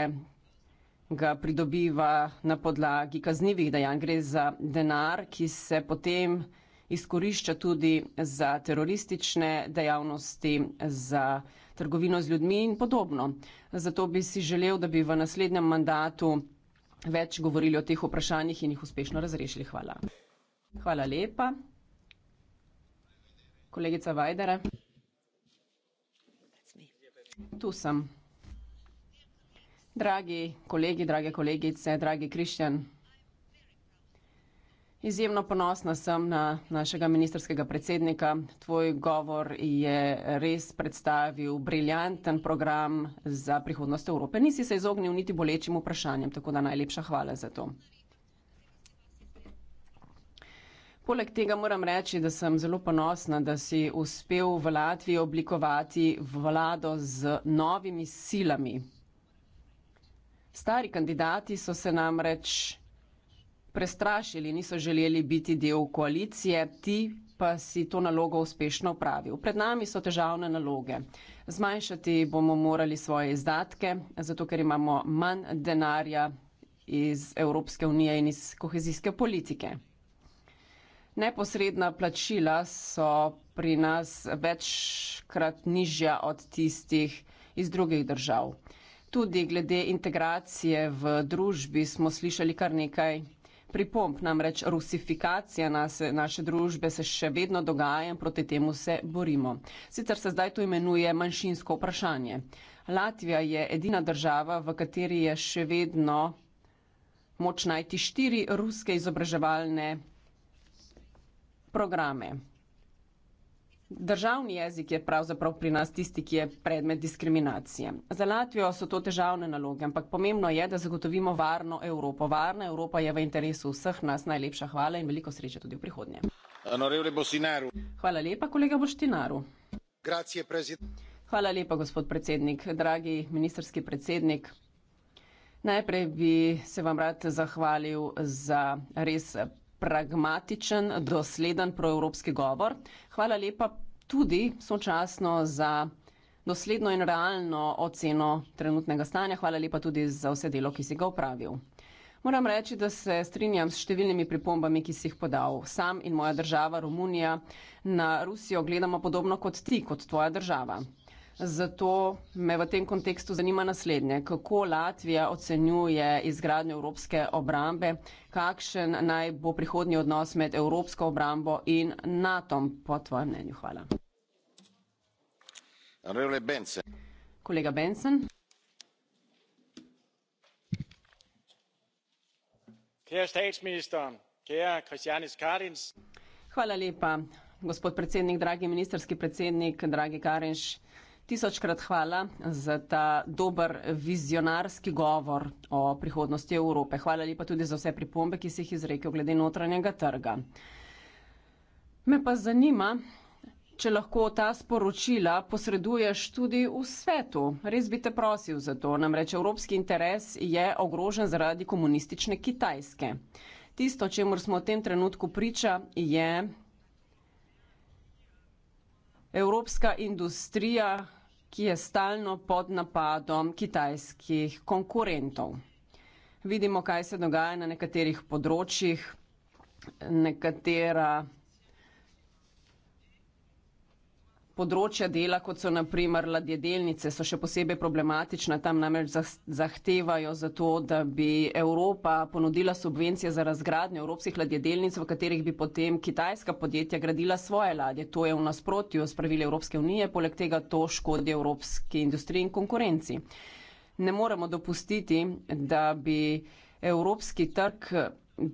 ga pridobiva na podlagi kaznjivih dejanj. Gre za denar, ki se potem izkorišča tudi za teroristične dejavnosti, za trgovino z ljudmi in podobno. Zato bi si želel, da bi v naslednjem mandatu več govorili o teh vprašanjih in jih uspešno razrešili. Hvala. Hvala lepa. Kolegica Vajdere. Tu sem. Dragi kolegi, drage kolegice, dragi Krišjan, izjemno ponosna sem na našega ministerskega predsednika. Tvoj govor je res predstavil briljanten program za prihodnost Evrope. Nisi se izognil niti bolečim vprašanjem, tako da najlepša hvala za to. Poleg tega moram reči, da sem zelo ponosna, da si uspel v Latviji oblikovati vlado z novimi silami. Stari kandidati so se namreč prestrašili, niso želeli biti del koalicije, ti pa si to nalogo uspešno upravil. Pred nami so težavne naloge. Zmanjšati bomo morali svoje izdatke, zato ker imamo manj denarja iz Evropske unije in iz kohezijske politike. Neposredna plačila so pri nas večkrat nižja od tistih iz drugih držav. Tudi glede integracije v družbi smo slišali kar nekaj pripomp, namreč rusifikacija nas, naše družbe se še vedno dogaja in proti temu se borimo. Sicer se zdaj to imenuje manjšinsko vprašanje. Latvija je edina država, v kateri je še vedno moč najti štiri ruske izobraževalne programe. Državni jezik je pravzaprav pri nas tisti, ki je predmet diskriminacije. Za Latvijo so to težavne naloge, ampak pomembno je, da zagotovimo varno Evropo. Varna Evropa je v interesu vseh nas. Najlepša hvala in veliko sreče tudi v prihodnje. Hvala lepa, kolega Boštinaru. Hvala lepa, gospod predsednik. Dragi ministerski predsednik, najprej bi se vam rad zahvalil za res pragmatičen, dosleden proevropski govor. Hvala lepa tudi sočasno za dosledno in realno oceno trenutnega stanja. Hvala lepa tudi za vse delo, ki si ga upravil. Moram reči, da se strinjam s številnimi pripombami, ki si jih podal. Sam in moja država Romunija na Rusijo gledamo podobno kot ti, kot tvoja država. Zato me v tem kontekstu zanima naslednje. Kako Latvija ocenjuje izgradnjo evropske obrambe, kakšen naj bo prihodnji odnos med evropsko obrambo in NATO, po tvojem mnenju? Hvala. Benson. Kolega Benson. Hvala lepa, gospod predsednik, dragi ministerski predsednik, dragi Karinš. Tisočkrat hvala za ta dober vizionarski govor o prihodnosti Evrope. Hvala lepa tudi za vse pripombe, ki si jih izrekel glede notranjega trga. Me pa zanima, če lahko ta sporočila posreduješ tudi v svetu. Res bi te prosil za to. Namreč evropski interes je ogrožen zaradi komunistične Kitajske. Tisto, čemu smo v tem trenutku priča, je evropska industrija, ki je stalno pod napadom kitajskih konkurentov. Vidimo, kaj se dogaja na nekaterih področjih, nekatera področja dela, kot so naprimer ladjedelnice, so še posebej problematična, tam namreč zahtevajo za to, da bi Evropa ponudila subvencije za razgradnjo evropskih ladjedelnic, v katerih bi potem kitajska podjetja gradila svoje ladje. To je v nasprotju s pravili Evropske unije, poleg tega to škodi evropski industriji in konkurenci. Ne moremo dopustiti, da bi evropski trg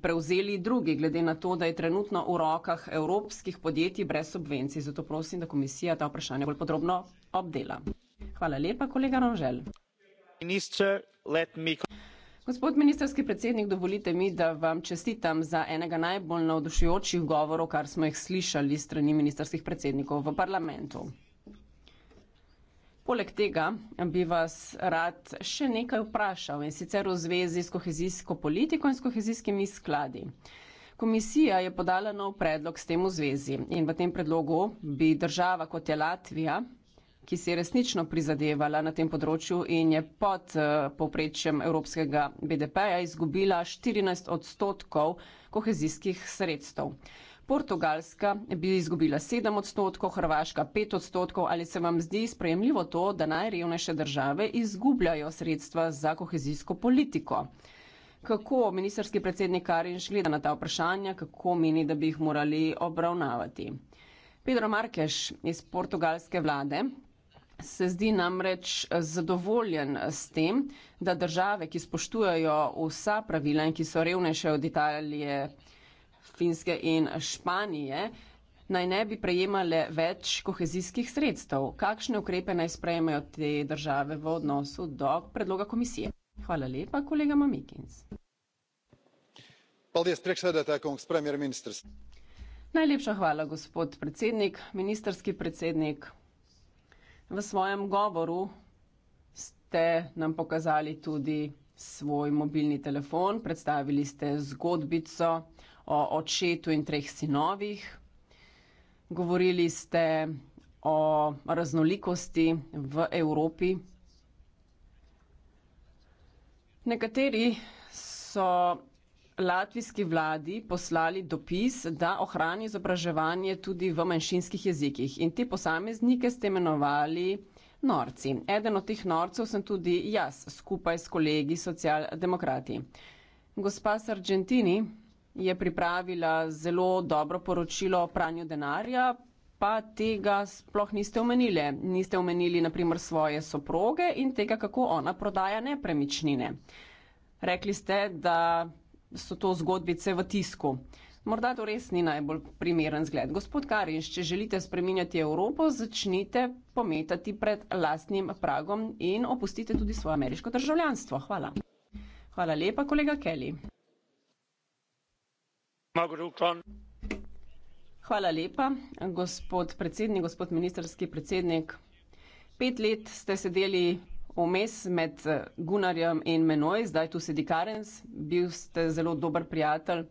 prevzeli drugi, glede na to, da je trenutno v rokah evropskih podjetij brez subvencij. Zato prosim, da komisija ta vprašanja bolj podrobno obdela. Hvala lepa, kolega Ronžel. Minister, Gospod ministerski predsednik, dovolite mi, da vam čestitam za enega najbolj navdušujočih govorov, kar smo jih slišali strani ministerskih predsednikov v parlamentu. Poleg tega bi vas rad še nekaj vprašal in sicer v zvezi s kohezijsko politiko in s kohezijskimi skladi. Komisija je podala nov predlog s tem v zvezi in v tem predlogu bi država kot je Latvija, ki se je resnično prizadevala na tem področju in je pod eh, povprečjem evropskega BDP-ja izgubila 14 odstotkov kohezijskih sredstev. Portugalska bi izgubila 7 odstotkov, Hrvaška 5 odstotkov. Ali se vam zdi sprejemljivo to, da najrevnejše države izgubljajo sredstva za kohezijsko politiko? Kako ministerski predsednik Karinš gleda na ta vprašanja, kako meni, da bi jih morali obravnavati? Pedro Markeš iz portugalske vlade se zdi namreč zadovoljen s tem, da države, ki spoštujajo vsa pravila in ki so revnejše od Italije, Finske in Španije naj ne bi prejemale več kohezijskih sredstev. Kakšne ukrepe naj sprejmejo te države v odnosu do predloga komisije? Hvala lepa, kolega Mamikins. Najlepša hvala, gospod predsednik, ministerski predsednik. V svojem govoru ste nam pokazali tudi svoj mobilni telefon, predstavili ste zgodbico, o očetu in treh sinovih, govorili ste o raznolikosti v Evropi. Nekateri so latvijski vladi poslali dopis, da ohrani izobraževanje tudi v manjšinskih jezikih in te posameznike ste imenovali norci. Eden od teh norcev sem tudi jaz skupaj s kolegi socialdemokrati. Gospa Sargentini, je pripravila zelo dobro poročilo o pranju denarja, pa tega sploh niste omenili. Niste omenili naprimer svoje soproge in tega, kako ona prodaja nepremičnine. Rekli ste, da so to zgodbice v tisku. Morda to res ni najbolj primeren zgled. Gospod Karinš, če želite spreminjati Evropo, začnite pometati pred lastnim pragom in opustite tudi svoje ameriško državljanstvo. Hvala. Hvala lepa, kolega Kelly. Hvala lepa, gospod predsednik, gospod ministerski predsednik. Pet let ste sedeli vmes med Gunarjem in menoj, zdaj tu sedi Karens, bil ste zelo dober prijatelj.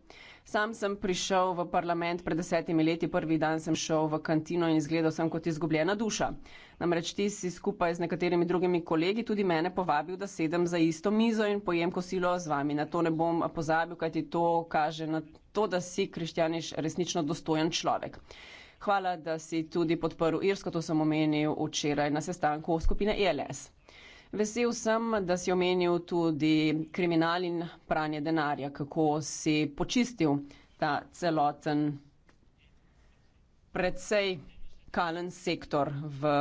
Sam sem prišel v parlament pred desetimi leti, prvi dan sem šel v kantino in izgledal sem kot izgubljena duša. Namreč ti si skupaj z nekaterimi drugimi kolegi tudi mene povabil, da sedem za isto mizo in pojem kosilo z vami. Na to ne bom pozabil, kajti to kaže na to, da si Krištjaniš resnično dostojen človek. Hvala, da si tudi podporil Irsko, to sem omenil včeraj na sestanku skupine ELS. Vesel sem, da si omenil tudi kriminal in pranje denarja, kako si počistil ta celoten predvsej kalen sektor v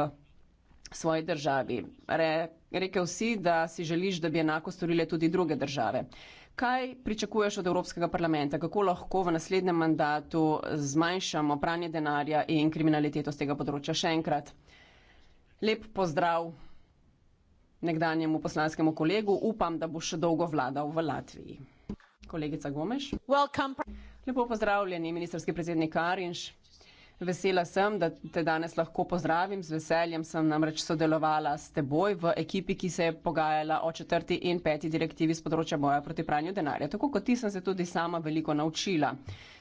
svoji državi. Re, rekel si, da si želiš, da bi enako storile tudi druge države. Kaj pričakuješ od Evropskega parlamenta, kako lahko v naslednjem mandatu zmanjšamo pranje denarja in kriminaliteto z tega področja? Še enkrat, lep pozdrav nekdanjemu poslanskemu kolegu, upam, da bo še dolgo vladal v Latviji. Kolegica Gomeš. Welcome. Lepo pozdravljeni, ministerski predsednik Arinš. Vesela sem, da te danes lahko pozdravim. Z veseljem sem namreč sodelovala s teboj v ekipi, ki se je pogajala o četrti in peti direktivi z področja boja proti pranju denarja. Tako kot ti sem se tudi sama veliko naučila.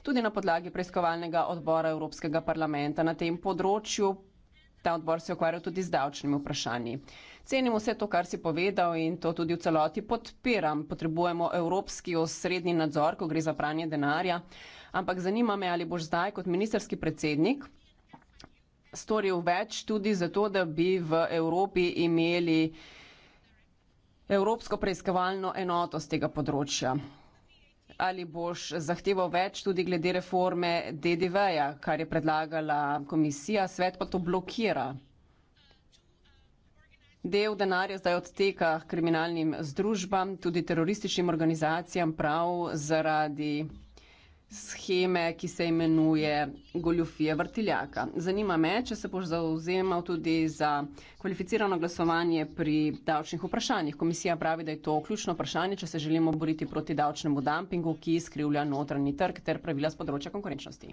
Tudi na podlagi preiskovalnega odbora Evropskega parlamenta na tem področju. Ta odbor se je ukvarjal tudi z davčnimi vprašanji. Cenim vse to, kar si povedal in to tudi v celoti podpiram. Potrebujemo evropski osrednji nadzor, ko gre za pranje denarja ampak zanima me, ali boš zdaj kot ministerski predsednik storil več tudi zato, da bi v Evropi imeli Evropsko preiskovalno enoto z tega področja. Ali boš zahteval več tudi glede reforme DDV-ja, kar je predlagala komisija, svet pa to blokira. Del denarja zdaj odteka kriminalnim združbam, tudi terorističnim organizacijam prav zaradi scheme, ki se imenuje goljofije vrtiljaka. Zanima me, če se boš zauzemal tudi za kvalificirano glasovanje pri davčnih vprašanjih. Komisija pravi, da je to ključno vprašanje, če se želimo boriti proti davčnemu dumpingu, ki skrivlja notranji trg ter pravila z področja konkurenčnosti.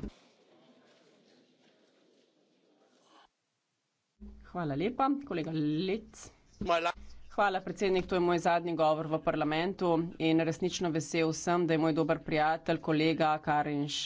Hvala lepa, kolega Lec. Hvala. Hvala, predsednik. To je moj zadnji govor v parlamentu in resnično vesel sem, da je moj dober prijatelj, kolega Karinš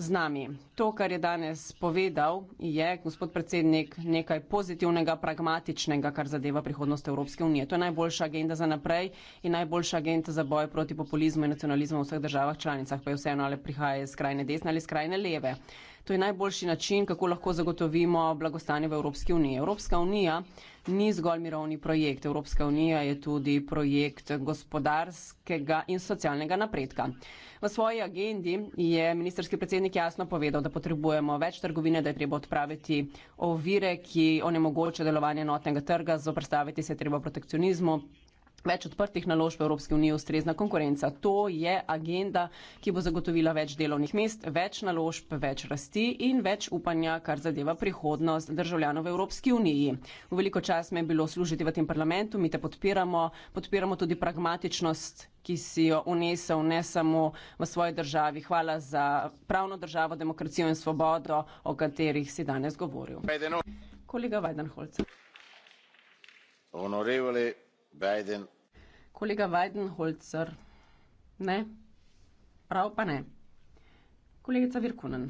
z nami. To, kar je danes povedal, je, gospod predsednik, nekaj pozitivnega, pragmatičnega, kar zadeva prihodnost Evropske unije. To je najboljša agenda za naprej in najboljša agenda za boj proti populizmu in nacionalizmu v vseh državah članicah, pa je vseeno, ali prihaja iz skrajne desne ali skrajne leve. To je najboljši način, kako lahko zagotovimo blagostanje v Evropski uniji. Evropska unija ni zgolj mirovni projekt, Evropska unija je tudi projekt gospodarskega in socialnega napredka. V svoji agendi je ministerski predsednik jasno povedal, da potrebujemo več trgovine, da je treba odpraviti ovire, ki onemogoče delovanje notnega trga, zoprstaviti se treba protekcionizmu, več odprtih naložb Evropske unije, ustrezna konkurenca. To je agenda, ki bo zagotovila več delovnih mest, več naložb, več rasti in več upanja, kar zadeva prihodnost državljanov v Evropski uniji. V veliko čas me je bilo služiti v tem parlamentu, mi te podpiramo, podpiramo tudi pragmatičnost, ki si jo unesel ne samo v svoji državi. Hvala za pravno državo, demokracijo in svobodo, o katerih si danes govoril. Kolega Vajdenholc. Biden. Kolega Weidenholzer, ne? Prav pa ne. Kolegica Virkunen.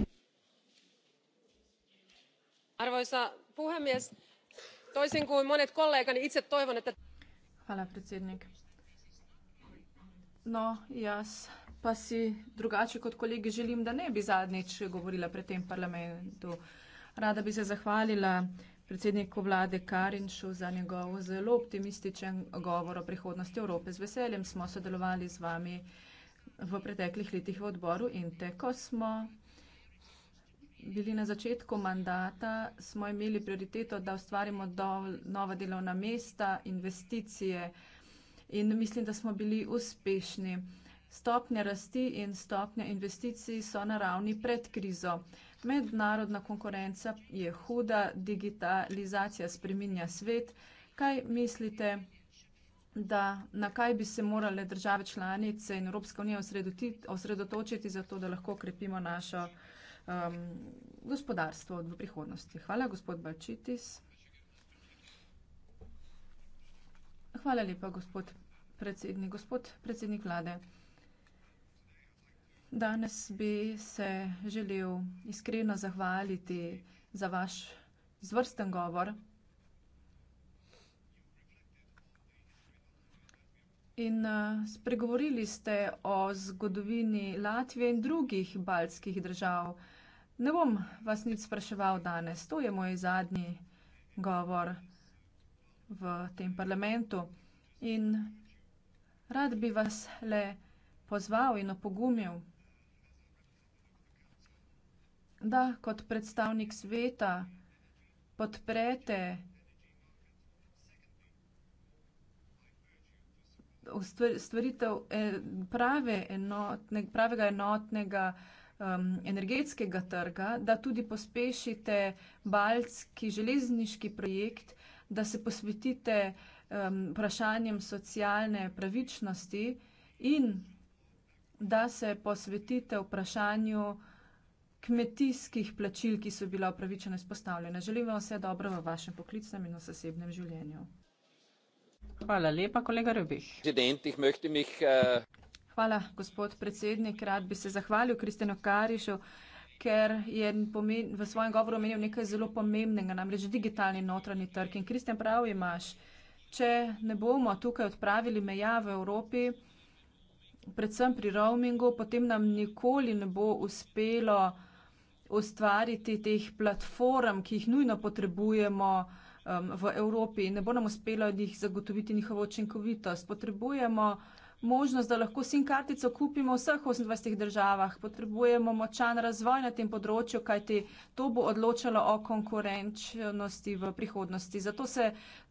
Arvoisa puhemies, toisin kuin monet kollegani itse toivon, että... Hvala, predsednik. No, jaz pa si drugače kot kolegi želim, da ne bi zadnjič govorila pred tem parlamentu. Rada bi se zahvalila predsedniku vlade Karinšu za njegov zelo optimističen govor o prihodnosti Evrope. Z veseljem smo sodelovali z vami v preteklih letih v odboru in te, ko smo bili na začetku mandata, smo imeli prioriteto, da ustvarimo do, nova delovna mesta, investicije in mislim, da smo bili uspešni. Stopnje rasti in stopnje investicij so na ravni pred krizo. Mednarodna konkurenca je huda, digitalizacija spreminja svet. Kaj mislite, da, na kaj bi se morale države članice in Evropska unija osredotočiti, zato da lahko krepimo našo um, gospodarstvo v prihodnosti? Hvala, gospod Balčitis. Hvala lepa, gospod predsednik. Gospod predsednik vlade. Danes bi se želel iskreno zahvaliti za vaš zvrsten govor. In eh, spregovorili ste o zgodovini Latvije in drugih baltskih držav. Ne bom vas nič spraševal danes, to je moj zadnji govor v tem parlamentu. In rad bi vas le pozval in opogumil da kot predstavnik sveta podprete stvaritev e, prave enotne, pravega enotnega um, energetskega trga, da tudi pospešite balski železniški projekt, da se posvetite um, vprašanjem socialne pravičnosti in da se posvetite vprašanju kmetijskih plačil, ki so bila upravičena izpostavljena. Želim vam vse dobro v vašem poklicnem in osebnem življenju. Hvala lepa, kolega Rebih. Äh, Hvala, gospod predsednik. Rad bi se zahvalil Kristjanu Karišu, ker je v svojem govoru omenil nekaj zelo pomembnega, namreč digitalni notranji trg. In Kristjan prav imaš, če ne bomo tukaj odpravili meja v Evropi, predvsem pri roamingu, potem nam nikoli ne bo uspelo ustvariti teh platform, ki jih nujno potrebujemo um, v Evropi in ne bo nam uspelo jih zagotoviti njihovo učinkovitost. Potrebujemo možnost, da lahko sim kartico kupimo v vseh 28 državah, potrebujemo močan razvoj na tem področju, kajti to bo odločalo o konkurenčnosti v prihodnosti. Zato se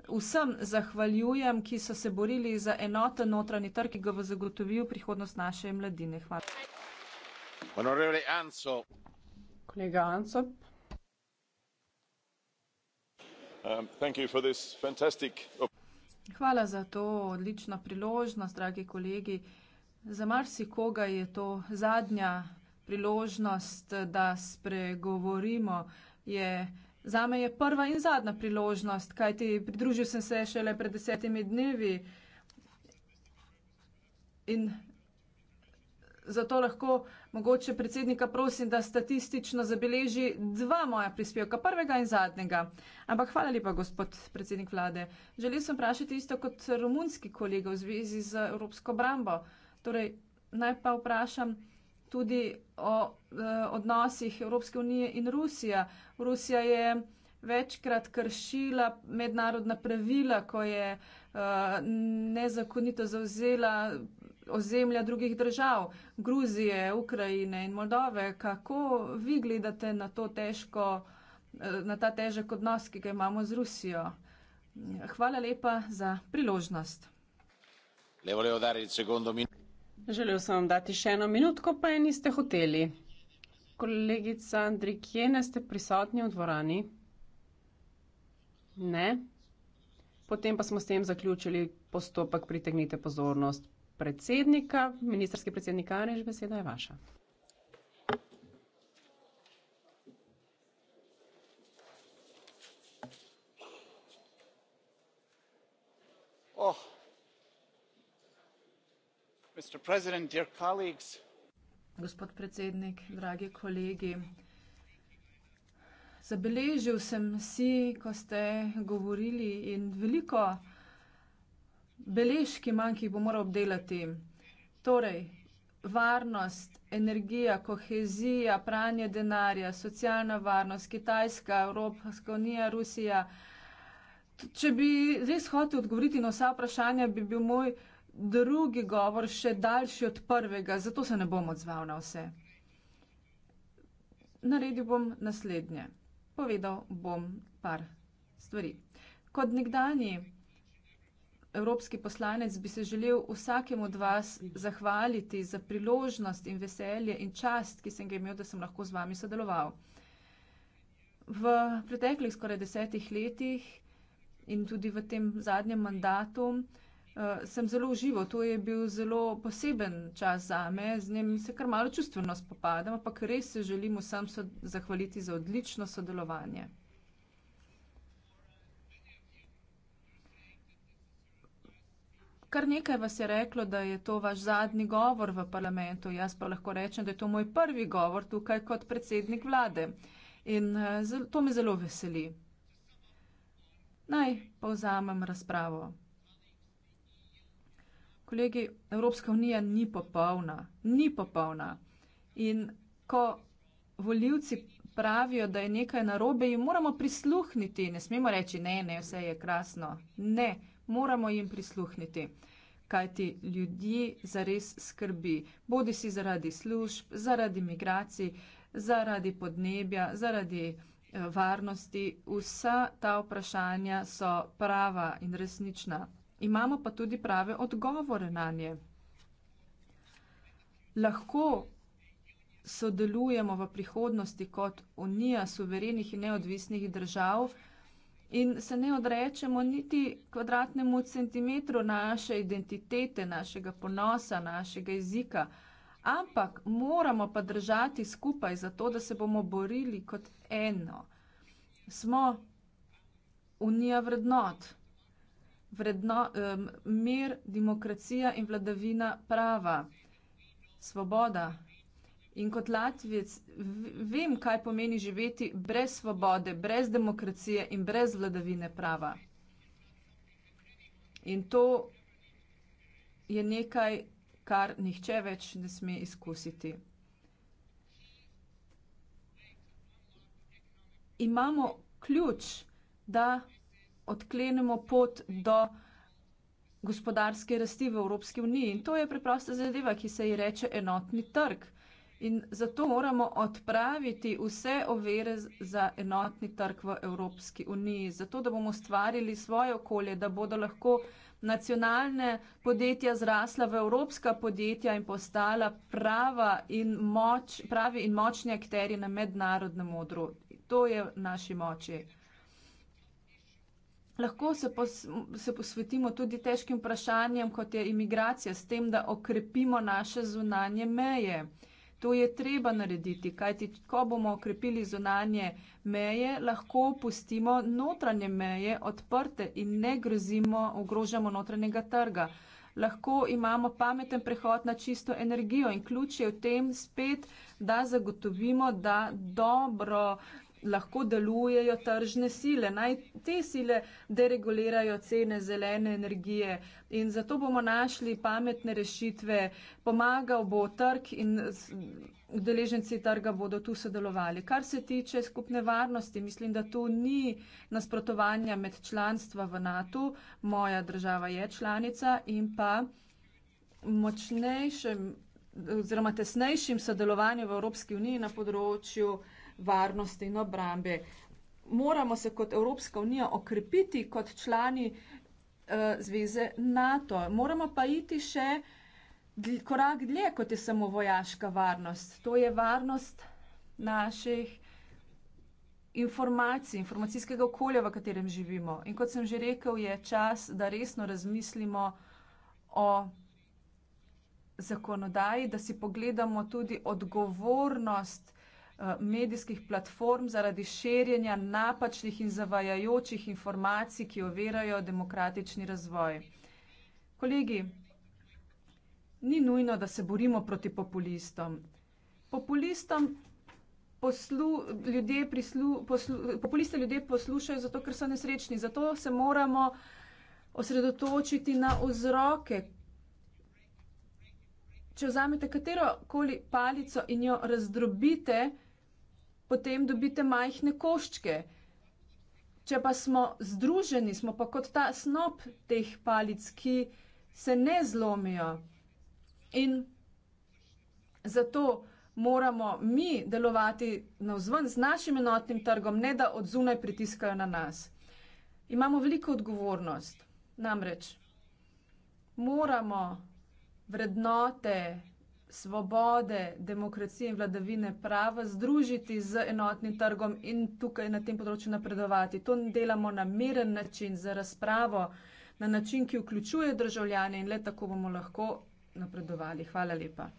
vsem zahvaljujem, ki so se borili za enoten notranji trg, ki ga bo zagotovil prihodnost naše mladine. Hvala. Honorevole Anso. Kolega Ansop. Um, Hvala za to odlično priložnost, dragi kolegi. Za marsikoga je to zadnja priložnost, da spregovorimo. Je, zame je prva in zadnja priložnost, kajti pridružil sem se šele pred desetimi dnevi. In zato lahko mogoče predsednika prosim, da statistično zabeleži dva moja prispevka, prvega in zadnjega. Ampak hvala lepa, gospod predsednik vlade. Želel sem vprašati isto kot romunski kolega v zvezi z Evropsko brambo. Torej, naj pa vprašam tudi o eh, odnosih Evropske unije in Rusija. Rusija je večkrat kršila mednarodna pravila, ko je eh, nezakonito zauzela ozemlja drugih držav, Gruzije, Ukrajine in Moldove. Kako vi gledate na, težko, eh, na ta težek odnos, ki ga imamo z Rusijo? Hvala lepa za priložnost. Želel sem vam dati še eno minutko, pa je niste hoteli. Kolegica Andrikjene, ste prisotni v dvorani? Ne. Potem pa smo s tem zaključili postopek pritegnite pozornost predsednika. Ministrski predsednik Anež, beseda je vaša. Oh. Gospod predsednik, dragi kolegi, zabeležil sem si, ko ste govorili in veliko beležki manj, ki jih bo moral obdelati. Torej, varnost, energija, kohezija, pranje denarja, socialna varnost, Kitajska, Evropska unija, Rusija. Če bi res hotel odgovoriti na vsa vprašanja, bi bil moj drugi govor še daljši od prvega, zato se ne bom odzval na vse. Naredil bom naslednje. Povedal bom par stvari. Kot nekdanji evropski poslanec bi se želel vsakem od vas zahvaliti za priložnost in veselje in čast, ki sem ga imel, da sem lahko z vami sodeloval. V preteklih skoraj desetih letih in tudi v tem zadnjem mandatu uh, sem zelo užival. To je bil zelo poseben čas za me, z njim se kar malo čustveno spopadam, ampak res se želim vsem zahvaliti za odlično sodelovanje. Kar nekaj vas je reklo, da je to vaš zadnji govor v parlamentu. Jaz pa lahko rečem, da je to moj prvi govor tukaj kot predsednik vlade. In eh, to me zelo veseli. Naj povzamem razpravo. Kolegi, Evropska unija ni popolna. Ni popolna. In ko voljivci pravijo, da je nekaj narobe, jim moramo prisluhniti. Ne smemo reči, ne, ne, vse je krasno. Ne. Ne moramo jim prisluhniti. Kaj ti ljudi zares skrbi, bodi si zaradi služb, zaradi migracij, zaradi podnebja, zaradi eh, varnosti, vsa ta vprašanja so prava in resnična. Imamo pa tudi prave odgovore na nje. Lahko sodelujemo v prihodnosti kot Unija suverenih in neodvisnih držav in se ne odrečemo niti kvadratnemu centimetru naše identitete, našega ponosa, našega jezika. Ampak moramo pa držati skupaj zato, da se bomo borili kot eno. Smo unija vrednot, Vredno, um, mir, demokracija in vladavina prava, svoboda, In kot Latvijec vem, kaj pomeni živeti brez svobode, brez demokracije in brez vladavine prava. In to je nekaj, kar nihče več ne sme izkusiti. Imamo ključ, da odklenemo pot do gospodarske rasti v Evropski uniji. In to je preprosta zadeva, ki se ji reče enotni trg. In zato moramo odpraviti vse overe za enotni trg v Evropski uniji, zato da bomo ustvarili svoje okolje, da bodo lahko nacionalne podjetja zrasla v evropska podjetja in postala in moč, pravi in močni akteri na mednarodnem odru. To je v naši moči. Lahko se, pos, se posvetimo tudi težkim vprašanjem, kot je imigracija, s tem, da okrepimo naše zunanje meje. To je treba narediti, kajti ko bomo okrepili zunanje meje, lahko pustimo notranje meje odprte in ne grozimo, ogrožamo notranjega trga. Lahko imamo pameten prehod na čisto energijo in ključ je v tem spet, da zagotovimo, da dobro lahko delujejo tržne sile. Naj te sile deregulirajo cene zelene energije in zato bomo našli pametne rešitve. Pomagal bo trg in udeleženci trga bodo tu sodelovali. Kar se tiče skupne varnosti, mislim, da tu ni nasprotovanja med članstva v NATO. Moja država je članica in pa močnejšem oziroma tesnejšim sodelovanjem v Evropski uniji na področju varnosti in obrambe. Moramo se kot Evropska unija okrepiti kot člani eh, zveze NATO. Moramo pa iti še korak dlje, kot je samo vojaška varnost. To je varnost naših informacij, informacijskega okolja, v katerem živimo. In kot sem že rekel, je čas, da resno razmislimo o zakonodaji, da si pogledamo tudi odgovornost Eh, medijskih platform zaradi širjenja napačnih in zavajajočih informacij, ki overajo demokratični razvoj. Kolegi, ni nujno, da se borimo proti populistom. Populistom poslu, ljudje, prislu, poslu, ljudje poslušajo zato, ker so nesrečni. Zato se moramo osredotočiti na vzroke, če vzamete katero koli palico in jo razdrobite, potem dobite majhne koščke. Če pa smo združeni, smo pa kot ta snop teh palic, ki se ne zlomijo. In zato moramo mi delovati navzven z našim enotnim trgom, ne da od zunaj pritiskajo na nas. Imamo veliko odgovornost. Namreč moramo vrednote svobode, demokracije in vladavine prava združiti z enotnim trgom in tukaj na tem področju napredovati. To delamo na miren način, za razpravo, na način, ki vključuje državljane in le tako bomo lahko napredovali. Hvala lepa.